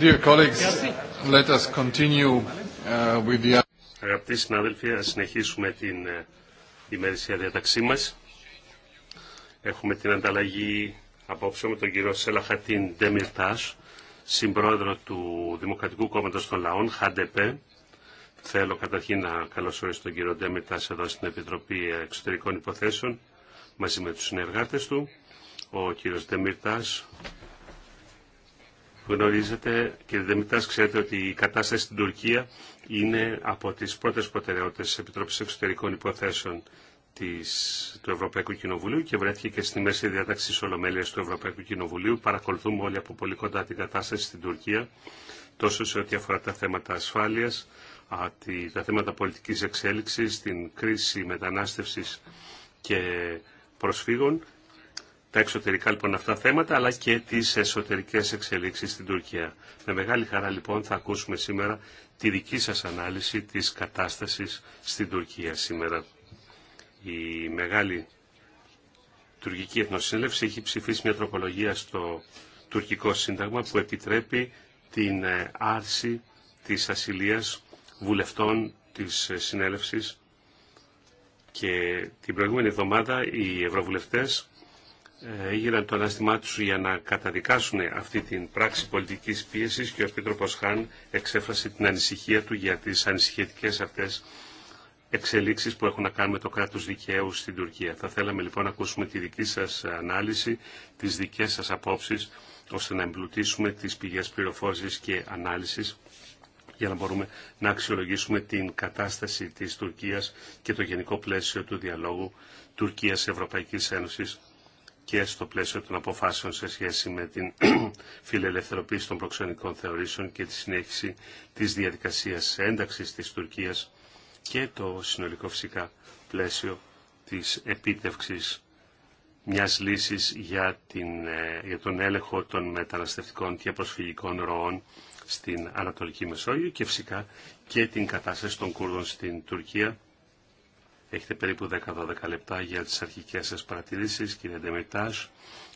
Uh, Αγαπητοί συνάδελφοι, ας συνεχίσουμε την ε, ημερησία διαταξή μας. Έχουμε την ανταλλαγή απόψε με τον κύριο Σελαχατίν Ντεμιρτάς, συμπρόεδρο του Δημοκρατικού Κόμματος των Λαών, ΧΑΝΤΕΠΕ. Θέλω καταρχήν να καλωσορίσω τον κύριο Ντεμιρτάς εδώ στην Επιτροπή Εξωτερικών Υποθέσεων, μαζί με τους συνεργάτες του. Ο κύριος Ντεμιρτάς Γνωρίζετε, κύριε Δημητά, ξέρετε ότι η κατάσταση στην Τουρκία είναι από τις πρώτες προτεραιότητες της Επιτροπής Εξωτερικών Υποθέσεων της, του Ευρωπαϊκού Κοινοβουλίου και βρέθηκε και στη μέση διάταξη της Ολομέλειας του Ευρωπαϊκού Κοινοβουλίου. Παρακολουθούμε όλοι από πολύ κοντά την κατάσταση στην Τουρκία, τόσο σε ό,τι αφορά τα θέματα ασφάλειας, τα θέματα πολιτικής εξέλιξης, την κρίση μετανάστευσης και προσφύγων τα εξωτερικά λοιπόν αυτά θέματα, αλλά και τις εσωτερικές εξελίξεις στην Τουρκία. Με μεγάλη χαρά λοιπόν θα ακούσουμε σήμερα τη δική σας ανάλυση της κατάστασης στην Τουρκία σήμερα. Η μεγάλη τουρκική εθνοσύνελευση έχει ψηφίσει μια τροπολογία στο τουρκικό σύνταγμα που επιτρέπει την ε, άρση της ασυλίας βουλευτών της ε, συνέλευσης και την προηγούμενη εβδομάδα οι ευρωβουλευτές έγιναν το ανάστημά του για να καταδικάσουν αυτή την πράξη πολιτικής πίεσης και ο Επίτροπος Χάν εξέφρασε την ανησυχία του για τις ανησυχητικές αυτές εξελίξεις που έχουν να κάνουν με το κράτος δικαίου στην Τουρκία. Θα θέλαμε λοιπόν να ακούσουμε τη δική σας ανάλυση, τις δικές σας απόψεις, ώστε να εμπλουτίσουμε τις πηγές πληροφόρησης και ανάλυσης για να μπορούμε να αξιολογήσουμε την κατάσταση της Τουρκίας και το γενικό πλαίσιο του διαλόγου Τουρκίας-Ευρωπαϊκής Ένωσης και στο πλαίσιο των αποφάσεων σε σχέση με την φιλελευθερωποίηση των προξενικών θεωρήσεων και τη συνέχιση της διαδικασίας ένταξης της Τουρκίας και το συνολικό φυσικά πλαίσιο της επίτευξης μιας λύσης για, ε, για τον έλεγχο των μεταναστευτικών και προσφυγικών ροών στην Ανατολική Μεσόγειο και φυσικά και την κατάσταση των Κούρδων στην Τουρκία Έχετε περίπου 10-12 λεπτά για τις αρχικές σας παρατηρήσεις, κύριε Ντεμετάς,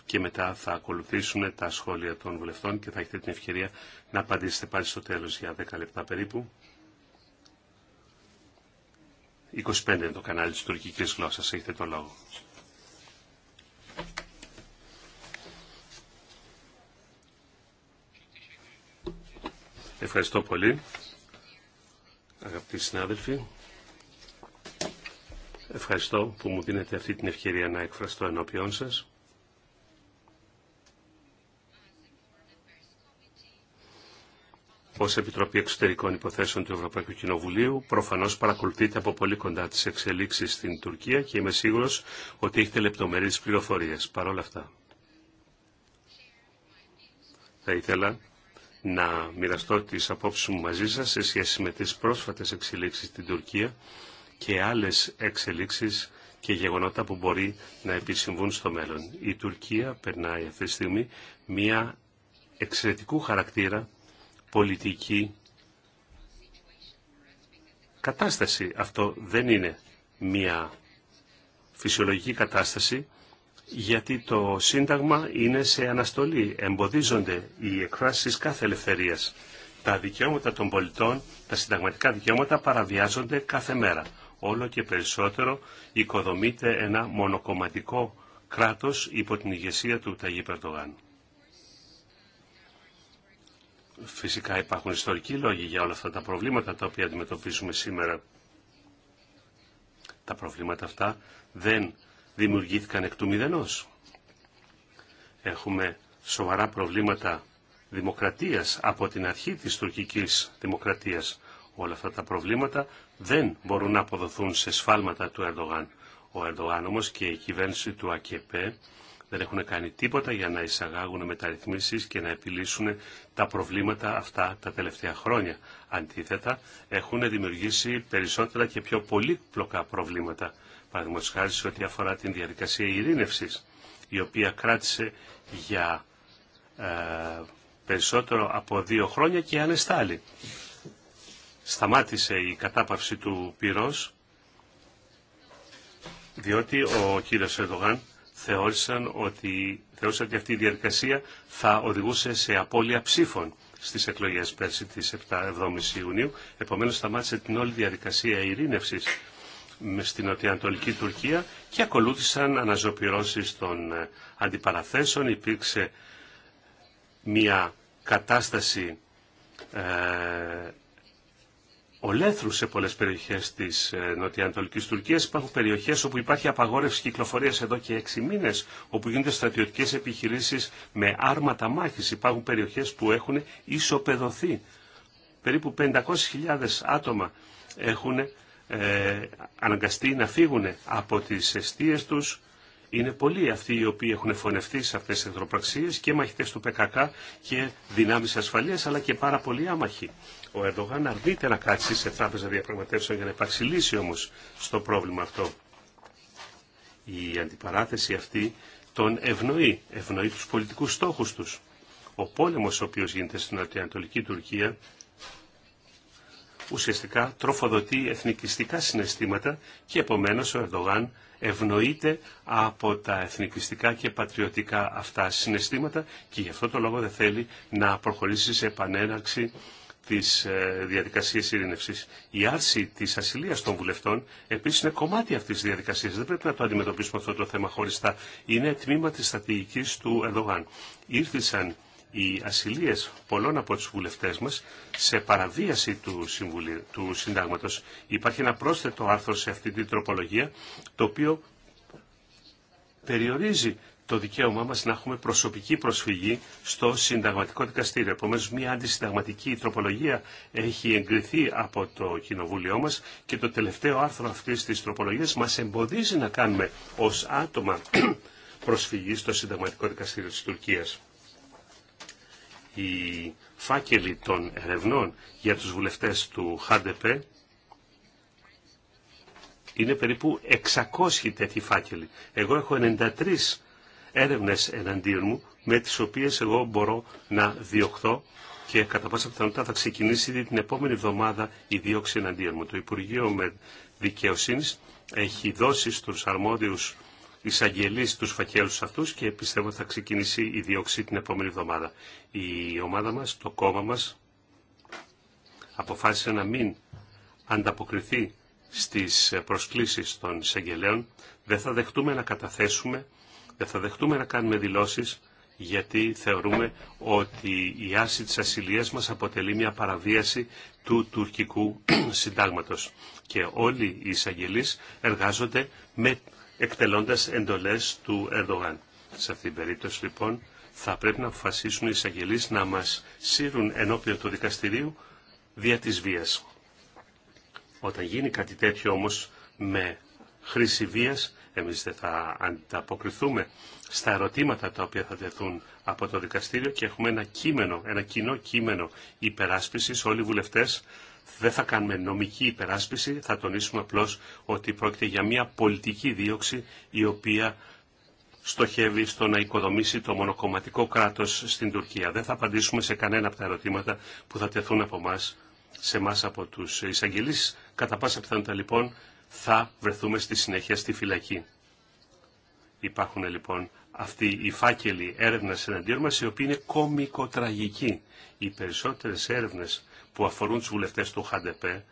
και μετά θα ακολουθήσουν τα σχόλια των βουλευτών και θα έχετε την ευκαιρία να απαντήσετε πάλι στο τέλος για 10 λεπτά περίπου. 25 είναι το κανάλι της τουρκικής γλώσσας, έχετε το λόγο. Ευχαριστώ πολύ, αγαπητοί συνάδελφοι. Ευχαριστώ που μου δίνετε αυτή την ευκαιρία να εκφραστώ ενώπιόν σας. Ως Επιτροπή Εξωτερικών Υποθέσεων του Ευρωπαϊκού Κοινοβουλίου, προφανώς παρακολουθείτε από πολύ κοντά τις εξελίξεις στην Τουρκία και είμαι σίγουρος ότι έχετε λεπτομερείς πληροφορίες. Παρ' όλα αυτά, θα ήθελα να μοιραστώ τις απόψεις μου μαζί σας σε σχέση με τις πρόσφατες εξελίξεις στην Τουρκία και άλλες εξελίξεις και γεγονότα που μπορεί να επισυμβούν στο μέλλον. Η Τουρκία περνάει αυτή τη στιγμή μια εξαιρετικού χαρακτήρα πολιτική κατάσταση. Αυτό δεν είναι μια φυσιολογική κατάσταση γιατί το Σύνταγμα είναι σε αναστολή. Εμποδίζονται οι εκφράσεις κάθε ελευθερίας. Τα δικαιώματα των πολιτών, τα συνταγματικά δικαιώματα παραβιάζονται κάθε μέρα όλο και περισσότερο οικοδομείται ένα μονοκομματικό κράτος υπό την ηγεσία του Ταγί Περτογάν. Φυσικά υπάρχουν ιστορικοί λόγοι για όλα αυτά τα προβλήματα τα οποία αντιμετωπίζουμε σήμερα. Τα προβλήματα αυτά δεν δημιουργήθηκαν εκ του μηδενός. Έχουμε σοβαρά προβλήματα δημοκρατίας από την αρχή της τουρκικής δημοκρατίας. Όλα αυτά τα προβλήματα δεν μπορούν να αποδοθούν σε σφάλματα του Ερντογάν. Ο Ερντογάν όμως και η κυβέρνηση του ΑΚΕΠΕ δεν έχουν κάνει τίποτα για να εισαγάγουν μεταρρυθμίσεις και να επιλύσουν τα προβλήματα αυτά τα τελευταία χρόνια. Αντίθετα, έχουν δημιουργήσει περισσότερα και πιο πολύπλοκα προβλήματα. Παραδείγματο χάρη σε ό,τι αφορά την διαδικασία ειρήνευση, η οποία κράτησε για ε, περισσότερο από δύο χρόνια και ανεστάλλει σταμάτησε η κατάπαυση του πυρός διότι ο κύριος Ερδογάν θεώρησαν ότι, θεώρησαν ότι αυτή η διαδικασία θα οδηγούσε σε απώλεια ψήφων στις εκλογές πέρσι της 7η Ιουνίου. Επομένως σταμάτησε την όλη διαδικασία ειρήνευσης στην νοτιοανατολική Τουρκία και ακολούθησαν αναζωπηρώσεις των ε, αντιπαραθέσεων. Υπήρξε μια κατάσταση ε, ολέθρου σε πολλές περιοχές της ε, νοτιοανατολικής Τουρκίας. Υπάρχουν περιοχές όπου υπάρχει απαγόρευση κυκλοφορίας εδώ και έξι μήνες, όπου γίνονται στρατιωτικές επιχειρήσεις με άρματα μάχης. Υπάρχουν περιοχές που έχουν ισοπεδωθεί. Περίπου 500.000 άτομα έχουν ε, αναγκαστεί να φύγουν από τις αιστείες τους. Είναι πολλοί αυτοί οι οποίοι έχουν φωνευτεί σε αυτές τις εχθροπραξίες και μαχητές του ΠΚΚ και δυνάμεις ασφαλείας αλλά και πάρα πολλοί άμαχοι ο Ερντογάν αρνείται να κάτσει σε τράπεζα διαπραγματεύσεων για να υπάρξει λύση όμως στο πρόβλημα αυτό. Η αντιπαράθεση αυτή τον ευνοεί, ευνοεί τους πολιτικούς στόχους τους. Ο πόλεμος ο οποίος γίνεται στην Ανατολική Τουρκία ουσιαστικά τροφοδοτεί εθνικιστικά συναισθήματα και επομένως ο Ερδογάν ευνοείται από τα εθνικιστικά και πατριωτικά αυτά συναισθήματα και γι' αυτό το λόγο δεν θέλει να προχωρήσει σε επανέναρξη της ε, διαδικασίας ειρήνευσης. Η άρση της ασυλίας των βουλευτών επίσης είναι κομμάτι αυτής της διαδικασίας. Δεν πρέπει να το αντιμετωπίσουμε αυτό το θέμα χωριστά. Είναι τμήμα της στρατηγικής του Ερδογάν. Ήρθαν οι ασυλίες πολλών από τους βουλευτές μας σε παραβίαση του, συντάγματο. του συντάγματος. Υπάρχει ένα πρόσθετο άρθρο σε αυτή την τροπολογία το οποίο περιορίζει το δικαίωμά μας να έχουμε προσωπική προσφυγή στο συνταγματικό δικαστήριο. Επομένως, μια αντισυνταγματική τροπολογία έχει εγκριθεί από το Κοινοβούλιο μας και το τελευταίο άρθρο αυτής της τροπολογίας μας εμποδίζει να κάνουμε ως άτομα προσφυγή στο συνταγματικό δικαστήριο της Τουρκίας. Οι φάκελοι των ερευνών για τους βουλευτές του ΧΑΝΤΕΠΕ είναι περίπου 600 τέτοιοι φάκελοι. Εγώ έχω 93 έρευνες εναντίον μου με τις οποίες εγώ μπορώ να διωχθώ και κατά πάσα πιθανότητα θα ξεκινήσει ήδη την επόμενη εβδομάδα η δίωξη εναντίον μου. Το Υπουργείο με Δικαιοσύνη έχει δώσει στους αρμόδιους εισαγγελεί του φακέλου αυτού και πιστεύω ότι θα ξεκινήσει η δίωξη την επόμενη εβδομάδα. Η ομάδα μα, το κόμμα μα, αποφάσισε να μην ανταποκριθεί στις προσκλήσεις των εισαγγελέων. Δεν θα δεχτούμε να καταθέσουμε δεν θα δεχτούμε να κάνουμε δηλώσεις γιατί θεωρούμε ότι η άση της ασυλίας μας αποτελεί μια παραβίαση του τουρκικού συντάγματος. Και όλοι οι εισαγγελείς εργάζονται με, εκτελώντας εντολές του Ερντογάν. Σε αυτήν την περίπτωση λοιπόν θα πρέπει να αποφασίσουν οι εισαγγελείς να μας σύρουν ενώπιον του δικαστηρίου δια της βίας. Όταν γίνει κάτι τέτοιο όμως με χρήση βίας εμείς δεν θα ανταποκριθούμε στα ερωτήματα τα οποία θα τεθούν από το δικαστήριο και έχουμε ένα κείμενο, ένα κοινό κείμενο υπεράσπισης. Όλοι οι βουλευτές δεν θα κάνουμε νομική υπεράσπιση, θα τονίσουμε απλώς ότι πρόκειται για μια πολιτική δίωξη η οποία στοχεύει στο να οικοδομήσει το μονοκομματικό κράτος στην Τουρκία. Δεν θα απαντήσουμε σε κανένα από τα ερωτήματα που θα τεθούν από εμά σε εμά από τους εισαγγελείς. Κατά πάσα πιθανότητα λοιπόν θα βρεθούμε στη συνέχεια στη φυλακή. Υπάρχουν λοιπόν αυτοί οι φάκελοι έρευνα εναντίον μας, οι οποίοι είναι κομικοτραγικοί. Οι περισσότερες έρευνες που αφορούν τους βουλευτές του ΧΑΝΤΕΠΕ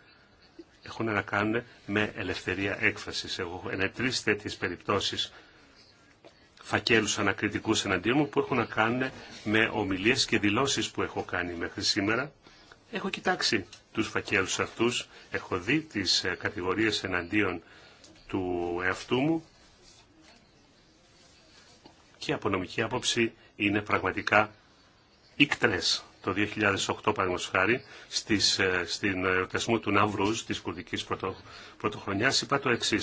έχουν να κάνουν με ελευθερία έκφρασης. Εγώ έχω τρει τέτοιες περιπτώσεις φακέλους ανακριτικούς εναντίον μου που έχουν να κάνουν με ομιλίες και δηλώσεις που έχω κάνει μέχρι σήμερα Έχω κοιτάξει τους φακέλους αυτούς, έχω δει τις ε, κατηγορίες εναντίον του εαυτού μου και από νομική άποψη είναι πραγματικά ικτρές. Το 2008, παραδείγματος χάρη, στις, ε, στην ε, εορτασμό του Ναυρούς της κουρδικής πρωτο, πρωτοχρονιάς, είπα το εξή.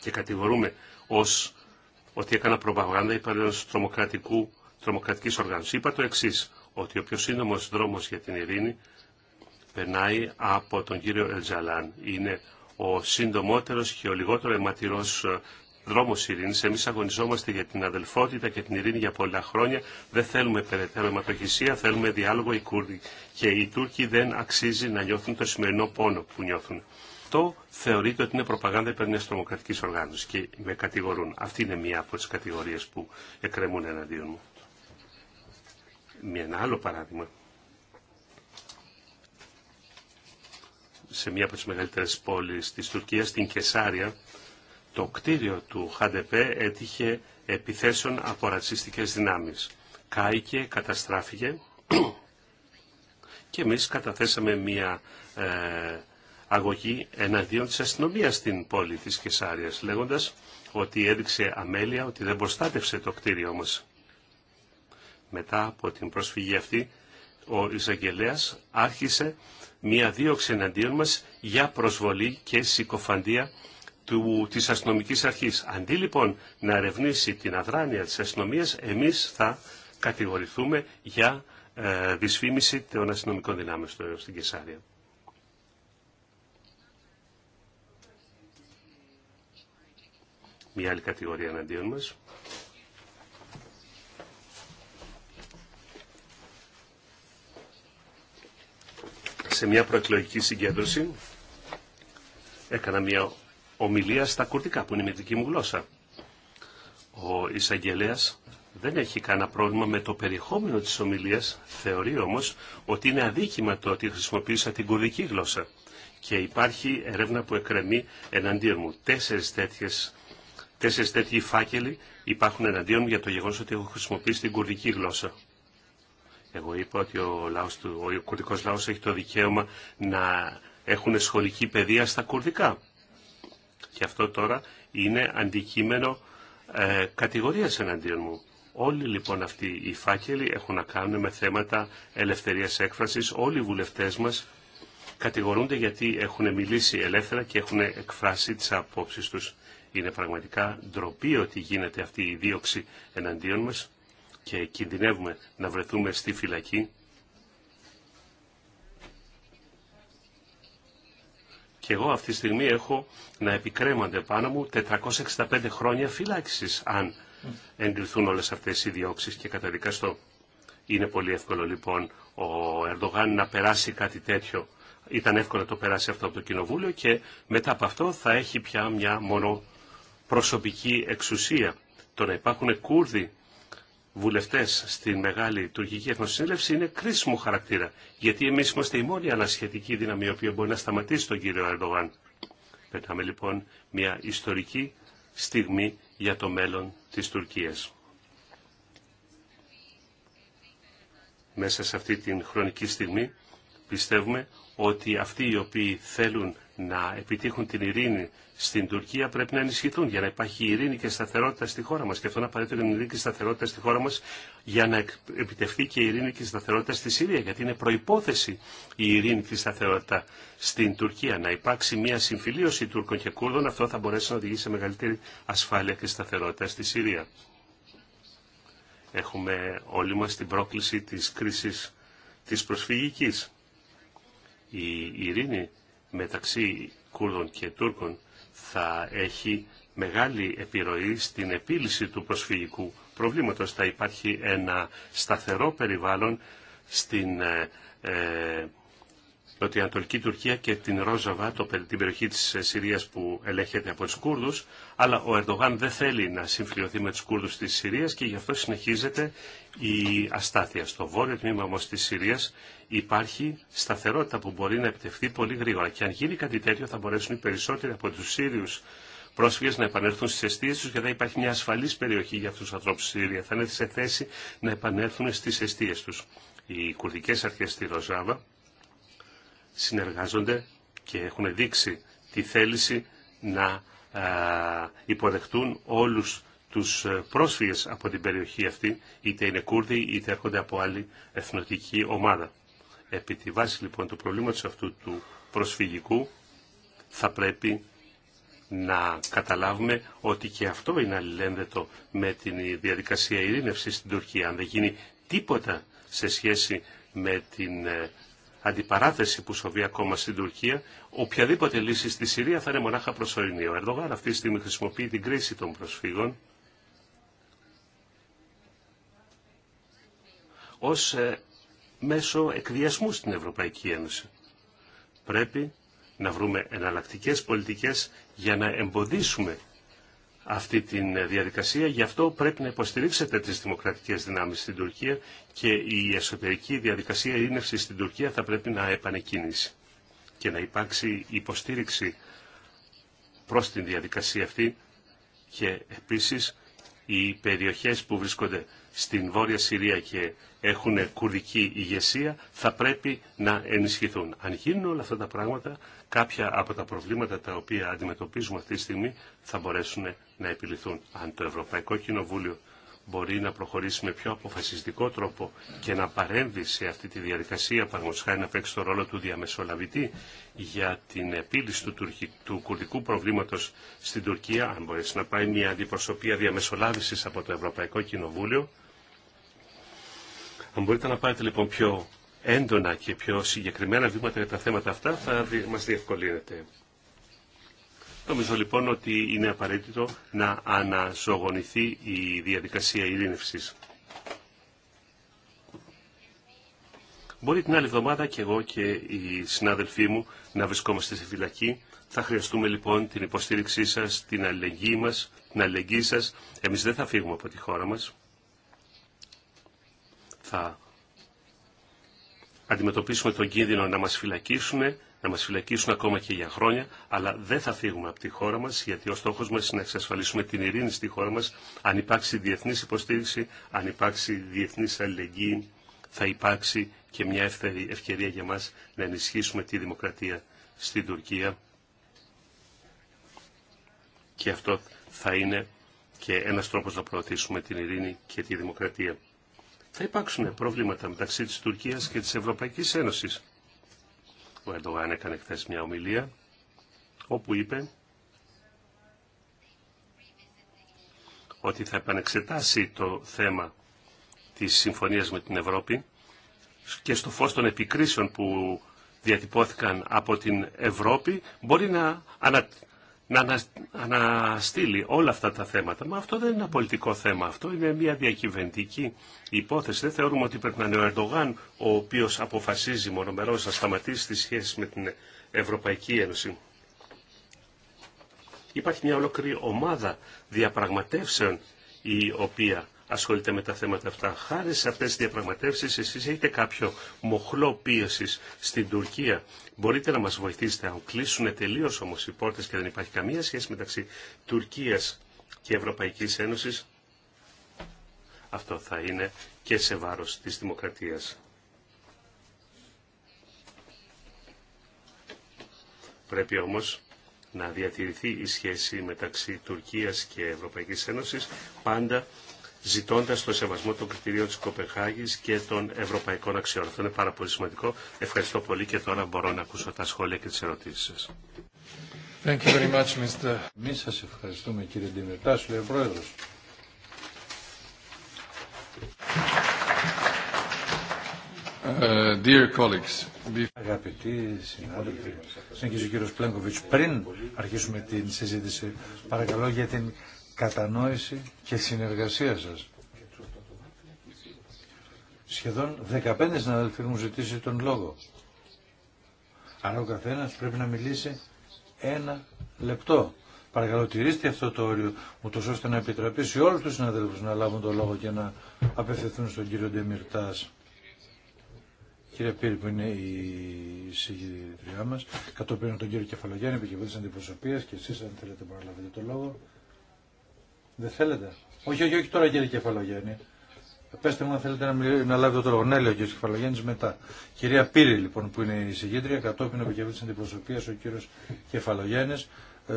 και κατηγορούμε ως ότι έκανα προπαγάνδα υπέρ ενός τρομοκρατικού, τρομοκρατικής οργάνωσης. Είπα το εξή ότι ο πιο σύντομος δρόμος για την ειρήνη περνάει από τον κύριο Ελτζαλάν. Είναι ο συντομότερος και ο λιγότερο αιματηρός ε, δρόμος ειρήνης. Εμείς αγωνιζόμαστε για την αδελφότητα και την ειρήνη για πολλά χρόνια. Δεν θέλουμε περαιτέρω αιματοχυσία, θέλουμε διάλογο οι Κούρδοι. Και οι Τούρκοι δεν αξίζει να νιώθουν το σημερινό πόνο που νιώθουν. Αυτό θεωρείται ότι είναι προπαγάνδα υπέρ μια τρομοκρατική οργάνωση και με κατηγορούν. Αυτή είναι μία από τι κατηγορίε που εκκρεμούν εναντίον μου. Μια, άλλο παράδειγμα. Σε μία από τις μεγαλύτερες πόλεις της Τουρκίας, στην Κεσάρια, το κτίριο του ΧΑΝΤΕΠΕ έτυχε επιθέσεων από ρατσιστικές δυνάμεις. Κάηκε, καταστράφηκε και εμείς καταθέσαμε μία ε, αγωγή εναντίον της αστυνομίας στην πόλη της Κεσάριας, λέγοντας ότι έδειξε αμέλεια ότι δεν προστάτευσε το κτίριό μας μετά από την προσφυγή αυτή, ο εισαγγελέα άρχισε μία δίωξη εναντίον μας για προσβολή και συκοφαντία του, της αστυνομικής αρχής. Αντί λοιπόν να ερευνήσει την αδράνεια της αστυνομίας, εμείς θα κατηγορηθούμε για ε, δυσφήμιση των αστυνομικών δυνάμεων στην Κεσάρια. Μία άλλη κατηγορία εναντίον μας σε μια προεκλογική συγκέντρωση έκανα μια ομιλία στα κουρδικά που είναι η δική μου γλώσσα. Ο εισαγγελέα δεν έχει κανένα πρόβλημα με το περιεχόμενο της ομιλίας, θεωρεί όμως ότι είναι αδίκημα το ότι χρησιμοποίησα την κουρδική γλώσσα. Και υπάρχει έρευνα που εκκρεμεί εναντίον μου. Τέσσερις, τέτοιες, τέσσερις τέτοιοι φάκελοι υπάρχουν εναντίον μου για το γεγονός ότι έχω χρησιμοποιήσει την κουρδική γλώσσα. Εγώ είπα ότι ο, λαός του, ο κουρδικός λαός έχει το δικαίωμα να έχουν σχολική παιδεία στα κουρδικά. Και αυτό τώρα είναι αντικείμενο ε, κατηγορίας εναντίον μου. Όλοι λοιπόν αυτοί οι φάκελοι έχουν να κάνουν με θέματα ελευθερίας έκφρασης. Όλοι οι βουλευτές μας κατηγορούνται γιατί έχουν μιλήσει ελεύθερα και έχουν εκφράσει τις απόψεις τους. Είναι πραγματικά ντροπή ότι γίνεται αυτή η δίωξη εναντίον μας και κινδυνεύουμε να βρεθούμε στη φυλακή. Και εγώ αυτή τη στιγμή έχω να επικρέμονται πάνω μου 465 χρόνια φυλάξης αν εγκριθούν όλες αυτές οι διώξεις και καταδικαστώ. Είναι πολύ εύκολο λοιπόν ο Ερντογάν να περάσει κάτι τέτοιο. Ήταν εύκολο να το περάσει αυτό από το Κοινοβούλιο και μετά από αυτό θα έχει πια μια μόνο προσωπική εξουσία. Το να υπάρχουν Κούρδοι βουλευτές στην μεγάλη τουρκική εθνοσυνέλευση είναι κρίσιμο χαρακτήρα. Γιατί εμείς είμαστε η μόνη ανασχετική δύναμη η οποία μπορεί να σταματήσει τον κύριο Ερντογάν. Πετάμε λοιπόν μια ιστορική στιγμή για το μέλλον της Τουρκίας. Μέσα σε αυτή την χρονική στιγμή πιστεύουμε ότι αυτοί οι οποίοι θέλουν να επιτύχουν την ειρήνη στην Τουρκία πρέπει να ενισχυθούν για να υπάρχει ειρήνη και σταθερότητα στη χώρα μας. Και αυτό είναι απαραίτητο για την ειρήνη και σταθερότητα στη χώρα μας για να επιτευχθεί και η ειρήνη και η σταθερότητα στη Συρία. Γιατί είναι προϋπόθεση η ειρήνη και η σταθερότητα στην Τουρκία. Να υπάρξει μια συμφιλίωση Τούρκων και Κούρδων αυτό θα μπορέσει να οδηγήσει σε μεγαλύτερη ασφάλεια και σταθερότητα στη Συρία. Έχουμε όλοι μας την πρόκληση της κρίσης της προσφυγική. Η ειρήνη μεταξύ Κούρδων και Τούρκων θα έχει μεγάλη επιρροή στην επίλυση του προσφυγικού προβλήματος. Θα υπάρχει ένα σταθερό περιβάλλον στην ε, ε, νοτιοανατολική Τουρκία και την Ρόζαβα, το, την περιοχή της Συρίας που ελέγχεται από τους Κούρδους, αλλά ο Ερντογάν δεν θέλει να συμφιλειωθεί με τους Κούρδους της Συρία και γι' αυτό συνεχίζεται η αστάθεια. Στο βόρειο τμήμα όμως της Συρίας υπάρχει σταθερότητα που μπορεί να επιτευχθεί πολύ γρήγορα και αν γίνει κάτι τέτοιο θα μπορέσουν οι περισσότεροι από τους Σύριους πρόσφυγες να επανέλθουν στις αιστείες τους γιατί θα υπάρχει μια ασφαλής περιοχή για αυτούς τους ανθρώπου στη Συρία. Θα είναι σε θέση να επανέλθουν στις αιστείες τους. Οι κουρδικές αρχές στη Ροζάβα συνεργάζονται και έχουν δείξει τη θέληση να ε, υποδεχτούν όλους τους ε, πρόσφυγες από την περιοχή αυτή, είτε είναι Κούρδοι είτε έρχονται από άλλη εθνοτική ομάδα. Επί τη βάση λοιπόν του προβλήματος αυτού του προσφυγικού θα πρέπει να καταλάβουμε ότι και αυτό είναι αλληλένδετο με την διαδικασία ειρήνευσης στην Τουρκία. Αν δεν γίνει τίποτα σε σχέση με την ε, αντιπαράθεση που σοβεί ακόμα στην Τουρκία, οποιαδήποτε λύση στη Συρία θα είναι μονάχα προσωρινή. Ο Ερδογάν αυτή τη στιγμή χρησιμοποιεί την κρίση των προσφύγων ως ε, μέσο εκδιασμού στην Ευρωπαϊκή Ένωση. Πρέπει να βρούμε εναλλακτικές πολιτικές για να εμποδίσουμε αυτή τη ε, διαδικασία. Γι' αυτό πρέπει να υποστηρίξετε τις δημοκρατικές δυνάμεις στην Τουρκία και η εσωτερική διαδικασία ειρήνευση στην Τουρκία θα πρέπει να επανεκκίνησει και να υπάρξει υποστήριξη προς την διαδικασία αυτή και επίσης οι περιοχές που βρίσκονται στην Βόρεια Συρία και έχουν κουρδική ηγεσία, θα πρέπει να ενισχυθούν. Αν γίνουν όλα αυτά τα πράγματα, κάποια από τα προβλήματα τα οποία αντιμετωπίζουμε αυτή τη στιγμή θα μπορέσουν να επιληθούν. Αν το Ευρωπαϊκό Κοινοβούλιο μπορεί να προχωρήσει με πιο αποφασιστικό τρόπο και να παρέμβει σε αυτή τη διαδικασία, παραγωγικά να παίξει το ρόλο του διαμεσολαβητή για την επίλυση του, του κουρδικού προβλήματος στην Τουρκία, αν μπορέσει να πάει μια αντιπροσωπεία διαμεσολάβησης από το Ευρωπαϊκό Κοινοβούλιο. Αν μπορείτε να πάρετε λοιπόν πιο έντονα και πιο συγκεκριμένα βήματα για τα θέματα αυτά, θα μας διευκολύνεται. Νομίζω λοιπόν ότι είναι απαραίτητο να αναζωογονηθεί η διαδικασία ειρήνευσης. Μπορεί την άλλη εβδομάδα και εγώ και οι συνάδελφοί μου να βρισκόμαστε στη φυλακή. Θα χρειαστούμε λοιπόν την υποστήριξή σας, την αλληλεγγύη μας, την αλληλεγγύη σας. Εμείς δεν θα φύγουμε από τη χώρα μας. Θα αντιμετωπίσουμε τον κίνδυνο να μας φυλακίσουν να μας φυλακίσουν ακόμα και για χρόνια, αλλά δεν θα φύγουμε από τη χώρα μας, γιατί ο στόχος μας είναι να εξασφαλίσουμε την ειρήνη στη χώρα μας. Αν υπάρξει διεθνής υποστήριξη, αν υπάρξει διεθνής αλληλεγγύη, θα υπάρξει και μια εύθερη ευκαιρία για μας να ενισχύσουμε τη δημοκρατία στην Τουρκία. Και αυτό θα είναι και ένας τρόπος να προωθήσουμε την ειρήνη και τη δημοκρατία. Θα υπάρξουν προβλήματα μεταξύ της Τουρκίας και της Ευρωπαϊκής Ένωσης ο Ερντογάν έκανε χθε μια ομιλία όπου είπε ότι θα επανεξετάσει το θέμα της συμφωνίας με την Ευρώπη και στο φως των επικρίσεων που διατυπώθηκαν από την Ευρώπη μπορεί να, ανα, να αναστείλει όλα αυτά τα θέματα. Μα αυτό δεν είναι ένα πολιτικό θέμα. Αυτό είναι μια διακυβερνητική υπόθεση. Δεν θεωρούμε ότι πρέπει να είναι ο Ερντογάν ο οποίο αποφασίζει μονομερό να σταματήσει τι σχέσει με την Ευρωπαϊκή Ένωση. Υπάρχει μια ολόκληρη ομάδα διαπραγματεύσεων η οποία ασχολείται με τα θέματα αυτά. Χάρη σε αυτές τις διαπραγματεύσεις εσείς έχετε κάποιο μοχλό πίεσης στην Τουρκία. Μπορείτε να μας βοηθήσετε αν κλείσουν τελείως όμως οι πόρτες και δεν υπάρχει καμία σχέση μεταξύ Τουρκίας και Ευρωπαϊκής Ένωσης. Αυτό θα είναι και σε βάρος της δημοκρατίας. Πρέπει όμως να διατηρηθεί η σχέση μεταξύ Τουρκίας και Ευρωπαϊκής Ένωσης πάντα ζητώντας το σεβασμό των κριτηρίων της Κοπεχάγης και των ευρωπαϊκών αξιών. Αυτό είναι πάρα πολύ σημαντικό. Ευχαριστώ πολύ και τώρα μπορώ να ακούσω τα σχόλια και τις ερωτήσεις σα. Thank you ευχαριστούμε κύριε Ντιμετάς, λέει ο Πρόεδρος. Ε, dear colleagues, Αγαπητοί συνάδελφοι, συνεχίζει ο κύριος Πλέγκοβιτς, πριν αρχίσουμε την συζήτηση, παρακαλώ για την κατανόηση και συνεργασία σας. Σχεδόν 15 συναδελφοί μου ζητήσει τον λόγο. Άρα ο καθένα πρέπει να μιλήσει ένα λεπτό. Παρακαλώ τηρήστε αυτό το όριο, ούτω ώστε να επιτραπεί σε όλους τους συναδέλφους να λάβουν το λόγο και να απευθυνθούν στον κύριο Ντεμιρτά. Κύριε Πύρη που είναι η συγκεκριά μας, κατόπιν τον κύριο Κεφαλογιάννη, επικεφαλή αντιπροσωπεία και εσεί αν θέλετε λάβετε το λόγο. Δεν θέλετε. Όχι, όχι, όχι τώρα κύριε Κεφαλογέννη. Πετε μου αν θέλετε να, να λάβετε το λόγο. Ναι, λέει ο κύριο Κεφαλογέννη μετά. Κυρία Πύρη, λοιπόν, που είναι η συγκέντρια, κατόπιν επικεφαλή τη αντιπροσωπεία, ο κύριο Κεφαλογέννη. Ε,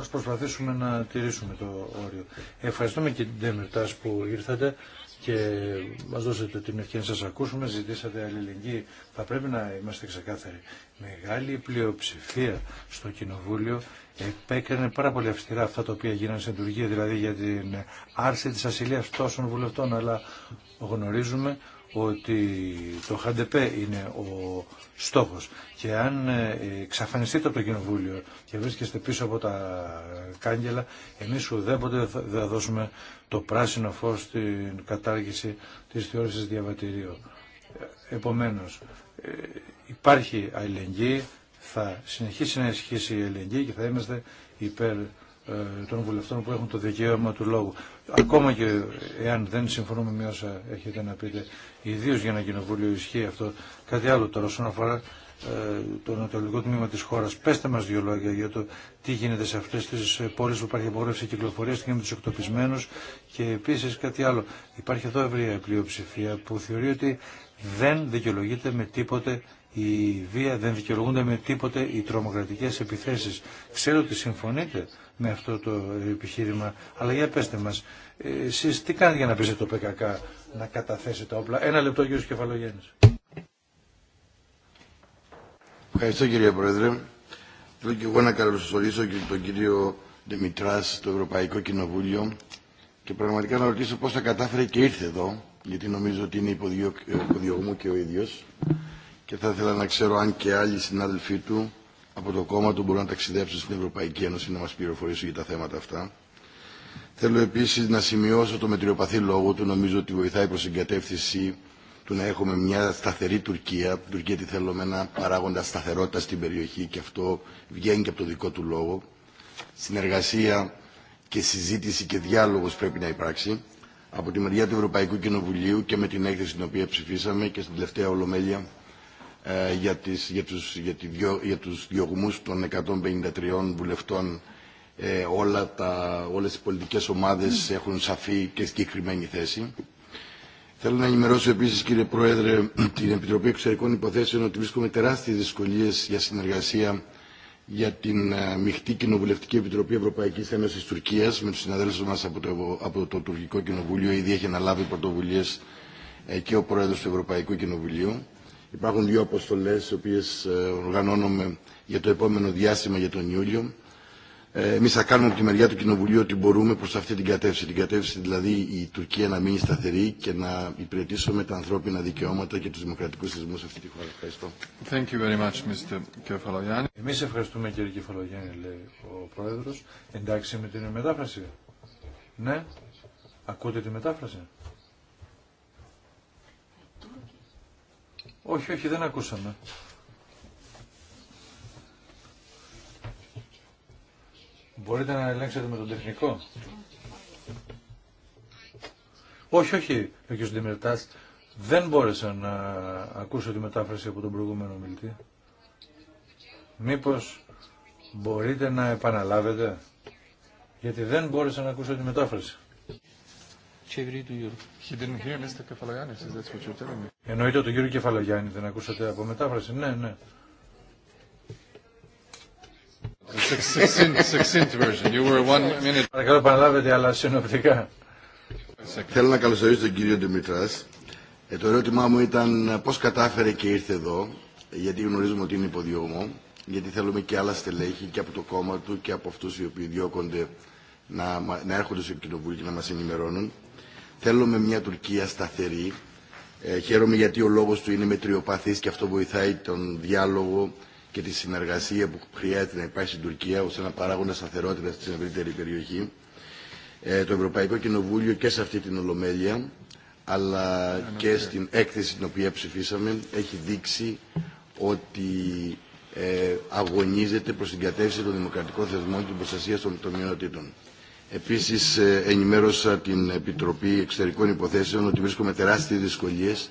ας προσπαθήσουμε να τηρήσουμε το όριο. Ευχαριστούμε και την Τέμερτα που ήρθατε και μα δώσετε την ευκαιρία να σα ακούσουμε, ζητήσατε αλληλεγγύη. Θα πρέπει να είμαστε ξεκάθαροι. Μεγάλη πλειοψηφία στο Κοινοβούλιο επέκρινε πάρα πολύ αυστηρά αυτά τα οποία γίνανε στην Τουρκία, δηλαδή για την άρση τη ασυλία τόσων βουλευτών, αλλά γνωρίζουμε ότι το ΧΑΝΤΕΠΕ είναι ο στόχος και αν ε, εξαφανιστείτε από το Κοινοβούλιο και βρίσκεστε πίσω από τα κάγκελα, εμείς ουδέποτε θα δώσουμε το πράσινο φως στην κατάργηση της θεώρησης διαβατηρίου. Ε, επομένως, ε, υπάρχει αλληλεγγύη, θα συνεχίσει να ισχύσει η αλληλεγγύη και θα είμαστε υπέρ ε, των βουλευτών που έχουν το δικαίωμα του λόγου. Ακόμα και εάν δεν συμφωνούμε με όσα έχετε να πείτε, ιδίω για ένα κοινοβούλιο ισχύει αυτό. Κάτι άλλο τώρα όσον αφορά ε, το ανατολικό τμήμα της χώρας. Πέστε μας δύο λόγια για το τι γίνεται σε αυτές τις ε, πόλεις που υπάρχει απογόρευση κυκλοφορίας, τι γίνεται με του εκτοπισμένους και επίσης κάτι άλλο. Υπάρχει εδώ ευρεία πλειοψηφία που θεωρεί ότι δεν δικαιολογείται με τίποτε η βία, δεν δικαιολογούνται με τίποτε οι τρομοκρατικές επιθέσεις. Ξέρω ότι συμφωνείτε με αυτό το επιχείρημα, αλλά για πέστε μας, ε, εσείς τι κάνετε για να πείσετε το ΠΚΚ να καταθέσει τα όπλα. Ένα λεπτό κύριο Κεφαλογέννης. Ευχαριστώ κύριε Πρόεδρε. Θέλω και εγώ να καλωσορίσω και τον κύριο Δημητρά στο Ευρωπαϊκό Κοινοβούλιο και πραγματικά να ρωτήσω πώ θα κατάφερε και ήρθε εδώ, γιατί νομίζω ότι είναι ε, υποδιωγμού και ο ίδιο. Και θα ήθελα να ξέρω αν και άλλοι συνάδελφοί του από το κόμμα του μπορούν να ταξιδέψουν στην Ευρωπαϊκή Ένωση να μα πληροφορήσουν για τα θέματα αυτά. Θέλω επίση να σημειώσω το μετριοπαθή λόγο του, νομίζω ότι βοηθάει προ την κατεύθυνση να έχουμε μια σταθερή Τουρκία, Τουρκία τη θέλουμε να παράγοντα σταθερότητα στην περιοχή και αυτό βγαίνει και από το δικό του λόγο. Συνεργασία και συζήτηση και διάλογος πρέπει να υπάρξει από τη μεριά του Ευρωπαϊκού Κοινοβουλίου και με την έκθεση την οποία ψηφίσαμε και στην τελευταία Ολομέλεια ε, για, τις, για, τους, για, τη, για τους διωγμούς των 153 βουλευτών ε, όλα τα, όλες οι πολιτικές ομάδες έχουν σαφή και συγκεκριμένη θέση. Θέλω να ενημερώσω επίση, κύριε Πρόεδρε, την Επιτροπή Εξωτερικών Υποθέσεων ότι βρίσκουμε τεράστιε δυσκολίε για συνεργασία για την ε, μειχτή Κοινοβουλευτική Επιτροπή Ευρωπαϊκή Ένωση Τουρκία με του συναδέλφου μα από, το, από το Τουρκικό Κοινοβούλιο. Ήδη έχει αναλάβει πρωτοβουλίε ε, και ο Πρόεδρο του Ευρωπαϊκού Κοινοβουλίου. Υπάρχουν δύο αποστολέ, οι οποίε οργανώνουμε για το επόμενο διάστημα για τον Ιούλιο. Εμεί θα κάνουμε από τη μεριά του Κοινοβουλίου ότι μπορούμε προ αυτή την κατεύθυνση. Την κατεύθυνση δηλαδή η Τουρκία να μείνει σταθερή και να υπηρετήσουμε τα ανθρώπινα δικαιώματα και του δημοκρατικού θεσμού σε αυτή τη χώρα. Ευχαριστώ. Thank Εμεί ευχαριστούμε, κύριε Κεφαλογιάννη, λέει ο Πρόεδρο. Εντάξει με την μετάφραση. Ναι, ακούτε τη μετάφραση. Όχι, όχι, δεν ακούσαμε. Μπορείτε να ελέγξετε με τον τεχνικό. Όχι, όχι, ο κ. Δημιρτάς. Δεν μπόρεσα να ακούσω τη μετάφραση από τον προηγούμενο μιλητή. Μήπως μπορείτε να επαναλάβετε, γιατί δεν μπόρεσα να ακούσω τη μετάφραση. Εννοείται τον κύριο Κεφαλογιάννη, δεν ακούσατε από μετάφραση. Ναι, ναι. Παρακαλώ παραλάβετε αλλά συνοπτικά. Θέλω να καλωσορίσω τον κύριο Δημητρά. Ε, το ερώτημά μου ήταν ε, πώ κατάφερε και ήρθε εδώ, γιατί γνωρίζουμε ότι είναι υποδιώμο, γιατί θέλουμε και άλλα στελέχη και από το κόμμα του και από αυτού οι οποίοι διώκονται να, να έρχονται στο κοινοβούλιο και να μα ενημερώνουν. Θέλουμε μια Τουρκία σταθερή. Ε, χαίρομαι γιατί ο λόγο του είναι μετριοπαθή και αυτό βοηθάει τον διάλογο και τη συνεργασία που χρειάζεται να υπάρχει στην Τουρκία ώστε ένα παράγοντα σταθερότητα στην ευρύτερη περιοχή. Ε, το Ευρωπαϊκό Κοινοβούλιο και σε αυτή την Ολομέλεια αλλά και στην έκθεση την οποία ψηφίσαμε έχει δείξει ότι ε, αγωνίζεται προς την κατεύθυνση των δημοκρατικών θεσμών και την προστασία των, των μειονοτήτων. Επίσης ε, ενημέρωσα την Επιτροπή Εξωτερικών Υποθέσεων ότι βρίσκομαι τεράστιες δυσκολίες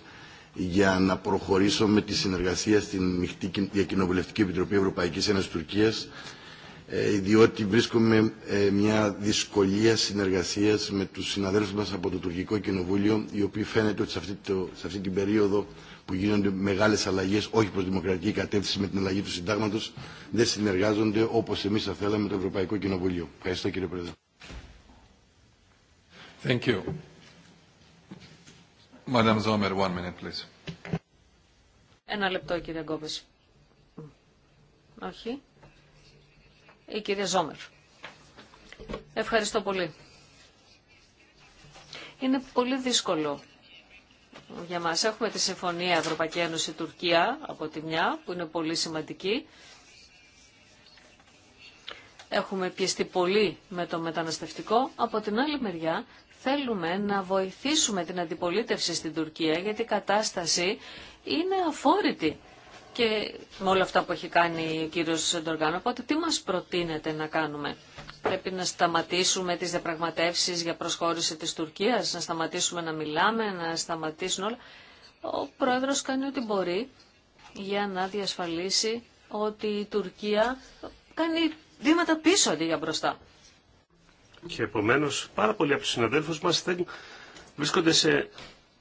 για να προχωρήσω με τη συνεργασία στην Μιχτή Διακοινοβουλευτική Επιτροπή Ευρωπαϊκής Ένωσης Τουρκίας ε, διότι βρίσκομαι ε, μια δυσκολία συνεργασίας με τους συναδέλφους μας από το Τουρκικό Κοινοβούλιο οι οποίοι φαίνεται ότι σε αυτή, το, σε αυτή την περίοδο που γίνονται μεγάλες αλλαγές όχι προς δημοκρατική κατεύθυνση με την αλλαγή του συντάγματος δεν συνεργάζονται όπως εμείς θα θέλαμε με το Ευρωπαϊκό Κοινοβούλιο. Ευχαριστώ κύριε Πρόεδρε. Ένα λεπτό, κύριε Γκόπες. Όχι. Η κυρία Ζόμερ. Ευχαριστώ πολύ. Είναι πολύ δύσκολο για μας. Έχουμε τη Συμφωνία Ευρωπαϊκή Ένωση-Τουρκία από τη μια, που είναι πολύ σημαντική. Έχουμε πιεστεί πολύ με το μεταναστευτικό. Από την άλλη μεριά Θέλουμε να βοηθήσουμε την αντιπολίτευση στην Τουρκία γιατί η κατάσταση είναι αφόρητη. Και με όλα αυτά που έχει κάνει ο κύριος Ντοργάνο, οπότε τι μας προτείνεται να κάνουμε. Πρέπει να σταματήσουμε τις διαπραγματεύσει για προσχώρηση της Τουρκίας, να σταματήσουμε να μιλάμε, να σταματήσουν όλα. Ο πρόεδρος κάνει ό,τι μπορεί για να διασφαλίσει ότι η Τουρκία κάνει βήματα πίσω αντί για μπροστά. Και επομένως πάρα πολλοί από τους συναδέλφους μας βρίσκονται σε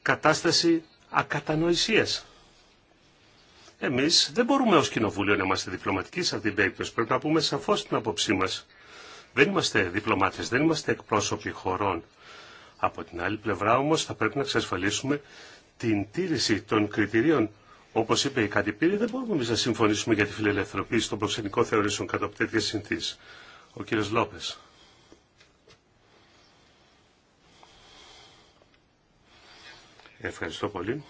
κατάσταση ακατανοησίας. Εμείς δεν μπορούμε ως Κοινοβούλιο να είμαστε διπλωματικοί σε αυτήν την περίπτωση. Πρέπει να πούμε σαφώς την άποψή μας. Δεν είμαστε διπλωμάτες, δεν είμαστε εκπρόσωποι χωρών. Από την άλλη πλευρά όμως θα πρέπει να εξασφαλίσουμε την τήρηση των κριτηρίων Όπω είπε η Κατυπήρη, δεν μπορούμε εμεί να συμφωνήσουμε για τη φιλελευθερωποίηση των προξενικών θεωρήσεων κατά τέτοιε Ο κύριο Λόπε. Ευχαριστώ πολύ.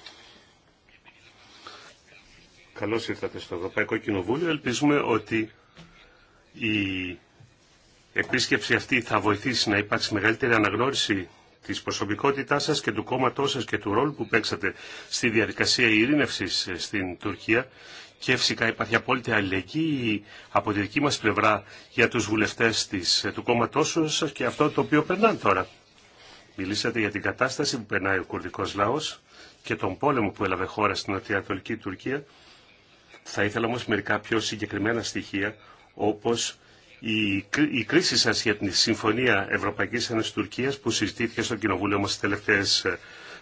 Καλώς ήρθατε στο Ευρωπαϊκό Κοινοβούλιο. Ελπίζουμε ότι η επίσκεψη αυτή θα βοηθήσει να υπάρξει μεγαλύτερη αναγνώριση της προσωπικότητάς σας και του κόμματός σας και του ρόλου που παίξατε στη διαδικασία ειρήνευσης ε, στην Τουρκία και φυσικά υπάρχει απόλυτη αλληλεγγύη από τη δική μας πλευρά για τους βουλευτές της, ε, του κόμματός σας και αυτό το οποίο περνάνε τώρα. Μιλήσατε για την κατάσταση που περνάει ο κουρδικό λάο και τον πόλεμο που έλαβε χώρα στην νοτιοανατολική Τουρκία. Θα ήθελα όμω μερικά πιο συγκεκριμένα στοιχεία, όπω η, η κρίση σα για την Συμφωνία ευρωπαικη Ευρωπαϊκή Ένωση-Τουρκία που συζητήθηκε στο Κοινοβούλιο μα τι τελευταίε ε,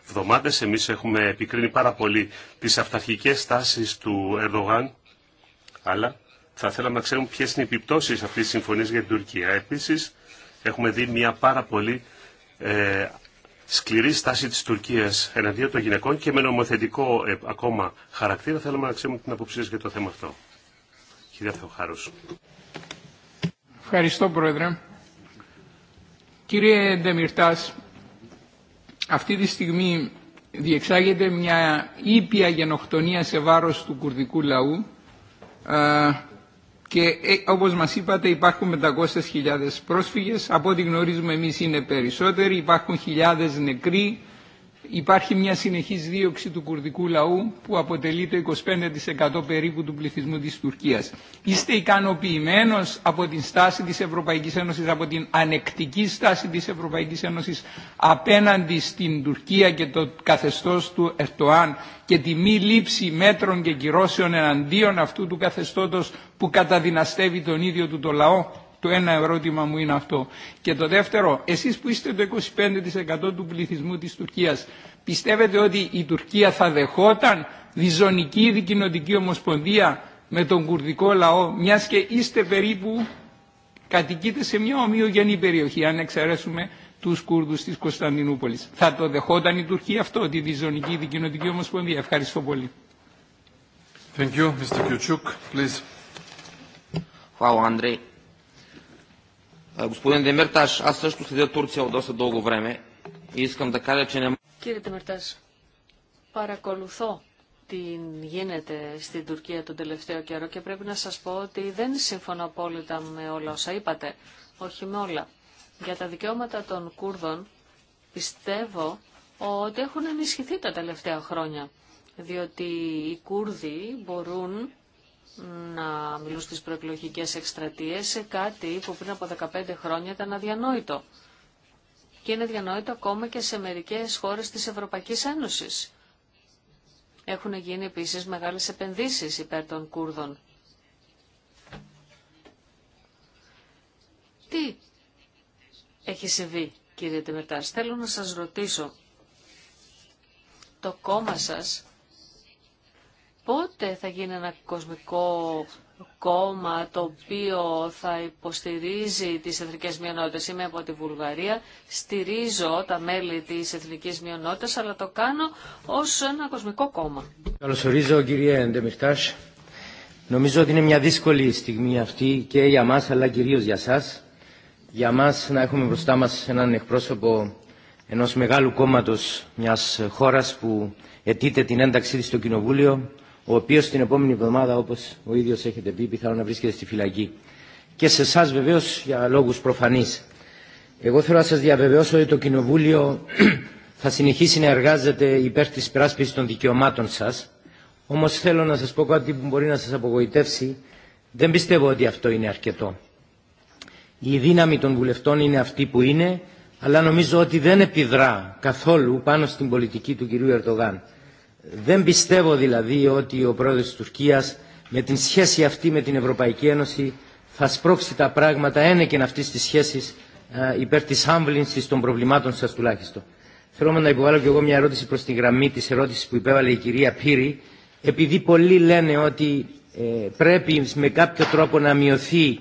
εβδομάδε. Εμεί έχουμε επικρίνει πάρα πολύ τι αυταρχικέ τάσει του Ερδογάν, αλλά θα θέλαμε να ξέρουμε ποιε είναι οι επιπτώσει αυτή τη συμφωνίας για την Τουρκία. Επίση έχουμε δει μια πάρα πολύ ε, σκληρή στάση της Τουρκίας εναντίον των γυναικών και με νομοθετικό ε, ακόμα χαρακτήρα θέλουμε να ξέρουμε την σας για το θέμα αυτό. Κυρία Θεοχάρους. Ευχαριστώ Πρόεδρε. Κύριε Ντεμιρτάς, αυτή τη στιγμή διεξάγεται μια ήπια γενοκτονία σε βάρος του κουρδικού λαού ε, και ε, όπως μας είπατε υπάρχουν 500.000 πρόσφυγες, από ό,τι γνωρίζουμε εμείς είναι περισσότεροι, υπάρχουν χιλιάδες νεκροί, Υπάρχει μια συνεχής δίωξη του κουρδικού λαού που αποτελεί το 25% περίπου του πληθυσμού της Τουρκίας. Είστε ικανοποιημένος από την στάση της Ευρωπαϊκής Ένωσης, από την ανεκτική στάση της Ευρωπαϊκής Ένωσης απέναντι στην Τουρκία και το καθεστώς του Ερτοάν και τη μη λήψη μέτρων και κυρώσεων εναντίον αυτού του καθεστώτος που καταδυναστεύει τον ίδιο του το λαό. Το ένα ερώτημα μου είναι αυτό. Και το δεύτερο, εσείς που είστε το 25% του πληθυσμού της Τουρκίας, πιστεύετε ότι η Τουρκία θα δεχόταν διζωνική δικοινοτική ομοσπονδία με τον κουρδικό λαό, μιας και είστε περίπου κατοικείτε σε μια ομοιογενή περιοχή, αν εξαιρέσουμε τους Κούρδους της Κωνσταντινούπολης. Θα το δεχόταν η Τουρκία αυτό, τη διζωνική δικοινοτική ομοσπονδία. Ευχαριστώ πολύ. Thank you, Mr. please. Κύριε Τεμερτάς, παρακολουθώ τι γίνεται στην Τουρκία τον τελευταίο καιρό και πρέπει να σας πω ότι δεν συμφωνώ απόλυτα με όλα όσα είπατε, όχι με όλα. Για τα δικαιώματα των Κούρδων πιστεύω ότι έχουν ενισχυθεί τα τελευταία χρόνια, διότι οι Κούρδοι μπορούν να μιλούν στις προεκλογικές εκστρατείες σε κάτι που πριν από 15 χρόνια ήταν αδιανόητο. Και είναι αδιανόητο ακόμα και σε μερικές χώρες της Ευρωπαϊκής Ένωσης. Έχουν γίνει επίσης μεγάλες επενδύσεις υπέρ των Κούρδων. Τι έχει συμβεί, κύριε Τεμετάρς. Θέλω να σας ρωτήσω. Το κόμμα σας πότε θα γίνει ένα κοσμικό κόμμα το οποίο θα υποστηρίζει τις εθνικές μειονότητες. Είμαι από τη Βουλγαρία, στηρίζω τα μέλη της εθνικής μειονότητας, αλλά το κάνω ως ένα κοσμικό κόμμα. Καλωσορίζω κύριε Ντεμιρτάς. Νομίζω ότι είναι μια δύσκολη στιγμή αυτή και για μας αλλά κυρίως για σας. Για μας να έχουμε μπροστά μας έναν εκπρόσωπο ενός μεγάλου κόμματος μιας χώρας που αιτείται την ένταξή της στο Κοινοβούλιο ο οποίος την επόμενη εβδομάδα, όπως ο ίδιος έχετε πει, πιθανόν να βρίσκεται στη φυλακή. Και σε εσά βεβαίω για λόγους προφανείς. Εγώ θέλω να σας διαβεβαιώσω ότι το Κοινοβούλιο θα συνεχίσει να εργάζεται υπέρ της πράσπισης των δικαιωμάτων σας. Όμως θέλω να σας πω κάτι που μπορεί να σας απογοητεύσει. Δεν πιστεύω ότι αυτό είναι αρκετό. Η δύναμη των βουλευτών είναι αυτή που είναι, αλλά νομίζω ότι δεν επιδρά καθόλου πάνω στην πολιτική του κυρίου Ερτογάν. Δεν πιστεύω δηλαδή ότι ο πρόεδρος της Τουρκίας με την σχέση αυτή με την Ευρωπαϊκή Ένωση θα σπρώξει τα πράγματα ένεκεν αυτή τη σχέση υπέρ τη άμβλυνση των προβλημάτων σα τουλάχιστον. Θέλω να υποβάλω και εγώ μια ερώτηση προ τη γραμμή τη ερώτηση που υπέβαλε η κυρία Πύρη. Επειδή πολλοί λένε ότι ε, πρέπει με κάποιο τρόπο να μειωθεί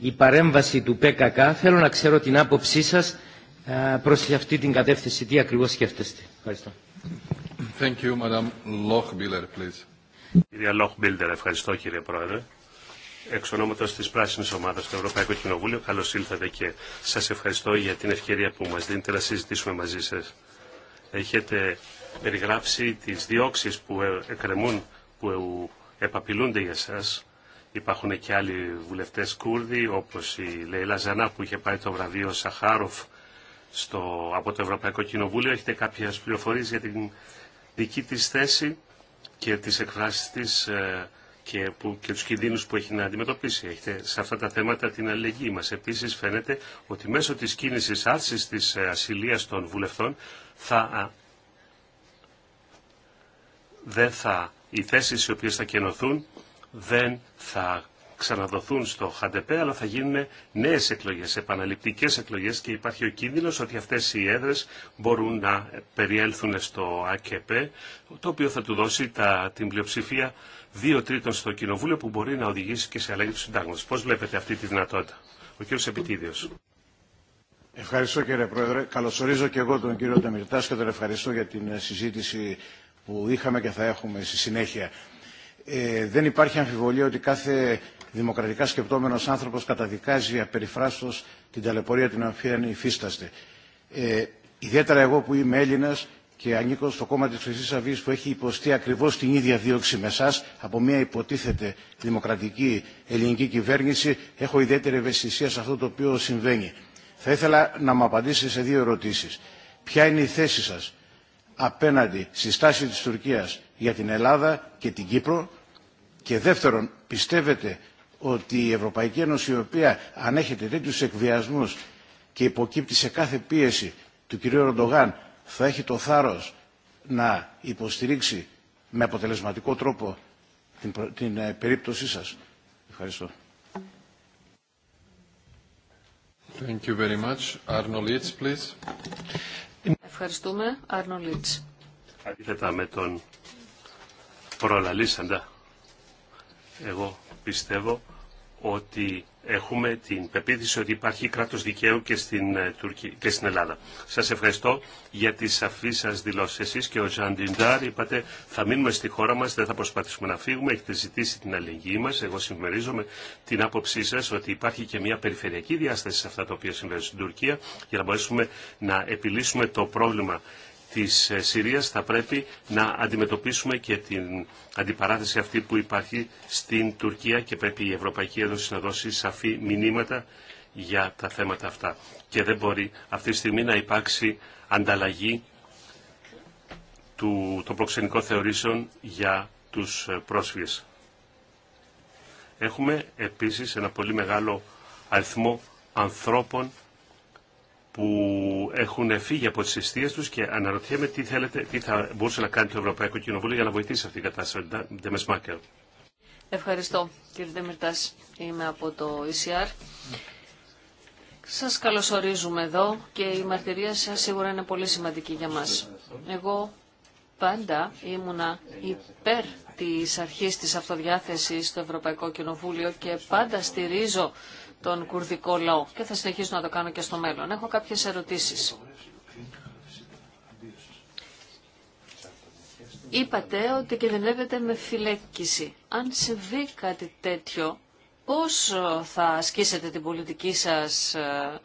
η παρέμβαση του ΠΚΚ, θέλω να ξέρω την άποψή σα ε, προ αυτή την κατεύθυνση. Τι ακριβώ σκέφτεστε. Ευχαριστώ. Thank you, Madam Lochbiller, please. Κυρία Λόχμπιλτερ, ευχαριστώ κύριε Πρόεδρε. Εξ ονόματο τη Πράσινη Ομάδα του Ευρωπαϊκού Κοινοβούλιο, καλώ ήλθατε και σα ευχαριστώ για την ευκαιρία που μα δίνετε να συζητήσουμε μαζί σα. Έχετε περιγράψει τι διώξει που ε, εκκρεμούν, που ε, επαπειλούνται για εσά. Υπάρχουν και άλλοι βουλευτέ Κούρδοι, όπω η Λέιλα Ζανά που είχε πάρει το βραβείο Σαχάροφ στο, από το Ευρωπαϊκό Κοινοβούλιο. Έχετε κάποιε πληροφορίε για την δική της θέση και τις εκφράσεις της ε, και, που, και τους κινδύνους που έχει να αντιμετωπίσει. Έχετε σε αυτά τα θέματα την αλληλεγγύη μας. Επίσης φαίνεται ότι μέσω της κίνησης άρσης της ε, ασυλίας των βουλευτών θα, δεν θα, οι θέσεις οι οποίες θα κενωθούν δεν θα ξαναδοθούν στο ΧΑΝΤΕΠΕ, αλλά θα γίνουν νέες εκλογές, επαναληπτικές εκλογές και υπάρχει ο κίνδυνος ότι αυτές οι έδρε μπορούν να περιέλθουν στο ΑΚΕΠΕ, το οποίο θα του δώσει τα, την πλειοψηφία δύο τρίτων στο Κοινοβούλιο που μπορεί να οδηγήσει και σε αλλαγή του συντάγματος. Πώς βλέπετε αυτή τη δυνατότητα. Ο κύριος Επιτίδιος. Ευχαριστώ κύριε Πρόεδρε. Καλωσορίζω και εγώ τον κύριο Ντεμιρτάς και τον ευχαριστώ για την ε, συζήτηση που είχαμε και θα έχουμε στη συνέχεια. Ε, δεν υπάρχει αμφιβολία ότι κάθε δημοκρατικά σκεπτόμενο άνθρωπο καταδικάζει απεριφράστος την ταλαιπωρία την οποία υφίσταστε. Ε, ιδιαίτερα εγώ που είμαι Έλληνα και ανήκω στο κόμμα τη Χρυσή Αυγή που έχει υποστεί ακριβώ την ίδια δίωξη με εσάς από μια υποτίθεται δημοκρατική ελληνική κυβέρνηση έχω ιδιαίτερη ευαισθησία σε αυτό το οποίο συμβαίνει. Θα ήθελα να μου απαντήσετε σε δύο ερωτήσει: Ποια είναι η θέση σα απέναντι στη στάση της Τουρκίας για την Ελλάδα και την Κύπρο και δεύτερον πιστεύετε ότι η Ευρωπαϊκή Ένωση η οποία ανέχεται τέτοιου εκβιασμούς και υποκύπτει σε κάθε πίεση του κυρίου Ροντογάν θα έχει το θάρρος να υποστηρίξει με αποτελεσματικό τρόπο την, την ε, περίπτωσή σας. Ευχαριστώ. Thank you Ευχαριστούμε. Αντίθετα με τον προλαλήσαντα, εγώ πιστεύω ότι έχουμε την πεποίθηση ότι υπάρχει κράτος δικαίου και στην, ε, Τουρκία, και στην Ελλάδα. Σας ευχαριστώ για τις σαφείς σας δηλώσεις. Εσείς και ο Ζαν είπατε θα μείνουμε στη χώρα μας, δεν θα προσπαθήσουμε να φύγουμε, έχετε ζητήσει την αλληλεγγύη μας. Εγώ συμμερίζομαι την άποψή σας ότι υπάρχει και μια περιφερειακή διάσταση σε αυτά τα οποία συμβαίνουν στην Τουρκία για να μπορέσουμε να επιλύσουμε το πρόβλημα της ε, Συρίας θα πρέπει να αντιμετωπίσουμε και την αντιπαράθεση αυτή που υπάρχει στην Τουρκία και πρέπει η Ευρωπαϊκή Ένωση να δώσει σαφή μηνύματα για τα θέματα αυτά. Και δεν μπορεί αυτή τη στιγμή να υπάρξει ανταλλαγή του, των προξενικών θεωρήσεων για τους ε, πρόσφυγες. Έχουμε επίσης ένα πολύ μεγάλο αριθμό ανθρώπων που έχουν φύγει από τις αιστείες τους και αναρωτιέμαι τι, θέλετε, τι θα μπορούσε να κάνει το Ευρωπαϊκό Κοινοβούλιο για να βοηθήσει αυτή την κατάσταση. Ευχαριστώ κύριε Δεμιρτάς. Είμαι από το ECR. Σας καλωσορίζουμε εδώ και η μαρτυρία σας σίγουρα είναι πολύ σημαντική για μας. Εγώ πάντα ήμουνα υπέρ της αρχής της αυτοδιάθεσης στο Ευρωπαϊκό Κοινοβούλιο και πάντα στηρίζω τον κουρδικό λαό και θα συνεχίσω να το κάνω και στο μέλλον. Έχω κάποιες ερωτήσεις. Είπατε ότι κινδυνεύετε με φυλέκηση. Αν συμβεί κάτι τέτοιο, πώς θα ασκήσετε την πολιτική σας ε,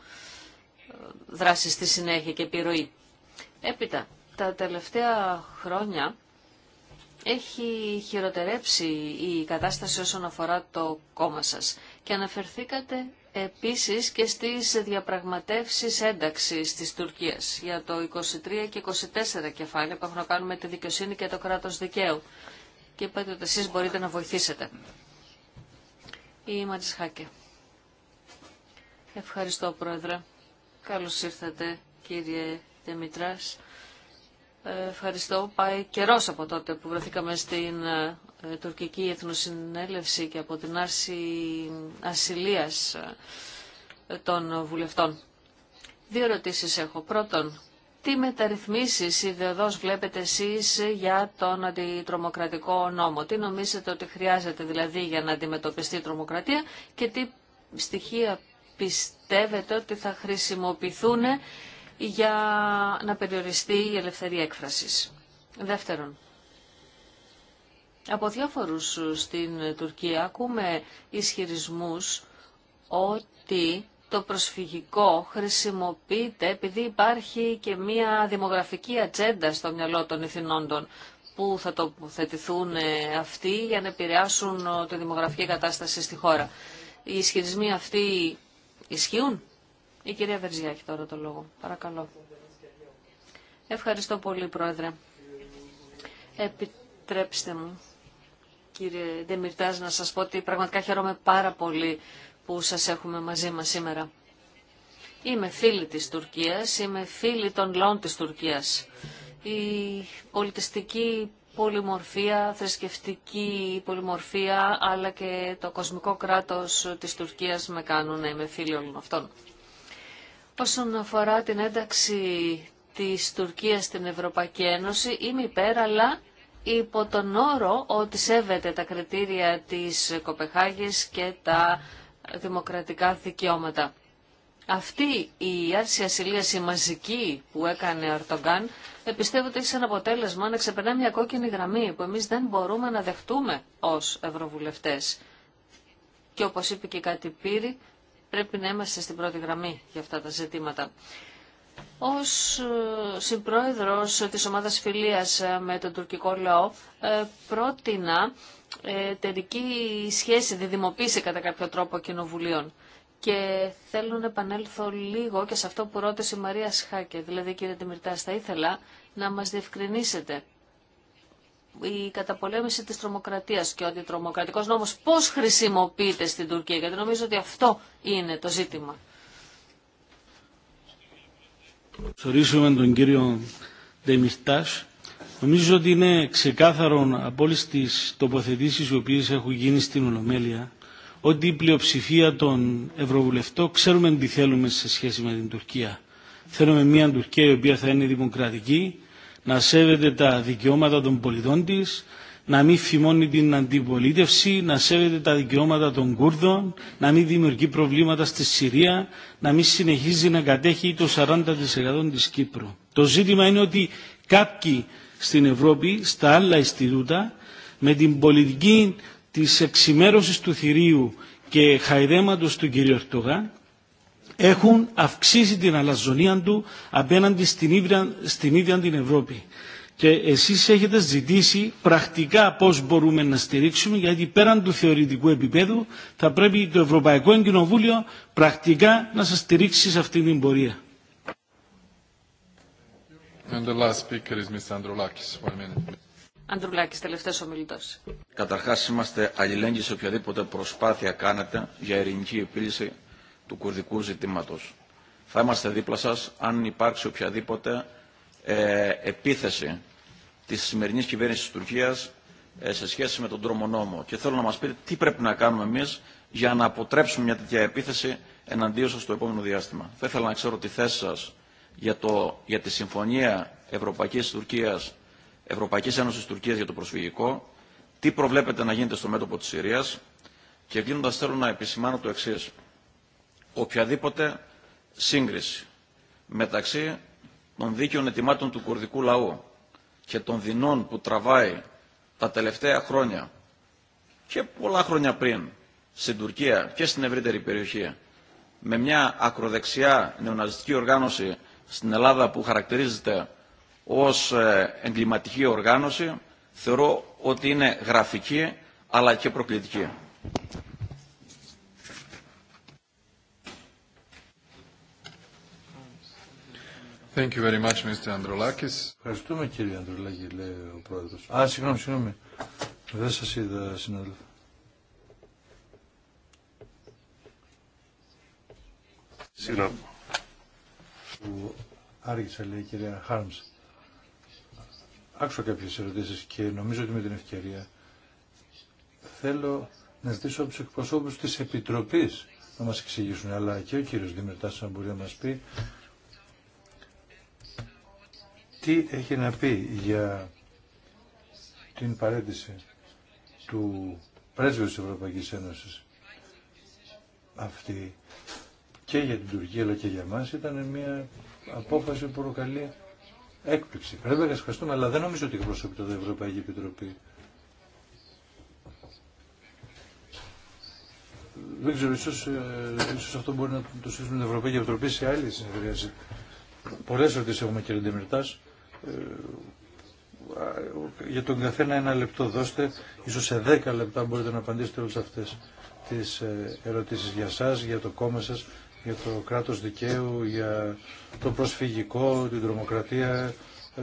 δράση στη συνέχεια και επιρροή. Έπειτα, τα τελευταία χρόνια έχει χειροτερέψει η κατάσταση όσον αφορά το κόμμα σας. Και αναφερθήκατε επίσης και στις διαπραγματεύσεις ένταξης της Τουρκίας για το 23 και 24 κεφάλαιο που έχουν να κάνουν με τη δικαιοσύνη και το κράτος δικαίου. Και είπατε ότι εσείς μπορείτε να βοηθήσετε. Η Ευχαριστώ Πρόεδρε. Καλώς ήρθατε κύριε Δημητράς. Ε, ευχαριστώ. Πάει καιρός από τότε που βρεθήκαμε στην ε, ε, τουρκική εθνοσυνέλευση και από την άρση ασυλίας ε, των βουλευτών. Δύο ερωτήσεις έχω. Πρώτον, τι μεταρρυθμίσεις ιδεοδός βλέπετε εσείς για τον αντιτρομοκρατικό νόμο. Τι νομίζετε ότι χρειάζεται δηλαδή για να αντιμετωπιστεί η τρομοκρατία και τι στοιχεία πιστεύετε ότι θα χρησιμοποιηθούν για να περιοριστεί η ελευθερία έκφρασης. Δεύτερον, από διάφορους ε, στην ε, Τουρκία ακούμε ισχυρισμούς ότι το προσφυγικό χρησιμοποιείται επειδή υπάρχει και μία δημογραφική ατζέντα στο μυαλό των Ιθινόντων που θα τοποθετηθούν ε, αυτοί για να επηρεάσουν τη δημογραφική κατάσταση στη χώρα. Οι ισχυρισμοί αυτοί ισχύουν. Η κυρία Βερζιά έχει τώρα το λόγο. Παρακαλώ. Ευχαριστώ πολύ, Πρόεδρε. Επιτρέψτε μου κύριε Ντεμιρτάζ, να σας πω ότι πραγματικά χαίρομαι πάρα πολύ που σας έχουμε μαζί μας σήμερα. Είμαι φίλη της Τουρκίας, είμαι φίλη των λαών της Τουρκίας. Η πολιτιστική πολυμορφία, θρησκευτική πολυμορφία, αλλά και το κοσμικό κράτος της Τουρκίας με κάνουν να είμαι φίλη όλων αυτών. Όσον αφορά την ένταξη της Τουρκίας στην Ευρωπαϊκή Ένωση, είμαι υπέρ, αλλά υπό τον όρο ότι σέβεται τα κριτήρια της Κοπεχάγης και τα δημοκρατικά δικαιώματα. Αυτή η άρση ασυλίας η μαζική που έκανε ο Αρτογκάν, πιστεύω ότι έχει σαν αποτέλεσμα να ξεπερνά μια κόκκινη γραμμή που εμείς δεν μπορούμε να δεχτούμε ως ευρωβουλευτές. Και όπως είπε και κάτι πήρη, πρέπει να είμαστε στην πρώτη γραμμή για αυτά τα ζητήματα. Ως ε, συμπρόεδρος της ομάδας φιλίας ε, με τον τουρκικό λαό ε, πρότεινα εταιρική σχέση, διδημοποίηση κατά κάποιο τρόπο κοινοβουλίων. Και θέλω να επανέλθω λίγο και σε αυτό που ρώτησε η Μαρία Σχάκε. Δηλαδή, κύριε Τιμιρτάς, θα ήθελα να μας διευκρινίσετε η καταπολέμηση της τρομοκρατίας και ο τρομοκρατικός νόμος πώς χρησιμοποιείται στην Τουρκία, γιατί νομίζω ότι αυτό είναι το ζήτημα. Σωρίσουμε τον κύριο Δεμιχτάς. Νομίζω ότι είναι ξεκάθαρο από όλε τι τοποθετήσει οι οποίε έχουν γίνει στην Ολομέλεια ότι η πλειοψηφία των Ευρωβουλευτών ξέρουμε τι θέλουμε σε σχέση με την Τουρκία. Θέλουμε μια Τουρκία η οποία θα είναι δημοκρατική, να σέβεται τα δικαιώματα των πολιτών της, να μην φημώνει την αντιπολίτευση, να σέβεται τα δικαιώματα των Κούρδων, να μην δημιουργεί προβλήματα στη Συρία, να μην συνεχίζει να κατέχει το 40% της Κύπρου. Το ζήτημα είναι ότι κάποιοι στην Ευρώπη, στα άλλα Ιστιτούτα, με την πολιτική της εξημέρωσης του θηρίου και χαϊδέματος του κ. Ερτογά, έχουν αυξήσει την αλαζονία του απέναντι στην ίδια την Ευρώπη και εσείς έχετε ζητήσει πρακτικά πώς μπορούμε να στηρίξουμε γιατί πέραν του θεωρητικού επίπεδου θα πρέπει το Ευρωπαϊκό Κοινοβούλιο πρακτικά να σας στηρίξει σε αυτή την πορεία. And the last speaker is τελευταίος Καταρχάς είμαστε αλληλέγγυοι σε οποιαδήποτε προσπάθεια κάνετε για ειρηνική επίλυση του κουρδικού ζητήματος. Θα είμαστε δίπλα σας αν υπάρξει οποιαδήποτε ε, επίθεση της σημερινής κυβέρνησης της Τουρκίας ε, σε σχέση με τον τρομονόμο. Και θέλω να μας πείτε τι πρέπει να κάνουμε εμείς για να αποτρέψουμε μια τέτοια επίθεση εναντίον σας στο επόμενο διάστημα. Θα ήθελα να ξέρω τη θέση σας για, το, για τη Συμφωνία Ευρωπαϊκής, Τουρκίας, Ευρωπαϊκής Ένωσης Τουρκίας για το προσφυγικό, τι προβλέπετε να γίνεται στο μέτωπο της Συρίας και κλείνοντα θέλω να επισημάνω το εξή. Οποιαδήποτε σύγκριση μεταξύ των δίκαιων ετοιμάτων του κουρδικού λαού και των δεινών που τραβάει τα τελευταία χρόνια και πολλά χρόνια πριν στην Τουρκία και στην ευρύτερη περιοχή με μια ακροδεξιά νεοναζιστική οργάνωση στην Ελλάδα που χαρακτηρίζεται ως ε, εγκληματική οργάνωση θεωρώ ότι είναι γραφική αλλά και προκλητική. Ευχαριστούμε κύριε Ανδρουλάκη, λέει ο πρόεδρος. Α, συγγνώμη, συγγνώμη. Δεν σας είδα, συνάδελφε. Συγγνώμη. Που άργησα, λέει η κυρία Χάρμς. Άκουσα κάποιες ερωτήσεις και νομίζω ότι με την ευκαιρία θέλω να ζητήσω από τους εκπροσώπους της Επιτροπής να μας εξηγήσουν, αλλά και ο κύριος Δημητάς να μπορεί να μας πει τι έχει να πει για την παρέτηση του πρέσβου της Ευρωπαϊκής Ένωσης αυτή και για την Τουρκία αλλά και για μας ήταν μια απόφαση που προκαλεί έκπληξη. Πρέπει να ευχαριστούμε, αλλά δεν νομίζω ότι εκπροσωπεί το Ευρωπαϊκή Επιτροπή. Δεν ξέρω, ίσως, ε, ίσως αυτό μπορεί να το συζητήσουμε την Ευρωπαϊκή Επιτροπή σε άλλη συνεδρίαση. Πολλές ερωτήσεις έχουμε κύριε Ντεμιρτάς. Ε, για τον καθένα ένα λεπτό δώστε, ίσως σε δέκα λεπτά μπορείτε να απαντήσετε όλες αυτές τις ε, ερωτήσεις για σας, για το κόμμα σας, για το κράτος δικαίου, για το προσφυγικό, την τρομοκρατία, ε,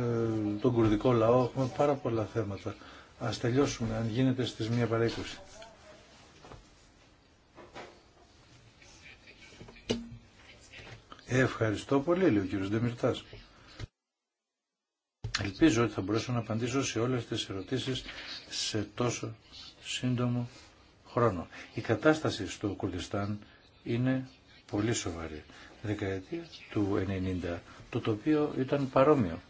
τον κουρδικό λαό. Έχουμε πάρα πολλά θέματα. Ας τελειώσουμε, αν γίνεται, στις μία παρέκκληση. Ευχαριστώ πολύ, λέει ο κύριος Ντεμιρτάς. Ελπίζω ότι θα μπορέσω να απαντήσω σε όλες τις ερωτήσεις σε τόσο σύντομο χρόνο. Η κατάσταση στο Κουρδιστάν είναι πολύ σοβαρή. Δεκαετία του 90 το τοπίο ήταν παρόμοιο.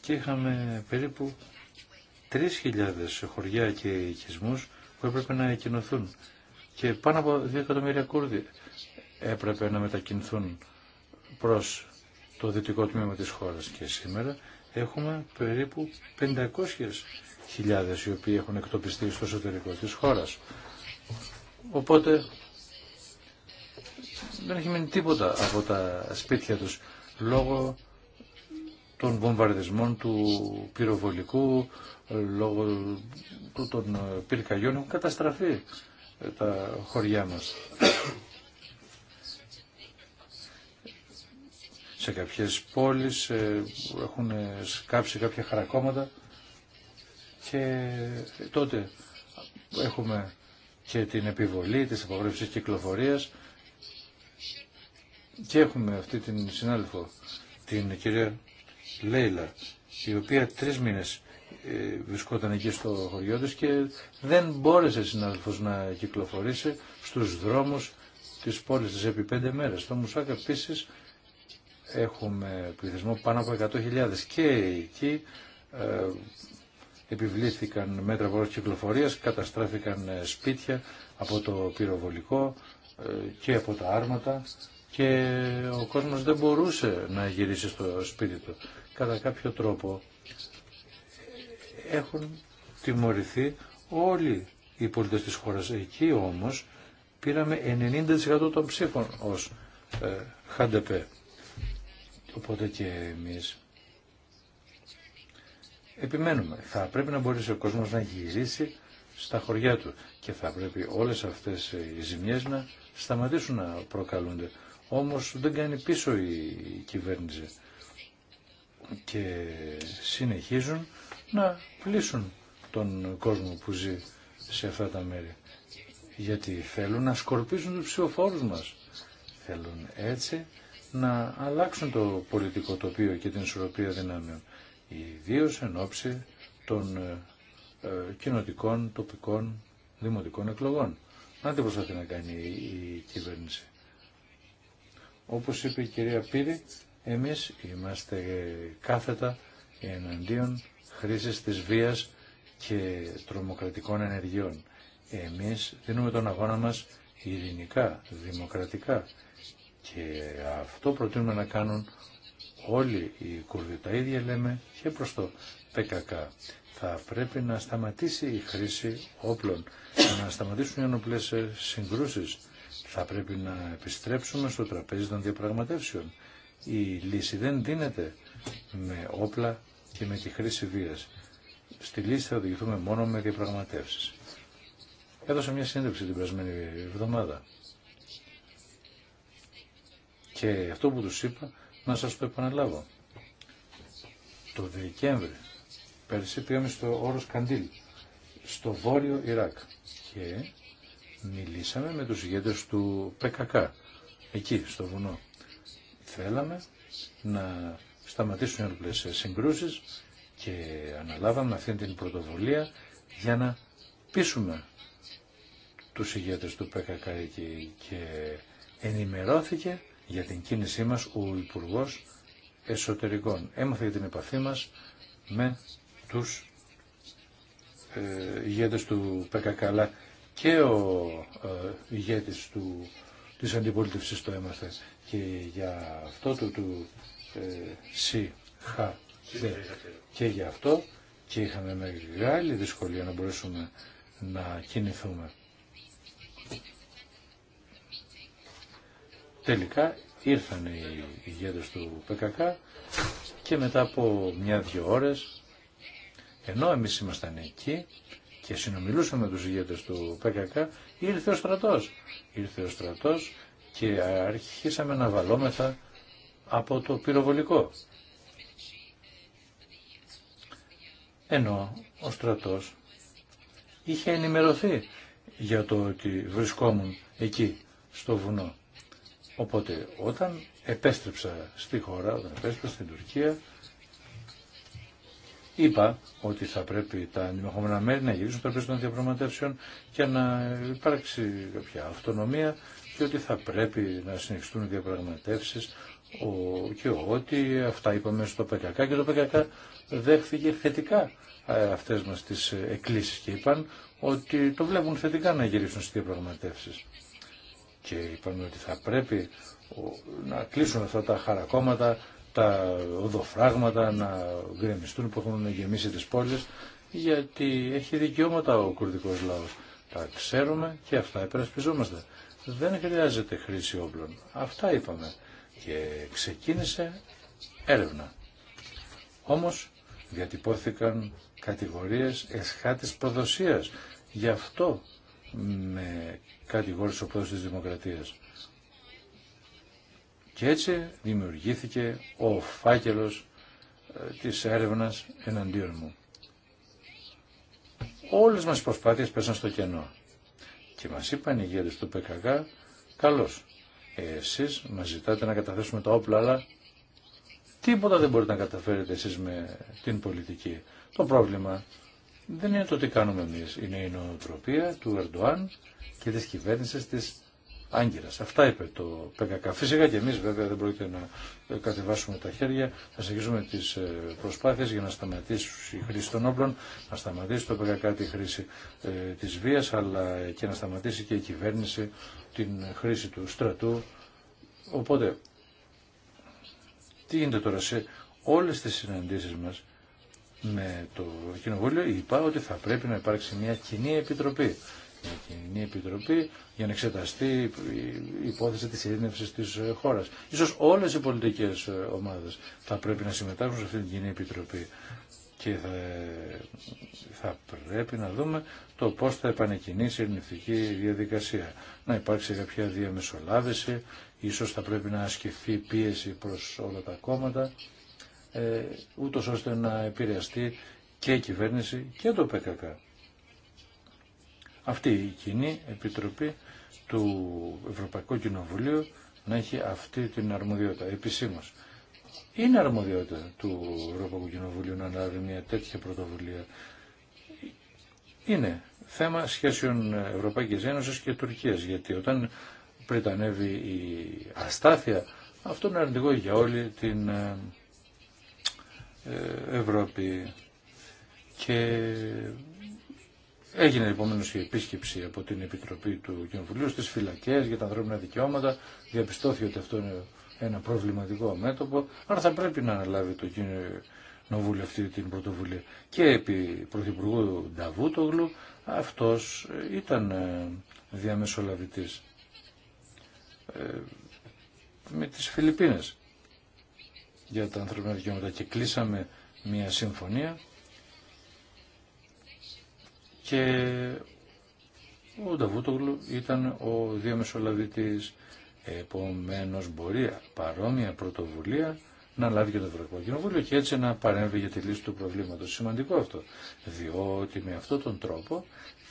Και είχαμε περίπου 3.000 χωριά και οικισμούς που έπρεπε να εκκοινωθούν. Και πάνω από 2 εκατομμύρια Κούρδοι έπρεπε να μετακινηθούν προς το δυτικό τμήμα της χώρας και σήμερα έχουμε περίπου 500.000 οι οποίοι έχουν εκτοπιστεί στο εσωτερικό της χώρας. Οπότε δεν έχει μείνει τίποτα από τα σπίτια τους λόγω των βομβαρδισμών του πυροβολικού, λόγω των πυρκαγιών έχουν καταστραφεί τα χωριά μας. σε κάποιες πόλεις ε, έχουν σκάψει κάποια χαρακόμματα και τότε έχουμε και την επιβολή της απαγόρευσης κυκλοφορίας και έχουμε αυτή την συνάδελφο, την κυρία Λέιλα, η οποία τρεις μήνες ε, βρισκόταν εκεί στο χωριό της και δεν μπόρεσε συνάδελφος να κυκλοφορήσει στους δρόμους της πόλης της επί πέντε μέρες. Το Μουσάκα επίσης έχουμε πληθυσμό πάνω από 100.000 και εκεί ε, επιβλήθηκαν μέτρα βόρειας κυκλοφορίας, καταστράφηκαν ε, σπίτια από το πυροβολικό ε, και από τα άρματα και ο κόσμος δεν μπορούσε να γυρίσει στο σπίτι του. Κατά κάποιο τρόπο έχουν τιμωρηθεί όλοι οι πολίτες της χώρας. Εκεί όμως πήραμε 90% των ψήφων ως ε, Οπότε και εμείς επιμένουμε. Θα πρέπει να μπορέσει ο κόσμος να γυρίσει στα χωριά του και θα πρέπει όλες αυτές οι ζημιές να σταματήσουν να προκαλούνται. Όμως δεν κάνει πίσω η κυβέρνηση και συνεχίζουν να πλήσουν τον κόσμο που ζει σε αυτά τα μέρη. Γιατί θέλουν να σκορπίσουν τους ψηφοφόρους μας. Θέλουν έτσι να αλλάξουν το πολιτικό τοπίο και την ισορροπία δυνάμεων, ιδίω εν ώψη των ε, ε, κοινοτικών, τοπικών, δημοτικών εκλογών. Να τι προσπαθεί να κάνει η κυβέρνηση. Όπως είπε η κυρία Πύρη, εμείς είμαστε κάθετα εναντίον χρήσης της βίας και τρομοκρατικών ενεργειών. Εμείς δίνουμε τον αγώνα μας ειρηνικά, δημοκρατικά και αυτό προτείνουμε να κάνουν όλοι οι Κούρδοι. Τα ίδια λέμε και προς το ΠΚΚ. Θα πρέπει να σταματήσει η χρήση όπλων, να σταματήσουν οι ενοπλές συγκρούσεις. Θα πρέπει να επιστρέψουμε στο τραπέζι των διαπραγματεύσεων. Η λύση δεν δίνεται με όπλα και με τη χρήση βίας. Στη λύση θα οδηγηθούμε μόνο με διαπραγματεύσεις. Έδωσα μια σύνδεξη την περασμένη εβδομάδα και αυτό που τους είπα, να σας το επαναλάβω. Το Δεκέμβρη, πέρσι πήγαμε στο όρος Καντήλ, στο βόρειο Ιράκ και μιλήσαμε με τους ηγέτες του ΠΚΚ, εκεί στο βουνό. Θέλαμε να σταματήσουν οι όλες συγκρούσεις και αναλάβαμε αυτή την πρωτοβουλία για να πείσουμε τους ηγέτες του ΠΚΚ εκεί και ενημερώθηκε για την κίνησή μας ο Υπουργός Εσωτερικών. Έμαθε για την επαφή μας με τους ε, ηγέτες του ΠΚΚ και ο ε, ηγέτης του, της αντιπολίτευσης το έμαθε και για αυτό του, του ε, και για αυτό και είχαμε μεγάλη δυσκολία να μπορέσουμε να κινηθούμε. Τελικά ήρθαν οι ηγέτες του ΠΚΚ και μετά από μια-δυο ώρες, ενώ εμείς ήμασταν εκεί και συνομιλούσαμε με τους ηγέτες του ΠΚΚ, ήρθε ο στρατός. Ήρθε ο στρατός και αρχίσαμε να βαλόμεθα από το πυροβολικό. Ενώ ο στρατός είχε ενημερωθεί για το ότι βρισκόμουν εκεί στο βουνό. Οπότε όταν επέστρεψα στη χώρα, όταν επέστρεψα στην Τουρκία, είπα ότι θα πρέπει τα αντιμεχόμενα μέρη να γυρίσουν τα πλαίσιο των διαπραγματεύσεων και να υπάρξει κάποια αυτονομία και ότι θα πρέπει να συνεχιστούν οι διαπραγματεύσει και ότι αυτά είπαμε στο ΠΚΚ και το ΠΚΚ δέχθηκε θετικά ε, αυτές μας τις εκκλήσεις και είπαν ότι το βλέπουν θετικά να γυρίσουν στις διαπραγματεύσεις και είπαμε ότι θα πρέπει να κλείσουν αυτά τα χαρακόμματα, τα οδοφράγματα, να γκρεμιστούν που έχουν γεμίσει τις πόλεις, γιατί έχει δικαιώματα ο κουρδικός λαός. Τα ξέρουμε και αυτά επερασπιζόμαστε. Δεν χρειάζεται χρήση όπλων. Αυτά είπαμε. Και ξεκίνησε έρευνα. Όμως διατυπώθηκαν κατηγορίες εσχάτης προδοσίας. Γι' αυτό με κάτι ο πρόεδρος της Δημοκρατίας. Και έτσι δημιουργήθηκε ο φάκελος ε, της έρευνας εναντίον μου. Όλες μας οι προσπάθειες πέσαν στο κενό. Και μας είπαν οι γέρες του ΠΚΚ, καλώς, εσείς μας ζητάτε να καταθέσουμε τα όπλα, αλλά τίποτα δεν μπορείτε να καταφέρετε εσείς με την πολιτική. Το πρόβλημα δεν είναι το τι κάνουμε εμείς. Είναι η νοοτροπία του Ερντοάν και της κυβέρνησης της Άγκυρας. Αυτά είπε το ΠΚΚ. Φυσικά και εμείς βέβαια δεν πρόκειται να κατεβάσουμε τα χέρια. Θα συνεχίσουμε τις ε, προσπάθειες για να σταματήσει η χρήση των όπλων, να σταματήσει το ΠΚΚ τη χρήση ε, της βίας, αλλά και να σταματήσει και η κυβέρνηση την χρήση του στρατού. Οπότε, τι γίνεται τώρα σε όλες τις συναντήσεις μας, με το Κοινοβούλιο είπα ότι θα πρέπει να υπάρξει μια κοινή επιτροπή. Μια κοινή επιτροπή για να εξεταστεί η υπόθεση της ειρήνευσης της χώρας. Ίσως όλες οι πολιτικές ομάδες θα πρέπει να συμμετάσχουν σε αυτή την κοινή επιτροπή και θα, θα πρέπει να δούμε το πώς θα επανεκκινήσει η ειρηνευτική διαδικασία. Να υπάρξει κάποια διαμεσολάβηση, ίσως θα πρέπει να ασκηθεί πίεση προς όλα τα κόμματα ε, ούτως ώστε να επηρεαστεί και η κυβέρνηση και το ΠΚΚ. Αυτή η κοινή επιτροπή του Ευρωπαϊκού Κοινοβουλίου να έχει αυτή την αρμοδιότητα επισήμω. Είναι αρμοδιότητα του Ευρωπαϊκού Κοινοβουλίου να λάβει μια τέτοια πρωτοβουλία. Είναι θέμα σχέσεων Ευρωπαϊκής Ένωσης και Τουρκίας, γιατί όταν πριτανεύει η αστάθεια, αυτό είναι αρνητικό για όλη την ε, ε, Ευρώπη. Και έγινε επομένω η επίσκεψη από την Επιτροπή του Κοινοβουλίου στις φυλακές για τα ανθρώπινα δικαιώματα. Διαπιστώθηκε ότι αυτό είναι ένα προβληματικό μέτωπο, άρα θα πρέπει να αναλάβει το Κοινοβούλιο αυτή την πρωτοβουλία. Και επί Πρωθυπουργού Νταβούτογλου αυτός ήταν ε, διαμεσολαβητής ε, με τις Φιλιππίνες για τα ανθρώπινα δικαιώματα και κλείσαμε μια συμφωνία και ο Νταβούτογλου ήταν ο διαμεσολαβητής. Επομένως μπορεί παρόμοια πρωτοβουλία να λάβει και το Ευρωπαϊκό Κοινοβούλιο και έτσι να παρέμβει για τη λύση του προβλήματος. Σημαντικό αυτό, διότι με αυτόν τον τρόπο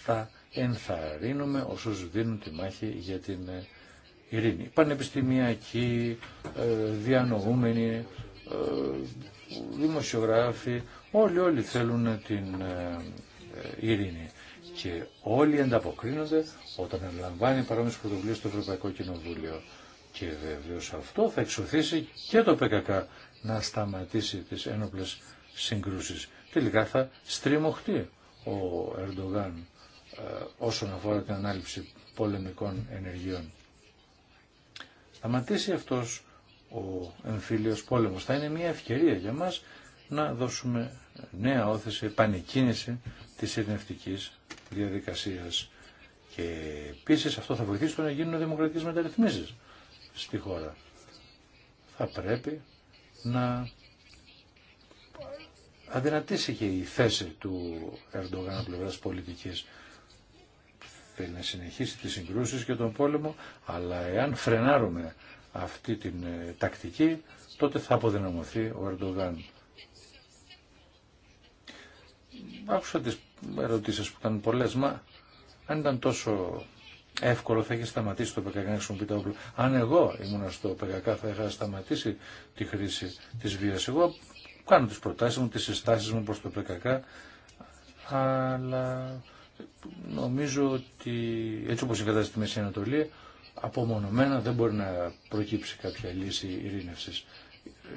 θα ενθαρρύνουμε όσους δίνουν τη μάχη για την ειρήνη. Πανεπιστημιακοί, ε, διανοούμενοι, ε, δημοσιογράφοι, όλοι όλοι θέλουν την ε, ειρήνη. Και όλοι ανταποκρίνονται όταν αναλαμβάνει παρόμοιες πρωτοβουλίες στο Ευρωπαϊκό Κοινοβούλιο. Και βεβαίω αυτό θα εξωθήσει και το ΠΚΚ να σταματήσει τις ένοπλες συγκρούσεις. Τελικά θα στριμωχτεί ο Ερντογάν όσον αφορά την ανάληψη πολεμικών ενεργειών σταματήσει αυτός ο εμφύλιος πόλεμος. Θα είναι μια ευκαιρία για μας να δώσουμε νέα όθεση, επανεκκίνηση της ειρηνευτικής διαδικασίας. Και επίση αυτό θα βοηθήσει το να γίνουν δημοκρατικές μεταρρυθμίσεις στη χώρα. Θα πρέπει να αδυνατήσει και η θέση του Ερντογάν πλευράς πολιτικής θέλει να συνεχίσει τις συγκρούσεις και τον πόλεμο, αλλά εάν φρενάρουμε αυτή την ε, τακτική, τότε θα αποδυναμωθεί ο Ερντογάν. Άκουσα τις ερωτήσεις που ήταν πολλές, μα αν ήταν τόσο εύκολο θα είχε σταματήσει το ΠΚΚ να χρησιμοποιεί τα όπλα. Αν εγώ ήμουν στο ΠΚΚ θα είχα σταματήσει τη χρήση της βίας. Εγώ κάνω τις προτάσεις μου, τις συστάσεις μου προς το ΠΚΚ, αλλά Νομίζω ότι έτσι όπως η κατάσταση στη Μέση Ανατολή, απομονωμένα δεν μπορεί να προκύψει κάποια λύση ειρήνευσης.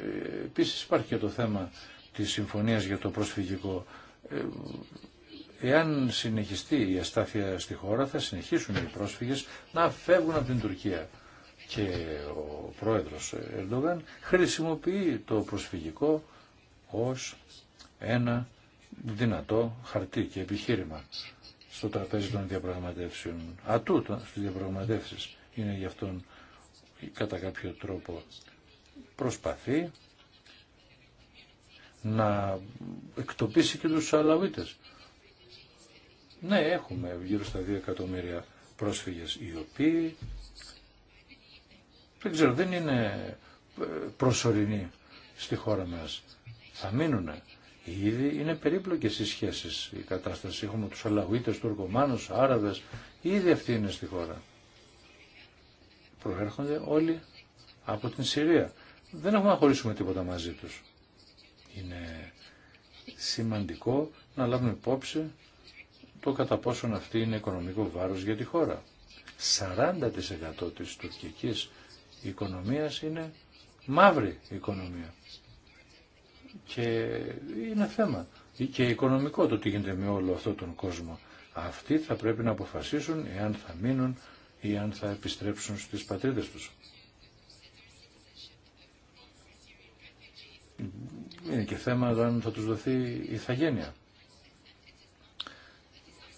Ε, επίσης υπάρχει και το θέμα της συμφωνίας για το προσφυγικό. Ε, εάν συνεχιστεί η αστάθεια στη χώρα θα συνεχίσουν οι πρόσφυγες να φεύγουν από την Τουρκία. Και ο πρόεδρος Ερντογάν χρησιμοποιεί το προσφυγικό ως ένα δυνατό χαρτί και επιχείρημα στο τραπέζι των διαπραγματεύσεων. Ατού στις διαπραγματεύσεις είναι γι' αυτόν κατά κάποιο τρόπο προσπαθεί να εκτοπίσει και τους Αλαβίτες. Ναι, έχουμε γύρω στα 2 εκατομμύρια πρόσφυγες οι οποίοι δεν ξέρω, δεν είναι ε, προσωρινοί στη χώρα μας. Θα μείνουνε. Ήδη είναι περίπλοκε οι σχέσει. η κατάσταση. Έχουμε τους του Τουρκομάνους, Άραβες. Ήδη αυτοί είναι στη χώρα. Προέρχονται όλοι από την Συρία. Δεν έχουμε να χωρίσουμε τίποτα μαζί τους. Είναι σημαντικό να λάβουμε υπόψη το κατά πόσον αυτή είναι οικονομικό βάρος για τη χώρα. 40% της τουρκικής οικονομίας είναι μαύρη οικονομία και είναι θέμα και οικονομικό το τι γίνεται με όλο αυτόν τον κόσμο. Αυτοί θα πρέπει να αποφασίσουν εάν θα μείνουν ή αν θα επιστρέψουν στις πατρίδες τους. Είναι και θέμα αν θα τους δοθεί ηθαγένεια.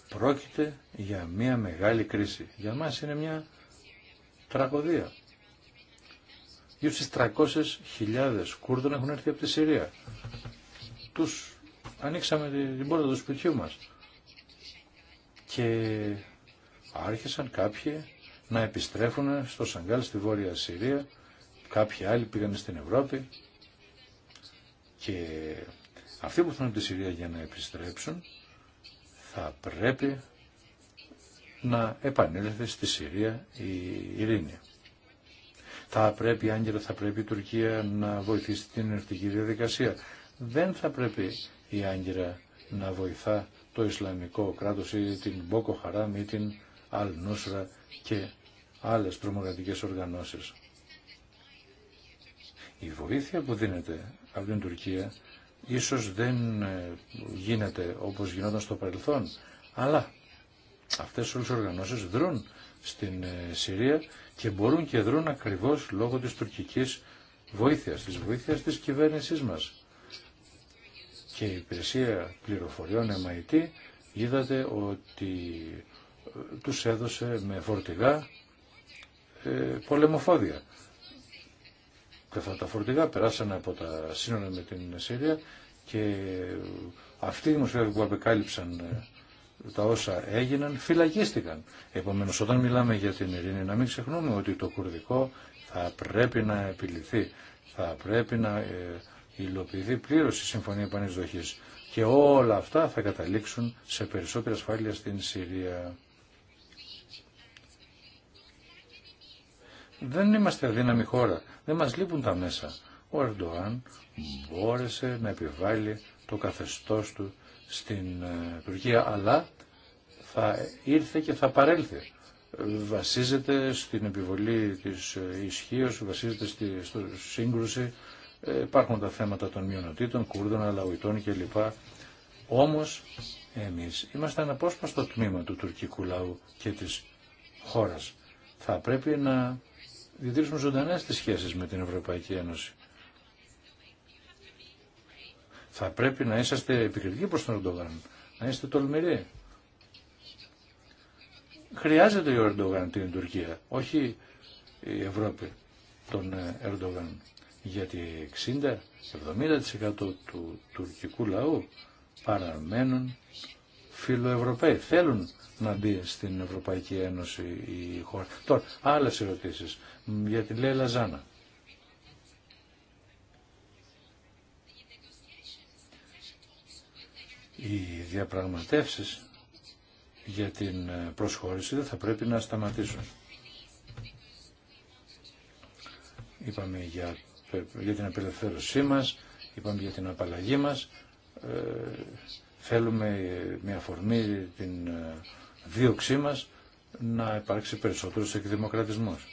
Πρόκειται για μια μεγάλη κρίση. Για μας είναι μια τραγωδία. Γύρω στις 300.000 Κούρδων έχουν έρθει από τη Συρία. Τους ανοίξαμε την πόρτα του σπιτιού μας. Και άρχισαν κάποιοι να επιστρέφουν στο Σαγκάλ στη Βόρεια Συρία. Κάποιοι άλλοι πήγαν στην Ευρώπη. Και αυτοί που θέλουν τη Συρία για να επιστρέψουν θα πρέπει να επανέλθει στη Συρία η ειρήνη. Θα πρέπει, η άγγελα, θα πρέπει η Τουρκία να βοηθήσει την ενευτική διαδικασία. Δεν θα πρέπει η άγγελα να βοηθά το Ισλαμικό κράτος ή την Μπόκο Χαράμ ή την Αλ Νούσρα και άλλες τρομοκρατικές οργανώσεις. Η βοήθεια που δίνεται από την Τουρκία ίσως δεν ε, γίνεται όπως γινόταν στο παρελθόν, αλλά αυτές όλες οι οργανώσεις δρούν στην ε, Συρία και μπορούν και δρούν ακριβώς λόγω της τουρκικής βοήθειας, της βοήθειας της κυβέρνησής μας. Και η υπηρεσία πληροφοριών MIT είδατε ότι ε, τους έδωσε με φορτηγά ε, πολεμοφόδια. Και αυτά τα φορτηγά περάσανε από τα σύνορα με την Σύρια και αυτοί οι δημοσιογράφοι που απεκάλυψαν ε, τα όσα έγιναν φυλακίστηκαν. Επομένως όταν μιλάμε για την ειρήνη να μην ξεχνούμε ότι το κουρδικό θα πρέπει να επιληθεί, θα πρέπει να ε, υλοποιηθεί πλήρως η Συμφωνία Επανεισδοχής και όλα αυτά θα καταλήξουν σε περισσότερη ασφάλεια στην Συρία. Δεν είμαστε αδύναμη χώρα, δεν μας λείπουν τα μέσα. Ο Ερντοάν μπόρεσε να επιβάλλει το καθεστώς του στην ε, Τουρκία, αλλά θα ήρθε και θα παρέλθει. Βασίζεται στην επιβολή της ε, ισχύω, βασίζεται στη στο σύγκρουση, ε, υπάρχουν τα θέματα των μειονοτήτων, Κούρδων, Αλαουιτών κλπ. Όμως εμείς είμαστε ένα απόσπαστο τμήμα του τουρκικού λαού και της χώρας. Θα πρέπει να διδρύσουμε ζωντανές τις σχέσεις με την Ευρωπαϊκή Ένωση. Θα πρέπει να είσαστε επικριτικοί προς τον Ερντογάν, να είστε τολμηροί. Χρειάζεται ο Ερντογάν την Τουρκία, όχι η Ευρώπη τον Ερντογάν. Γιατί 60-70% του τουρκικού λαού παραμένουν φιλοευρωπαίοι. Θέλουν να μπει στην Ευρωπαϊκή Ένωση η χώρα. Τώρα, άλλες ερωτήσεις για τη Λέλα Οι διαπραγματεύσεις για την προσχώρηση δεν θα πρέπει να σταματήσουν. Είπαμε για, για την απελευθέρωσή μας, είπαμε για την απαλλαγή μας. Ε, θέλουμε μια αφορμή την δίωξή μας να υπάρξει περισσότερος εκδημοκρατισμός.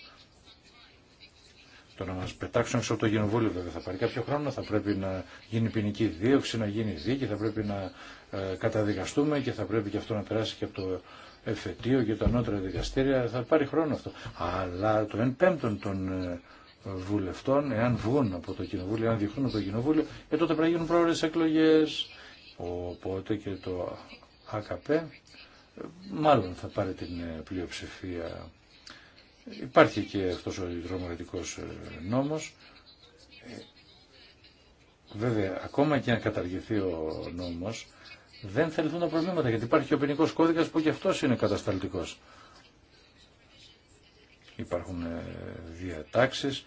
Το να μα πετάξουν έξω από το κοινοβούλιο βέβαια θα πάρει κάποιο χρόνο, θα πρέπει να γίνει ποινική δίωξη, να γίνει δίκη, θα πρέπει να ε, καταδικαστούμε και θα πρέπει και αυτό να περάσει και από το εφετείο και τα ανώτερα δικαστήρια. Θα πάρει χρόνο αυτό. Αλλά το εν πέμπτον των ε, βουλευτών, εάν βγουν από το κοινοβούλιο, εάν διεχθούν από το κοινοβούλιο, ε, τότε πρέπει να γίνουν πρόορε εκλογέ. Οπότε και το ΑΚΠ ε, μάλλον θα πάρει την πλειοψηφία. Υπάρχει και αυτός ο δρομοκρατικός ε, νόμος. Ε, βέβαια, ακόμα και αν καταργηθεί ο νόμος, δεν θα λυθούν τα προβλήματα, γιατί υπάρχει και ο ποινικό κώδικας που και αυτός είναι κατασταλτικός. Υπάρχουν ε, διατάξεις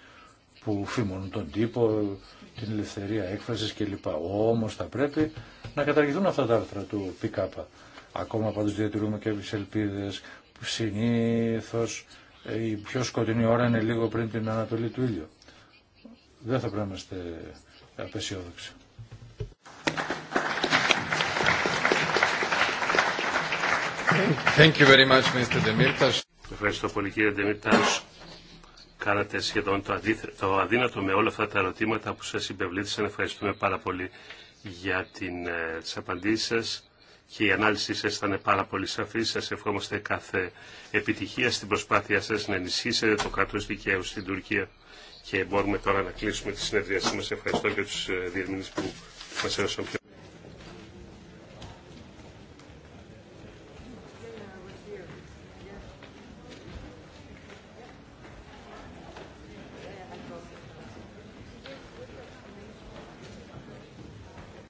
που φημώνουν τον τύπο, την ελευθερία έκφρασης κλπ. Όμως θα πρέπει να καταργηθούν αυτά τα άρθρα του ΠΚ. Ακόμα πάντως διατηρούμε και τις ελπίδες που συνήθως η πιο σκοτεινή ώρα είναι λίγο πριν την ανατολή του ήλιου. Δεν θα πρέπει να είμαστε απεσιόδοξοι. Ευχαριστώ πολύ κύριε Ντεμίρτας. Κάνατε σχεδόν το, το αδύνατο με όλα αυτά τα ερωτήματα που σας υπευλήθησαν. Ευχαριστούμε πάρα πολύ για την, ε, τις απαντήσεις σας και η ανάλυση σας ήταν πάρα πολύ σαφή. Σας ευχόμαστε κάθε επιτυχία στην προσπάθειά σας να ενισχύσετε το κράτος δικαίου στην Τουρκία και μπορούμε τώρα να κλείσουμε τη συνεδρίασή μας. Ευχαριστώ και τους ε, διερμηνείς που μας έδωσαν